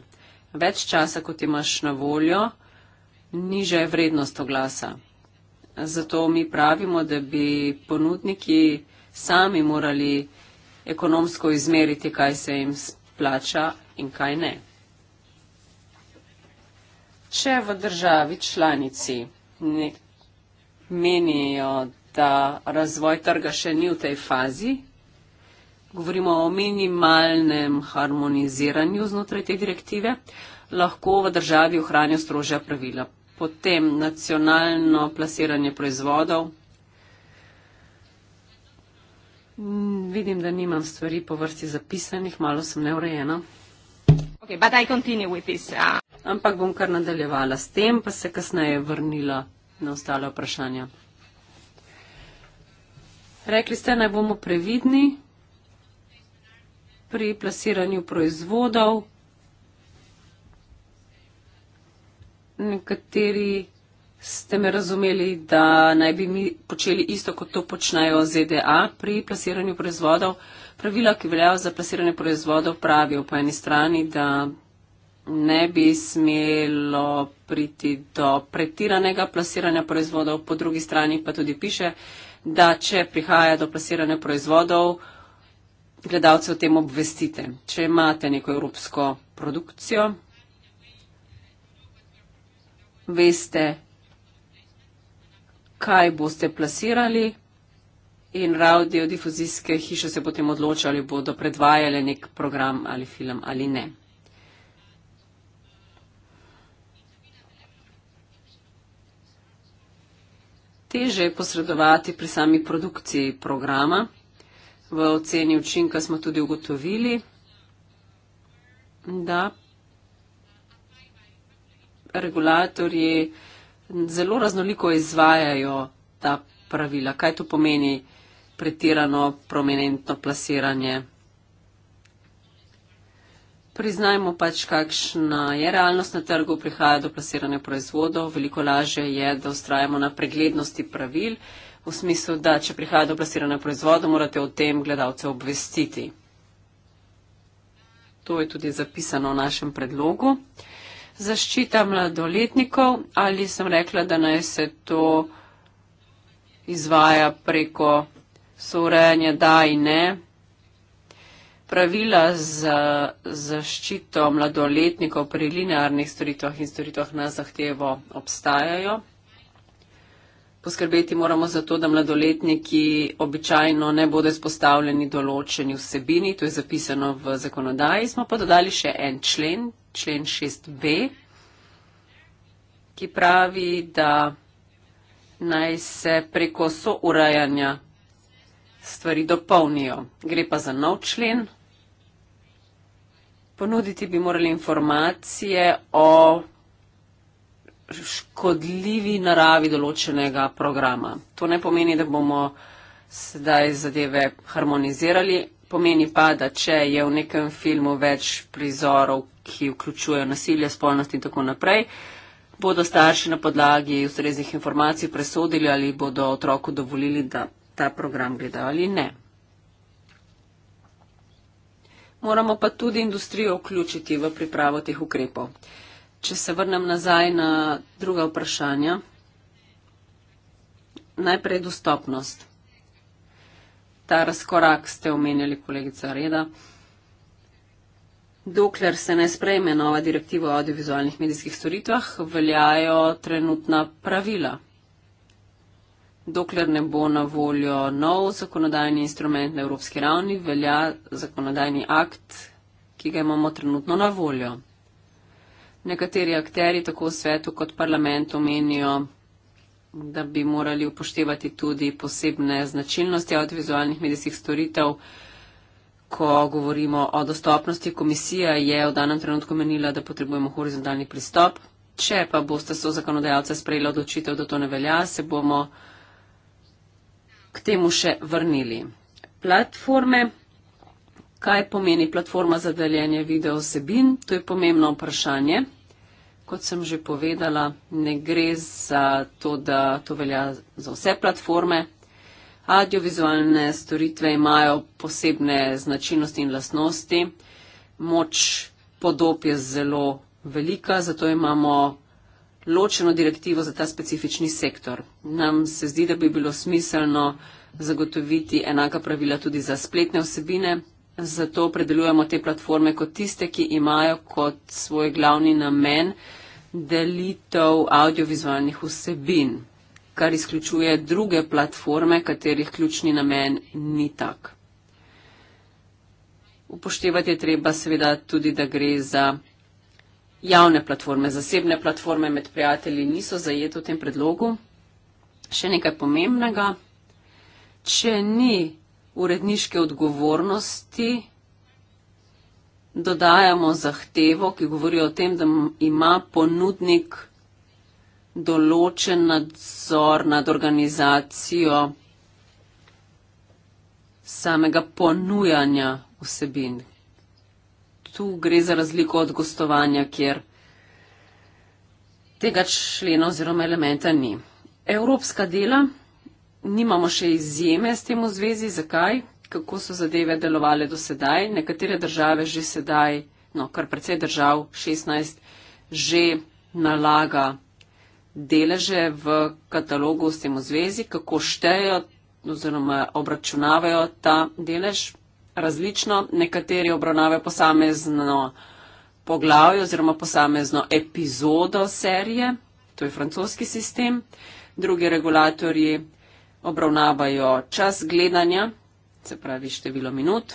Več časa, kot imaš na voljo, niže je vrednost oglasa. Zato mi pravimo, da bi ponudniki sami morali ekonomsko izmeriti, kaj se jim splača in kaj ne. Če v državi članici menijo, da razvoj trga še ni v tej fazi, Govorimo o minimalnem harmoniziranju znotraj te direktive, lahko v državi ohranijo strožja pravila. Potem nacionalno plasiranje proizvodov. Vidim, da nimam stvari po vrsti zapisanih, malo sem neurejena. Okay, this, uh... Ampak bom kar nadaljevala s tem, pa se kasneje vrnila na ostale vprašanja. Rekli ste, naj bomo previdni, pri plasiranju proizvodov. Nekateri ste me razumeli, da naj bi mi počeli isto, kot to počnejo ZDA pri plasiranju proizvodov. Pravila, ki veljajo za plasiranje proizvodov, pravijo po eni strani, da ne bi smelo priti do pretiranega plasiranja proizvodov, po drugi strani pa tudi piše, da če prihaja do plasiranja proizvodov, gledalce o tem obvestite. Če imate neko evropsko produkcijo, veste, kaj boste plasirali in radiodifuzijske hiše se potem odločali, bodo predvajali nek program ali film ali ne. Teže je posredovati pri sami produkciji programa. V oceni učinka smo tudi ugotovili, da regulatorji zelo raznoliko izvajajo ta pravila. Kaj to pomeni pretirano prominentno plasiranje? Priznajmo pač, kakšna je realnost na trgu, prihaja do plasiranja proizvodov, veliko lažje je, da ustrajamo na preglednosti pravil v smislu, da če prihaja do plasiranja proizvoda, morate o tem gledalce obvestiti. To je tudi zapisano v našem predlogu. Zaščita mladoletnikov, ali sem rekla, da naj se to izvaja preko sorejanja da in ne. Pravila za zaščito mladoletnikov pri linearnih storitvah in storitvah na zahtevo obstajajo. Poskrbeti moramo za to, da mladoletniki običajno ne bodo izpostavljeni določeni vsebini, to je zapisano v zakonodaji. Smo pa dodali še en člen, člen 6b, ki pravi, da naj se preko sourajanja stvari dopolnijo. Gre pa za nov člen. Ponuditi bi morali informacije o škodljivi naravi določenega programa. To ne pomeni, da bomo sedaj zadeve harmonizirali, pomeni pa, da če je v nekem filmu več prizorov, ki vključujejo nasilje, spolnost in tako naprej, bodo starši na podlagi ustreznih informacij presodili ali bodo otroku dovolili, da ta program gledajo ali ne. Moramo pa tudi industrijo vključiti v pripravo teh ukrepov če se vrnem nazaj na druga vprašanja. Najprej dostopnost. Ta razkorak ste omenjali, kolegica Reda. Dokler se ne sprejme nova direktiva o audiovizualnih medijskih storitvah, veljajo trenutna pravila. Dokler ne bo na voljo nov zakonodajni instrument na evropski ravni, velja zakonodajni akt, ki ga imamo trenutno na voljo. Nekateri akteri tako v svetu kot parlamentu menijo, da bi morali upoštevati tudi posebne značilnosti audiovizualnih medijskih storitev. Ko govorimo o dostopnosti, komisija je v danem trenutku menila, da potrebujemo horizontalni pristop. Če pa boste so zakonodajalce sprejeli odločitev, da to ne velja, se bomo k temu še vrnili. Platforme Kaj pomeni platforma za deljenje videosebin? To je pomembno vprašanje. Kot sem že povedala, ne gre za to, da to velja za vse platforme. Audiovizualne storitve imajo posebne značilnosti in lastnosti. Moč podob je zelo velika, zato imamo ločeno direktivo za ta specifični sektor. Nam se zdi, da bi bilo smiselno zagotoviti enaka pravila tudi za spletne vsebine, zato predelujemo te platforme kot tiste, ki imajo kot svoj glavni namen delitev audiovizualnih vsebin, kar izključuje druge platforme, katerih ključni namen ni tak. Upoštevati je treba seveda tudi, da gre za javne platforme. Zasebne platforme med prijatelji niso zajete v tem predlogu. Še nekaj pomembnega. Če ni uredniške odgovornosti dodajamo zahtevo, ki govori o tem, da ima ponudnik določen nadzor nad organizacijo samega ponujanja vsebin. Tu gre za razliko od gostovanja, kjer tega člena oziroma elementa ni. Evropska dela nimamo še izjeme s tem v zvezi, zakaj, kako so zadeve delovale do sedaj. Nekatere države že sedaj, no kar precej držav, 16, že nalaga deleže v katalogu s tem v zvezi, kako štejo oziroma obračunavajo ta delež različno. Nekateri obravnavajo posamezno poglavje oziroma posamezno epizodo serije, to je francoski sistem. Drugi regulatorji obravnavajo čas gledanja, se pravi število minut.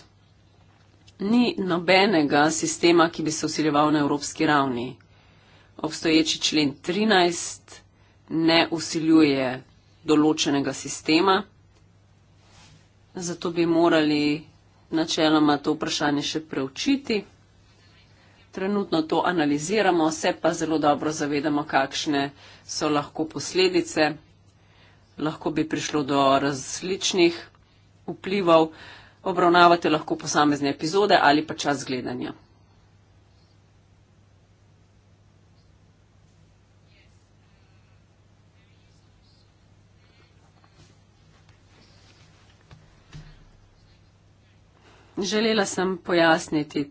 Ni nobenega sistema, ki bi se usiljeval na evropski ravni. Obstoječi člen 13 ne usiljuje določenega sistema, zato bi morali načeloma to vprašanje še preučiti. Trenutno to analiziramo, se pa zelo dobro zavedamo, kakšne so lahko posledice lahko bi prišlo do različnih vplivov. Obravnavate lahko posamezne epizode ali pa čas gledanja. Želela sem pojasniti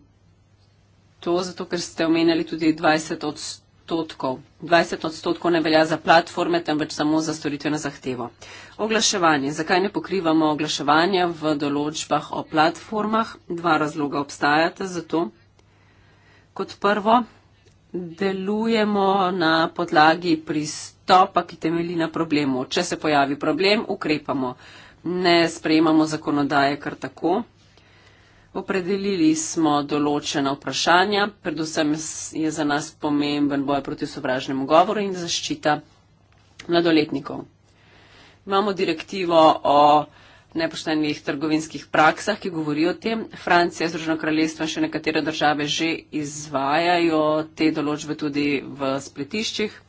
to, zato ker ste omenjali tudi 20 odstotkov odstotkov. 20 odstotkov ne velja za platforme, temveč samo za storitve na zahtevo. Oglaševanje. Zakaj ne pokrivamo oglaševanja v določbah o platformah? Dva razloga obstajata za to. Kot prvo, delujemo na podlagi pristopa, ki temelji na problemu. Če se pojavi problem, ukrepamo. Ne sprejemamo zakonodaje kar tako. Opredelili smo določena vprašanja, predvsem je za nas pomemben boj proti sovražnemu govoru in zaščita mladoletnikov. Imamo direktivo o nepoštenih trgovinskih praksah, ki govori o tem. Francija, Združeno kraljestvo in še nekatere države že izvajajo te določbe tudi v spletiščih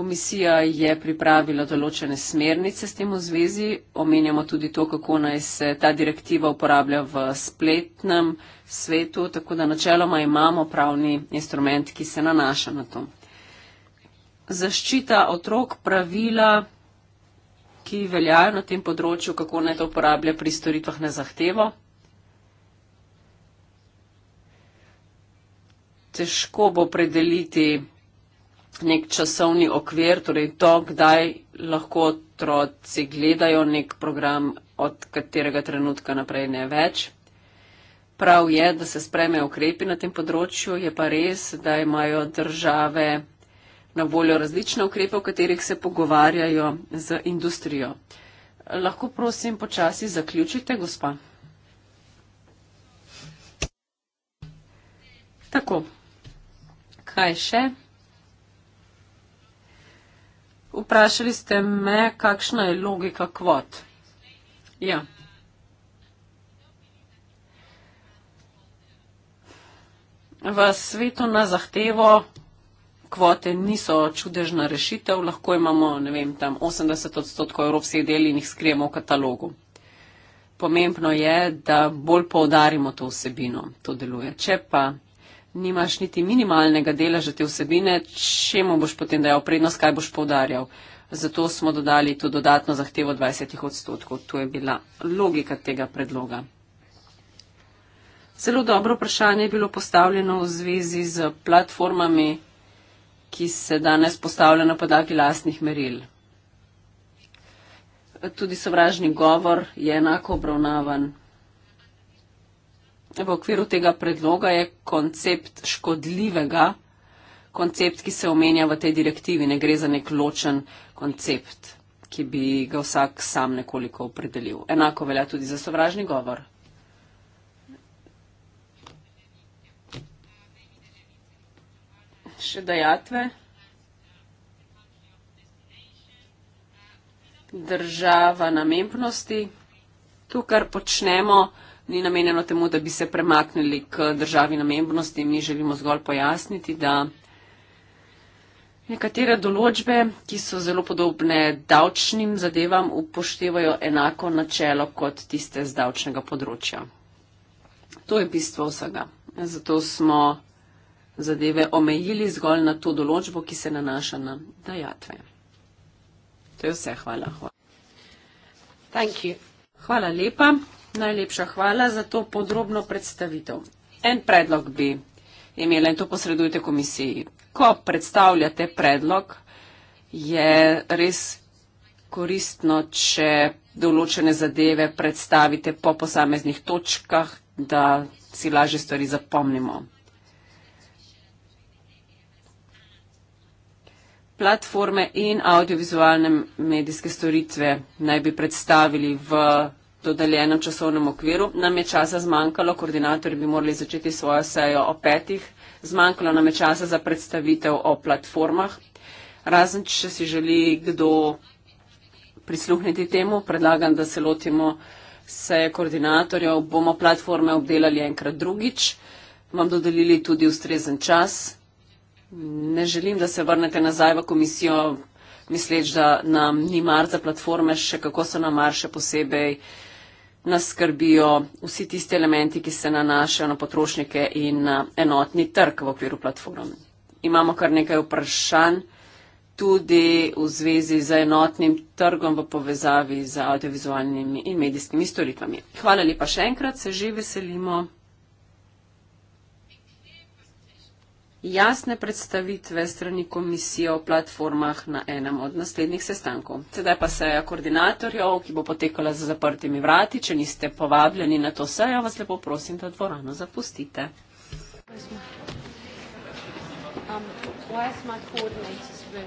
komisija je pripravila določene smernice s tem v zvezi. Omenjamo tudi to, kako naj se ta direktiva uporablja v spletnem svetu, tako da načeloma imamo pravni instrument, ki se nanaša na to. Zaščita otrok, pravila, ki veljajo na tem področju, kako naj to uporablja pri storitvah na zahtevo. Težko bo predeliti nek časovni okvir, torej to, kdaj lahko otroci gledajo nek program, od katerega trenutka naprej ne več. Prav je, da se spreme ukrepi na tem področju, je pa res, da imajo države na voljo različne ukrepe, o katerih se pogovarjajo z industrijo. Lahko prosim počasi zaključite, gospa. Tako. Kaj še? Vprašali ste me, kakšna je logika kvot. Ja. V svetu na zahtevo kvote niso čudežna rešitev, lahko imamo, ne vem, tam 80 odstotkov evropskih del in jih skrijemo v katalogu. Pomembno je, da bolj poudarimo to vsebino, to deluje. Če pa nimaš niti minimalnega dela že te vsebine, čemu boš potem dajal prednost, kaj boš povdarjal. Zato smo dodali to dodatno zahtevo 20 odstotkov. To je bila logika tega predloga. Zelo dobro vprašanje je bilo postavljeno v zvezi z platformami, ki se danes postavljajo na podlagi lastnih meril. Tudi sovražni govor je enako obravnavan v okviru tega predloga je koncept škodljivega, koncept, ki se omenja v tej direktivi, ne gre za nek ločen koncept, ki bi ga vsak sam nekoliko opredelil. Enako velja tudi za sovražni govor. Še dejatve. Država namembnosti. To, kar počnemo, ni namenjeno temu, da bi se premaknili k državi namembnosti. Mi želimo zgolj pojasniti, da nekatere določbe, ki so zelo podobne davčnim zadevam, upoštevajo enako načelo kot tiste z davčnega področja. To je bistvo vsega. Zato smo zadeve omejili zgolj na to določbo, ki se nanaša na dajatve. To je vse. Hvala. Hvala, Hvala lepa. Najlepša hvala za to podrobno predstavitev. En predlog bi imela in to posredujte komisiji. Ko predstavljate predlog, je res koristno, če določene zadeve predstavite po posameznih točkah, da si lažje stvari zapomnimo. Platforme in audiovizualne medijske storitve naj bi predstavili v dodeljenem časovnem okviru. Nam je časa zmanjkalo, koordinatorji bi morali začeti svojo sejo o petih, zmanjkalo nam je časa za predstavitev o platformah. Razen, če si želi kdo prisluhniti temu, predlagam, da se lotimo seje koordinatorjev. Bomo platforme obdelali enkrat drugič, vam dodelili tudi ustrezen čas. Ne želim, da se vrnete nazaj v komisijo, misleč, da nam ni mar za platforme, še kako so nam mar, še posebej nas skrbijo vsi tisti elementi, ki se nanašajo na potrošnike in na enotni trg v okviru platform. Imamo kar nekaj vprašanj tudi v zvezi z enotnim trgom v povezavi z audiovizualnimi in medijskimi storitvami. Hvala lepa še enkrat, se že veselimo. jasne predstavitve strani komisije o platformah na enem od naslednjih sestankov. Sedaj pa seja koordinatorjev, ki bo potekala za zaprtimi vrati. Če niste povabljeni na to sejo, vas lepo prosim, da dvorano zapustite. Um, why smart coordinators?